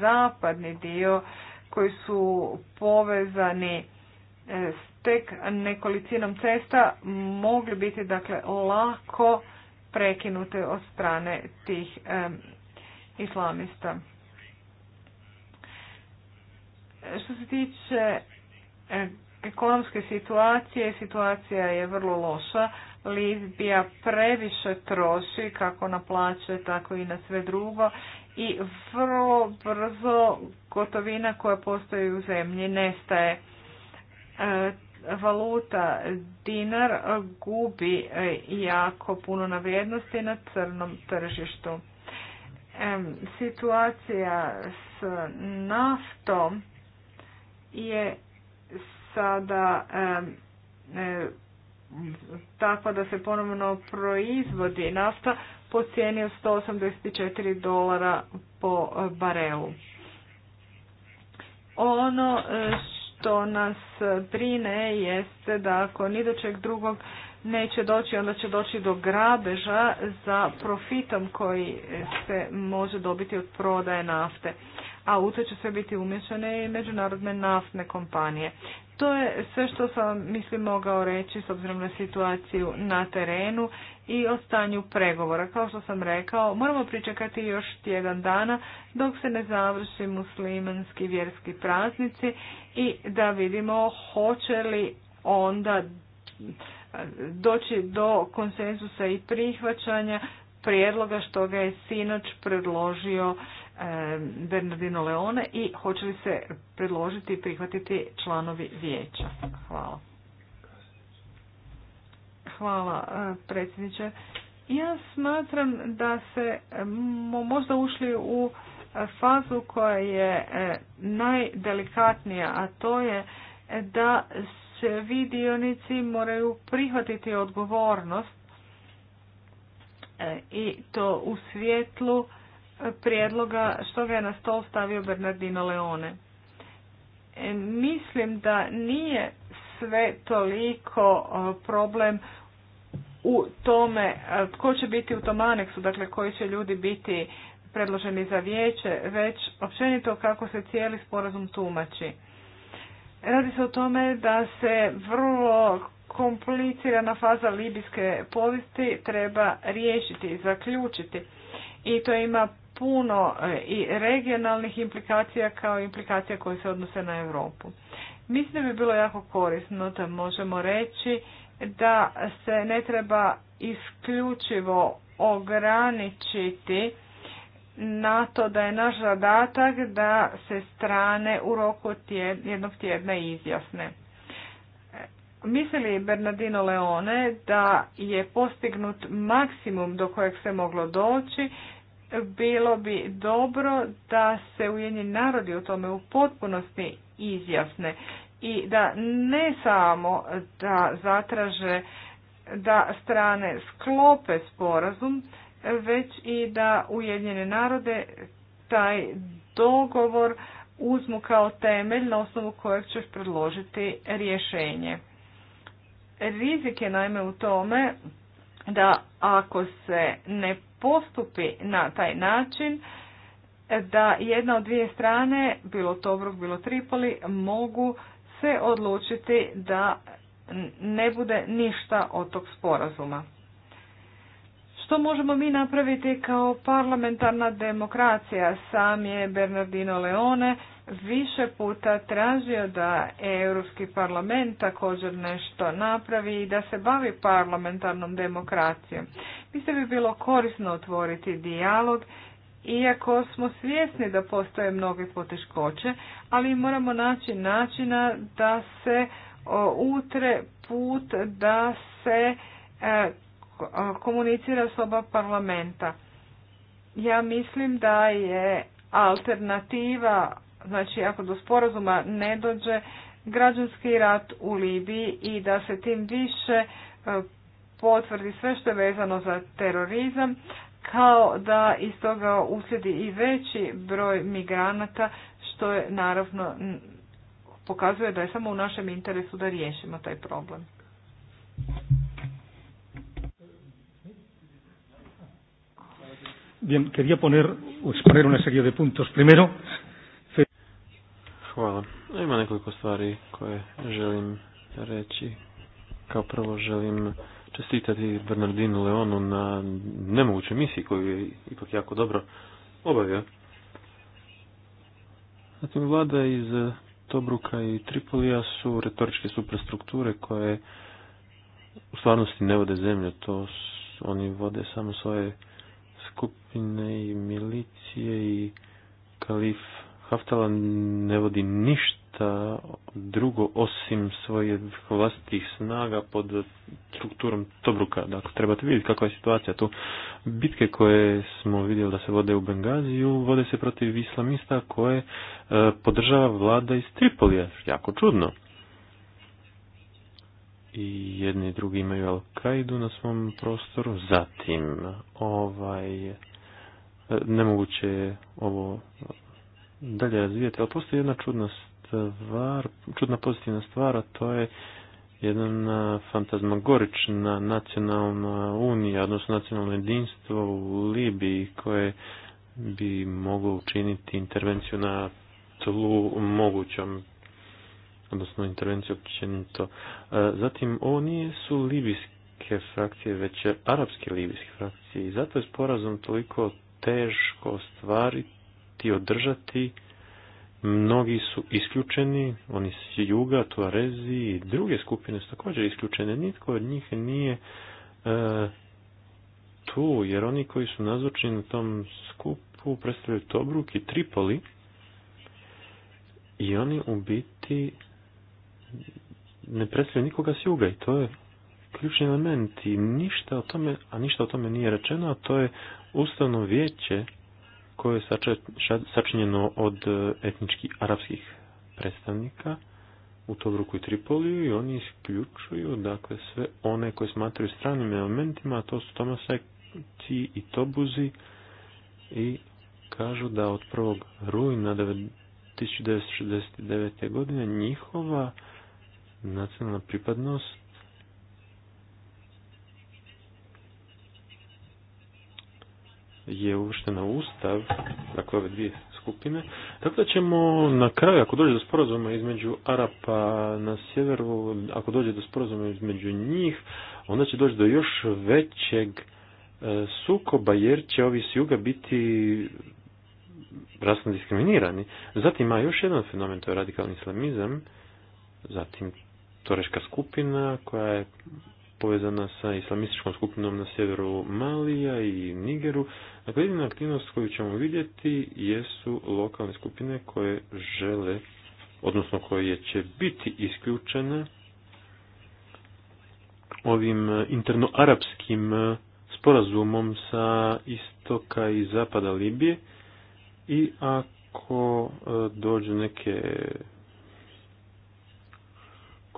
zapadni dio koji su povezani s e, tek nekolicinom cesta mogli biti dakle lako prekinute od strane tih islamista. Što se tiče ekonomske situacije, situacija je vrlo loša. Libija previše troši kako na plaće, tako i na sve drugo i vrlo brzo gotovina koja postoji u zemlji nestaje. E, valuta dinar gubi e, jako puno na vrijednosti na crnom tržištu. Situacija s naftom je sada e, tako da se ponovno proizvodi nafta po cijeni od 184 dolara po barelu. Ono e, što nas brine jeste da kod idućeg drugog neće doći, onda će doći do grabeža za profitom koji se može dobiti od prodaje nafte. A u to će sve biti umješane i međunarodne naftne kompanije. To je sve što sam, mislim, mogao reći s obzirom na situaciju na terenu i o stanju pregovora. Kao što sam rekao, moramo pričekati još tjedan dana dok se ne završi muslimanski vjerski praznici i da vidimo hoće li onda doći do konsenzusa i prihvaćanja prijedloga što ga je sinoć predložio e, Bernardino Leone i hoće li se predložiti i prihvatiti članovi vijeća. Hvala. Hvala e, predsjedniče. Ja smatram da se e, možda ušli u fazu koja je najdelikatnija, a to je da svi dionici moraju prihvatiti odgovornost e, i to u svjetlu prijedloga što ga je na stol stavio Bernardino Leone. E, mislim da nije sve toliko e, problem u tome tko će biti u tom aneksu, dakle koji će ljudi biti predloženi za vijeće, već općenito kako se cijeli sporazum tumači. Radi se o tome da se vrlo komplicirana faza libijske povijesti treba riješiti i zaključiti. I to ima puno e, i regionalnih implikacija kao implikacija koje se odnose na Europu. Mislim da bi bilo jako korisno da možemo reći da se ne treba isključivo ograničiti na to da je naš zadatak da se strane u roku tjed, jednog tjedna izjasne. Misli Bernardino Leone da je postignut maksimum do kojeg se moglo doći, bilo bi dobro da se ujedni narodi u tome u potpunosti izjasne i da ne samo da zatraže da strane sklope sporazum, već i da Ujedinjene narode taj dogovor uzmu kao temelj na osnovu kojeg ćeš predložiti rješenje. Rizik je naime u tome da ako se ne postupi na taj način, da jedna od dvije strane, bilo Tobruk, bilo Tripoli, mogu se odlučiti da ne bude ništa od tog sporazuma. To možemo mi napraviti kao parlamentarna demokracija? Sam je Bernardino Leone više puta tražio da Europski parlament također nešto napravi i da se bavi parlamentarnom demokracijom. Mislim bi bilo korisno otvoriti dijalog iako smo svjesni da postoje mnoge poteškoće, ali moramo naći načina da se utre put da se e, komunicira s oba parlamenta. Ja mislim da je alternativa, znači ako do sporazuma ne dođe, građanski rat u Libiji i da se tim više e, potvrdi sve što je vezano za terorizam, kao da iz toga uslijedi i veći broj migranata, što je naravno pokazuje da je samo u našem interesu da riješimo taj problem. Bien, quería poner o exponer una serie de puntos. Primero, Hvala. Ima nekoliko stvari koje želim reći. Kao prvo želim čestitati Bernardinu Leonu na nemogućoj misiji koju je ipak jako dobro obavio. Zatim vlada iz Tobruka i Tripolija su retoričke superstrukture koje u stvarnosti ne vode zemlju. To oni vode samo svoje skupine i milicije i kalif Haftala ne vodi ništa drugo osim svojih vlastitih snaga pod strukturom Tobruka. Dakle, trebate vidjeti kakva je situacija tu. Bitke koje smo vidjeli da se vode u Bengaziju, vode se protiv islamista koje e, podržava vlada iz Tripolija. Jako čudno i jedni i drugi imaju al na svom prostoru. Zatim, ovaj, nemoguće je ovo dalje razvijati, ali postoji jedna čudna stvar, čudna pozitivna stvar, a to je jedna fantazmagorična nacionalna unija, odnosno nacionalno jedinstvo u Libiji koje bi moglo učiniti intervenciju na tlu mogućom odnosno intervenciju općenito. E, zatim, ovo nisu libijske frakcije, već arapske libijske frakcije i zato je sporazum toliko teško ostvariti, održati. Mnogi su isključeni, oni s juga, tuarezi i druge skupine su također isključene. Nitko od njih nije e, tu, jer oni koji su nazočni na tom skupu predstavljaju Tobruk i Tripoli i oni u biti ne predstavlja nikoga s juga i to je ključni element i ništa o tome, a ništa o tome nije rečeno, a to je ustavno vijeće koje je sačinjeno od e, etnički arapskih predstavnika u Tobruku i Tripoliju i oni isključuju dakle sve one koje smatraju stranim elementima, a to su Tomasajci i Tobuzi i kažu da od 1. rujna 1969. godine njihova nacionalna pripadnost je uvrštena u ustav, dakle ove dvije skupine. Tako da ćemo na kraju, ako dođe do sporazuma između Arapa na sjeveru, ako dođe do sporazuma između njih, onda će doći do još većeg e, sukoba, jer će ovi s juga biti rasno diskriminirani. Zatim ima još jedan fenomen, to je radikalni islamizam, zatim Toreška skupina koja je povezana sa islamističkom skupinom na sjeveru Malija i Nigeru. Dakle, jedina aktivnost koju ćemo vidjeti jesu lokalne skupine koje žele, odnosno koje će biti isključene ovim interno sporazumom sa istoka i zapada Libije i ako e, dođu neke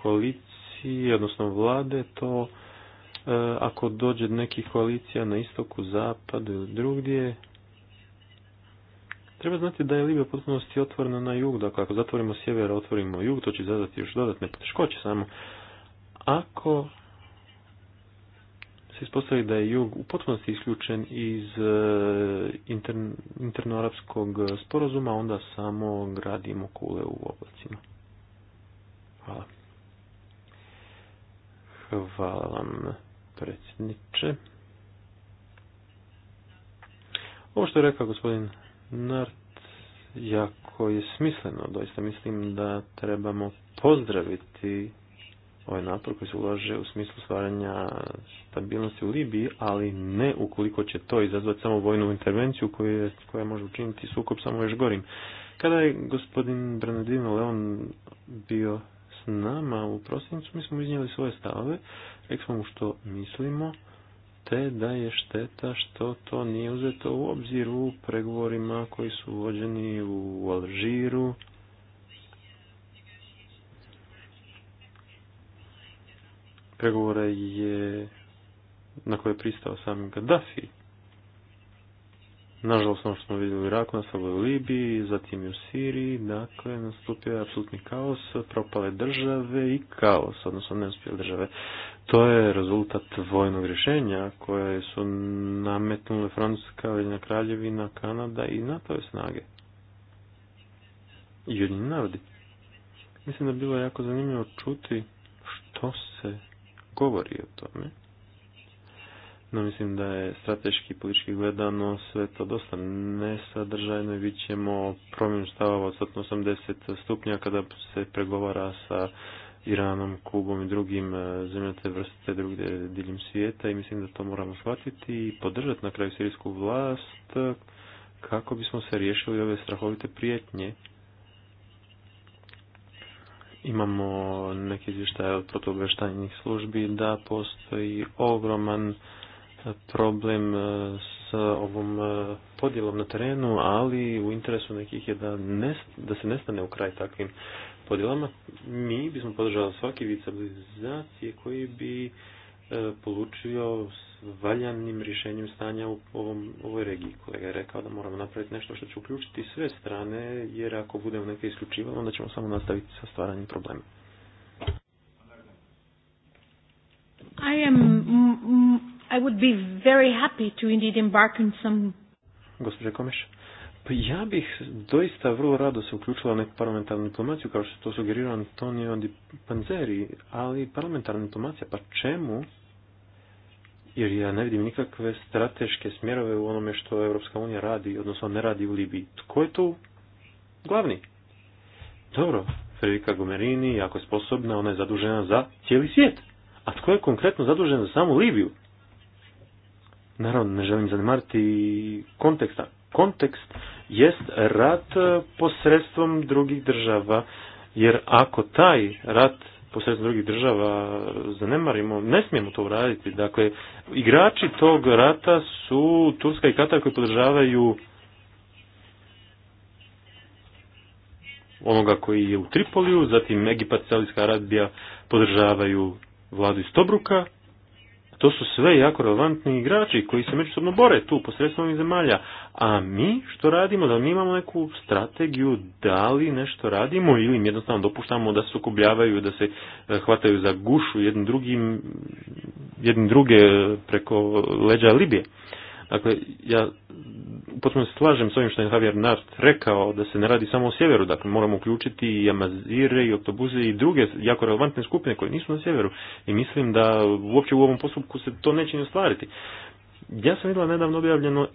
koaliciji, odnosno vlade, to e, ako dođe do nekih koalicija na istoku, zapadu ili drugdje, Treba znati da je Libija potpunosti otvorena na jug, dakle ako zatvorimo sjever, otvorimo jug, to će zadati još dodatne poteškoće samo. Ako se ispostavi da je jug u potpunosti isključen iz e, intern, internoarapskog sporazuma, onda samo gradimo kule u oblacima. Hvala. Hvala vam, predsjedniče. Ovo što je rekao gospodin Nart, jako je smisleno. Doista mislim da trebamo pozdraviti ovaj napor koji se ulaže u smislu stvaranja stabilnosti u Libiji, ali ne ukoliko će to izazvati samo vojnu intervenciju koja može učiniti sukob samo još gorim. Kada je gospodin Bernardino Leon bio nama u prosincu, mi smo iznijeli svoje stave, rekli smo mu što mislimo, te da je šteta što to nije uzeto u obzir u pregovorima koji su vođeni u Alžiru. Pregovore je na koje je pristao sam Gaddafi Nažalost, ono što smo vidjeli u Iraku, na u Libiji, zatim i u Siriji, dakle, nastupio je apsolutni kaos, propale države i kaos, odnosno neuspjele države. To je rezultat vojnog rješenja koje su nametnule Francuska, veljna Kraljevina, Kanada i NATO snage. I jedni narodi. Mislim da bi bilo jako zanimljivo čuti što se govori o tome no mislim da je strateški politički gledano sve to dosta nesadržajno i bit ćemo promjenu stavova od 180 stupnja kada se pregovara sa Iranom, Kubom i drugim e, zemljama te vrste drugdje diljem svijeta i mislim da to moramo shvatiti i podržati na kraju sirijsku vlast kako bismo se riješili ove strahovite prijetnje imamo neke izvještaje od protobještajnih službi da postoji ogroman problem e, s ovom e, podjelom na terenu, ali u interesu nekih je da, ne, da se nestane u kraj takvim podjelama. Mi bismo podržali svaki vid stabilizacije koji bi e, polučio s valjanim rješenjem stanja u ovom, ovoj regiji. Kolega je rekao da moramo napraviti nešto što će uključiti sve strane, jer ako budemo neke isključivali, onda ćemo samo nastaviti sa stvaranjem problema. I am i would be very happy to indeed embark on some... pa ja bih doista vrlo rado se uključila u neku parlamentarnu diplomaciju, kao što to sugerira Antonio Di Panzeri, ali parlamentarna diplomacija, pa čemu? Jer ja ne vidim nikakve strateške smjerove u onome što Europska unija radi, odnosno ne radi u Libiji. Tko je tu glavni? Dobro, Federica Gomerini jako sposobna, ona je zadužena za cijeli svijet. A tko je konkretno zadužen za samu Libiju? Naravno, ne želim zanemariti konteksta. Kontekst jest rat e, posredstvom drugih država, jer ako taj rat posredstvom drugih država zanemarimo, ne smijemo to uraditi. Dakle, igrači tog rata su Turska i Katar koji podržavaju onoga koji je u Tripoliju, zatim Egipat, Saudijska Arabija podržavaju vladu iz Tobruka, to su sve jako relevantni igrači koji se međusobno bore tu posredstvom ovih zemalja. A mi što radimo? Da mi imamo neku strategiju, da li nešto radimo ili im jednostavno dopuštamo da se sukobljavaju, da se e, hvataju za gušu jednim drugim, jednim druge e, preko leđa Libije. Dakle, ja potpuno se slažem s ovim što je Javier Nart rekao, da se ne radi samo o sjeveru, dakle moramo uključiti i amazire i oktobuze i druge jako relevantne skupine koje nisu na sjeveru i mislim da uopće u ovom postupku se to neće ni ostvariti. Ja sam vidjela nedavno objavljeno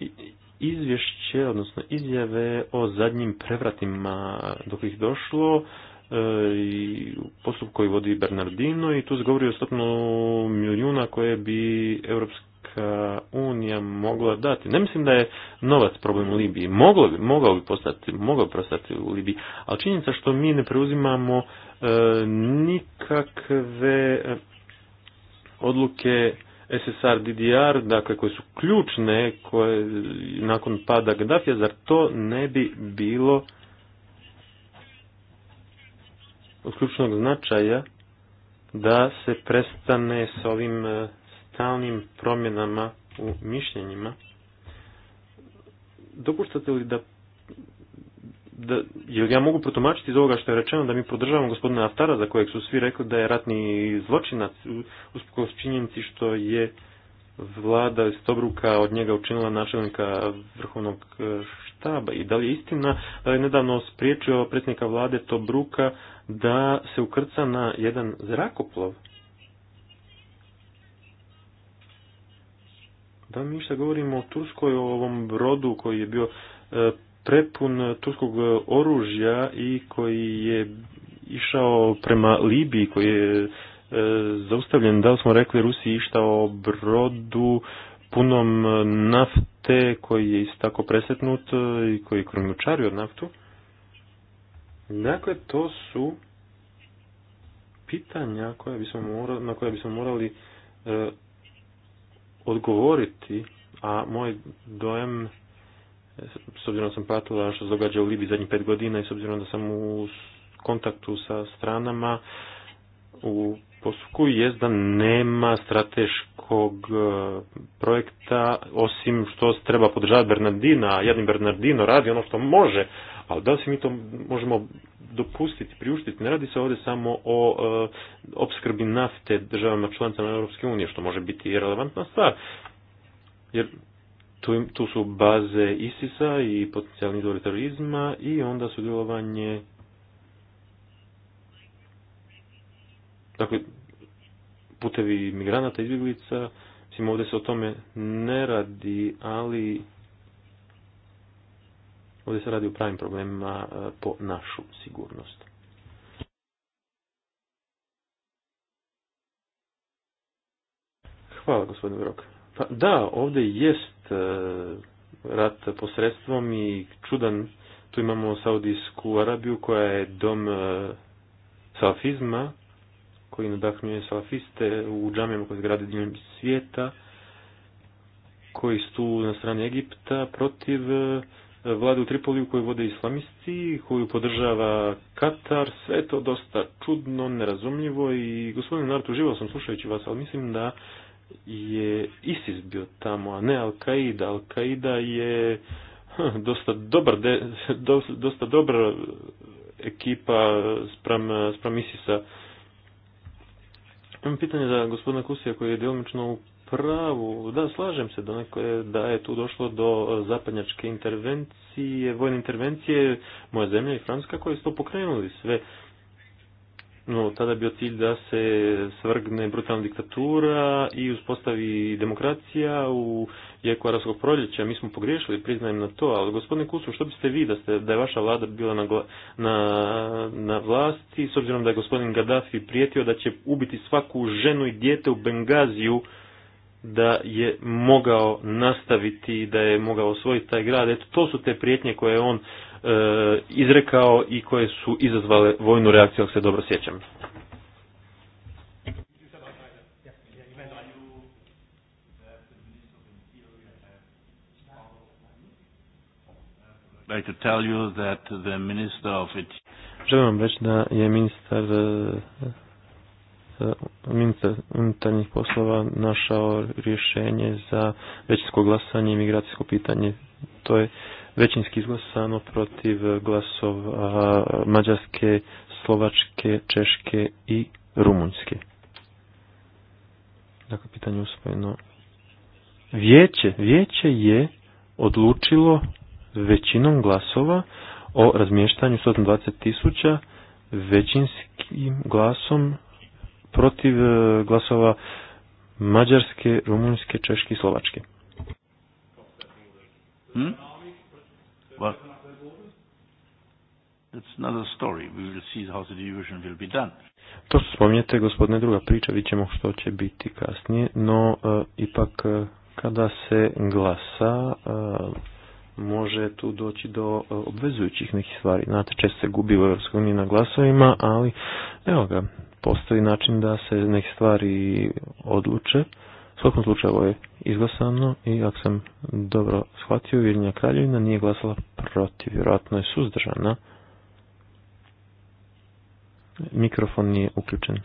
izvješće, odnosno izjave o zadnjim prevratima dok ih došlo, e, i postup koji vodi Bernardino i tu se govori o stopnu milijuna koje bi Europska Uh, unija mogla dati. Ne mislim da je novac problem u Libiji. Moglo bi, mogao bi postati, mogao postati u Libiji, ali činjenica što mi ne preuzimamo uh, nikakve uh, odluke SSR DDR, dakle koje su ključne koje nakon pada Gaddafija, zar to ne bi bilo od ključnog značaja da se prestane s ovim stalnim promjenama u mišljenjima. Dopuštate li da da, ja mogu protumačiti iz ovoga što je rečeno da mi podržavamo gospodina Aftara za kojeg su svi rekli da je ratni zločinac s činjenici što je vlada Tobruka od njega učinila načelnika vrhovnog e, štaba i da li je istina da je nedavno spriječio predsjednika vlade Tobruka da se ukrca na jedan zrakoplov Pa mi što govorimo o Turskoj, o ovom brodu koji je bio e, prepun turskog e, oružja i koji je išao prema Libiji, koji je e, zaustavljen, da li smo rekli Rusiji išta o brodu punom nafte koji je isto tako presetnut i koji je kromjučario naftu. Dakle, to su pitanja koja bismo morali, na koja bismo morali odgovoriti, a moj dojem, s obzirom da sam pratila što se događa u Libiji zadnjih pet godina i s obzirom da sam u kontaktu sa stranama u postupku je da nema strateškog e, projekta osim što treba podržavati Bernardina, a jedni Bernardino radi ono što može, ali da li mi to možemo dopustiti, priuštiti. Ne radi se ovdje samo o e, opskrbi nafte državama članicama Europske unije, što može biti i relevantna stvar. Jer tu, tu su baze ISISA i potencijalni izvori terorizma i onda sudjelovanje dakle putevi migranata, izbjeglica, mislim ovdje se o tome ne radi, ali Ovdje se radi o pravim problemima e, po našu sigurnost. Hvala gospodine Rok. Pa da, ovdje jest e, rat posredstvom i čudan, tu imamo Saudijsku Arabiju koja je dom e, salafizma, koji nadahnuje salafiste u džamijama se gradi diljem svijeta, koji su na strani Egipta protiv vlade u Tripoliju koju vode islamisti, koju podržava Katar, sve to dosta čudno, nerazumljivo i gospodin Nartu živo sam slušajući vas, ali mislim da je ISIS bio tamo, a ne Al-Qaida. Al-Qaida je dosta dobar, de, dosta dobra ekipa sprem spram ISIS-a. Imam pitanje za gospodina Kusija koji je djelomično pravu. Da, slažem se da je tu došlo do e, zapadnjačke intervencije, vojne intervencije moja zemlja i Francuska koje su to pokrenuli sve. No, tada je bio cilj da se svrgne brutalna diktatura i uspostavi demokracija u jeku arabskog proljeća. Mi smo pogriješili, priznajem na to, ali gospodine Kusu, što biste vi da, ste, da je vaša vlada bila na, na, na vlasti, s obzirom da je gospodin Gaddafi prijetio da će ubiti svaku ženu i dijete u Bengaziju, da je mogao nastaviti da je mogao osvojiti taj grad. Eto, to su te prijetnje koje je on e, izrekao i koje su izazvale vojnu reakciju, ako se dobro sjećam. Želim vam reći da je ministar e, unutarnjih poslova našao rješenje za većinsko glasanje i migracijsko pitanje. To je većinski izglasano protiv glasov Mađarske, Slovačke, Češke i Rumunjske. Dakle, pitanje uspojeno. Vijeće, vijeće je odlučilo većinom glasova o razmještanju 120 tisuća većinskim glasom protiv e, glasova Mađarske, Rumunjske, Češke i Slovačke. Hmm? story. We will To što spominjete, gospodine, druga priča, vidjet ćemo što će biti kasnije, no e, ipak e, kada se glasa, može tu doći do obvezujućih nekih stvari. Znate, često se gubi u uniji na glasovima, ali evo ga, postoji način da se neke stvari odluče. U svakom slučaju ovo je izglasano i ako sam dobro shvatio, Vilnja Kraljevina nije glasala protiv, vjerojatno je suzdržana. Mikrofon nije uključen.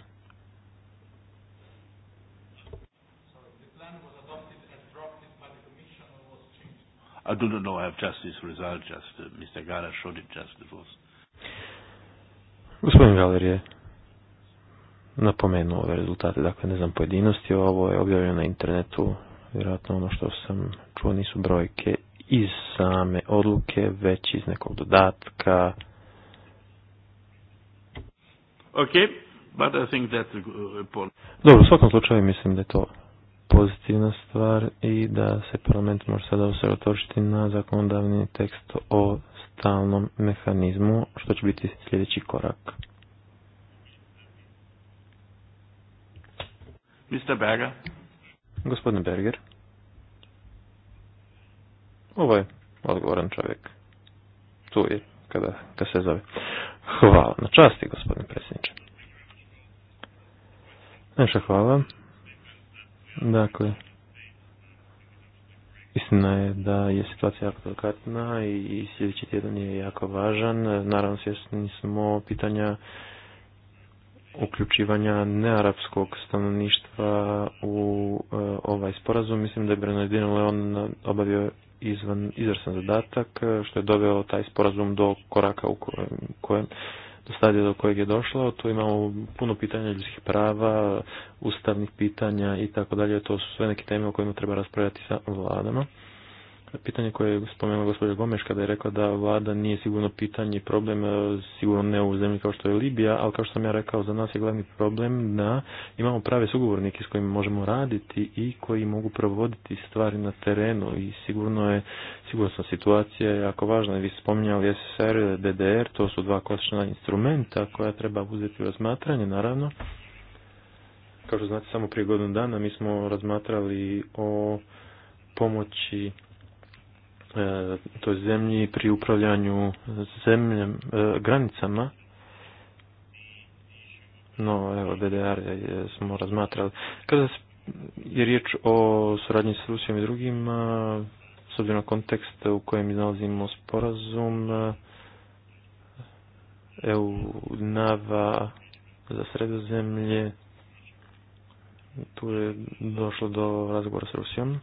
I do not know. have just result. Just uh, Mr. showed it just before. Gospodin Galer je napomenuo ove rezultate. Dakle, ne znam pojedinosti, ovo je objavljeno na internetu. Vjerojatno ono što sam čuo nisu brojke iz same odluke, već iz nekog dodatka. Ok, but I think that's uh, Dobro, u svakom slučaju mislim da je to pozitivna stvar i da se parlament može sada osredotočiti na zakonodavni tekst o stalnom mehanizmu, što će biti sljedeći korak. Mr. Berger. Gospodin Berger. Ovo je odgovoran čovjek. Tu je, kada, kada se zove. Hvala na časti, gospodine predsjedniče. Naša hvala. Dakle, Istina je da je situacija jako delikatna i sljedeći tjedan je jako važan. Naravno, svjesni smo pitanja uključivanja nearapskog stanovništva u e, ovaj sporazum. Mislim da je Bernardino Leon obavio izvan, izvrstan zadatak, e, što je doveo taj sporazum do koraka u kojem, do stadija do kojeg je došlo. Tu imamo puno pitanja ljudskih prava, ustavnih pitanja i tako dalje. To su sve neke teme o kojima treba raspravljati sa vladama pitanje koje je spomenula gospođa Gomeš kada je rekla da vlada nije sigurno pitanje i problem, e, sigurno ne u zemlji kao što je Libija, ali kao što sam ja rekao, za nas je glavni problem da imamo prave sugovornike s kojima možemo raditi i koji mogu provoditi stvari na terenu i sigurno je, sigurnosna situacija jako važna. Vi ste spominjali SSR, DDR, to su dva klasična instrumenta koja treba uzeti u razmatranje, naravno. Kao što znate, samo prije godinu dana mi smo razmatrali o pomoći E, toj zemlji pri upravljanju zemljem, e, granicama. No, evo, DDR smo razmatrali. Kada je riječ o suradnji s Rusijom i drugim, e, s obzirom na kontekst u kojem nalazimo sporazum, EU nava za sredozemlje, tu je došlo do razgovora s Rusijom.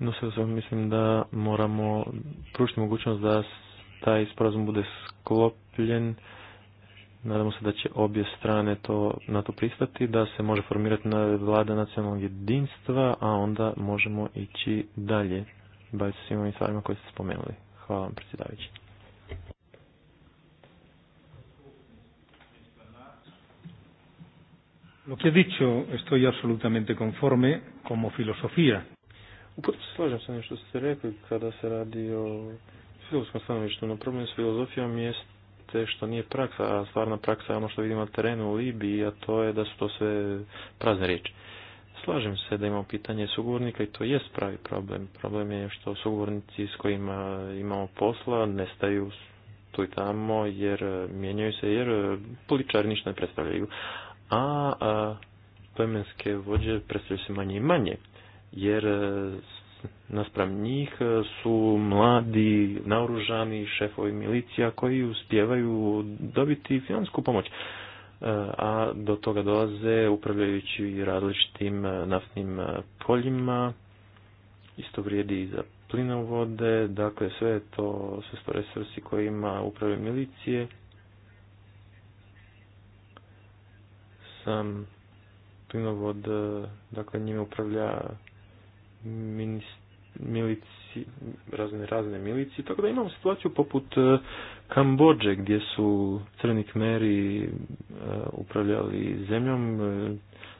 No sve mislim da moramo pružiti mogućnost da taj sporazum bude sklopljen. Nadamo se da će obje strane to, na to pristati, da se može formirati na vlada nacionalnog jedinstva, a onda možemo ići dalje. Baviti se svim ovim stvarima koje ste spomenuli. Hvala vam, predsjedavajući. Lo che ha dicho estoy absolutamente conforme como filosofía složem se slažem sa što ste rekli kada se radi o filozofskom stanovištu. No problem s filozofijom jeste što nije praksa, a stvarna praksa je ono što vidimo na terenu u Libiji, a to je da su to sve prazne riječi. Slažem se da imamo pitanje sugovornika i to jest pravi problem. Problem je što sugovornici s kojima imamo posla nestaju tu i tamo jer mijenjaju se jer političari ništa ne predstavljaju. A, a plemenske vođe predstavljaju se manje i manje jer e, naspram njih e, su mladi naoružani šefovi milicija koji uspjevaju dobiti finansku pomoć e, a do toga dolaze upravljajući različitim naftnim poljima isto vrijedi i za plinovode dakle sve to sve sto resursi kojima upravljaju milicije sam plinovod dakle njime upravlja milici, razne, razne milici, tako da imamo situaciju poput e, Kambodže gdje su crni kmeri e, upravljali zemljom, e,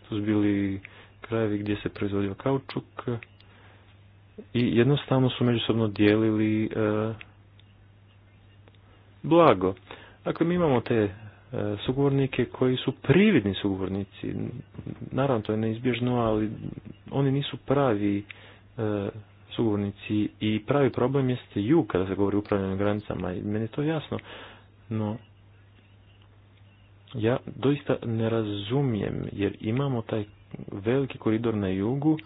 to su bili krajevi gdje se proizvodio kaučuk i jednostavno su međusobno dijelili blago. Dakle, mi imamo te E, sugovornike koji su prividni sugovornici. Naravno, to je neizbježno, ali oni nisu pravi e, sugovornici i pravi problem jeste ju kada se govori o upravljanju granicama i meni je to jasno, no ja doista ne razumijem jer imamo taj veliki koridor na jugu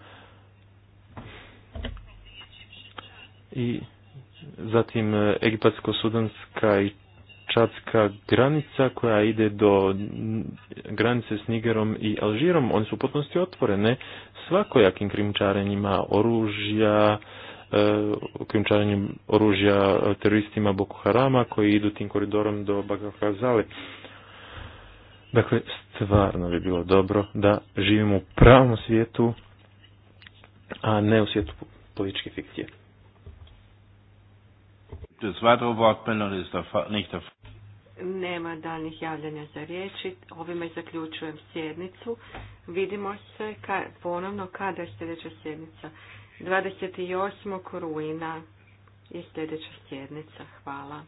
i zatim e, egipatsko-sudanska i čadska granica koja ide do granice s Nigerom i Alžirom, oni su u potpunosti otvorene svakojakim krimčarenjima oružja, e, krimčarenjem oružja teroristima Boko Harama koji idu tim koridorom do Bagahazale. Dakle, stvarno bi bilo dobro da živimo u pravom svijetu, a ne u svijetu političke fikcije. Das weitere ist nema daljnih javljanja za riječi. Ovime zaključujem sjednicu. Vidimo se ponovno kada je sljedeća sjednica. 28. rujna je sljedeća sjednica. Hvala.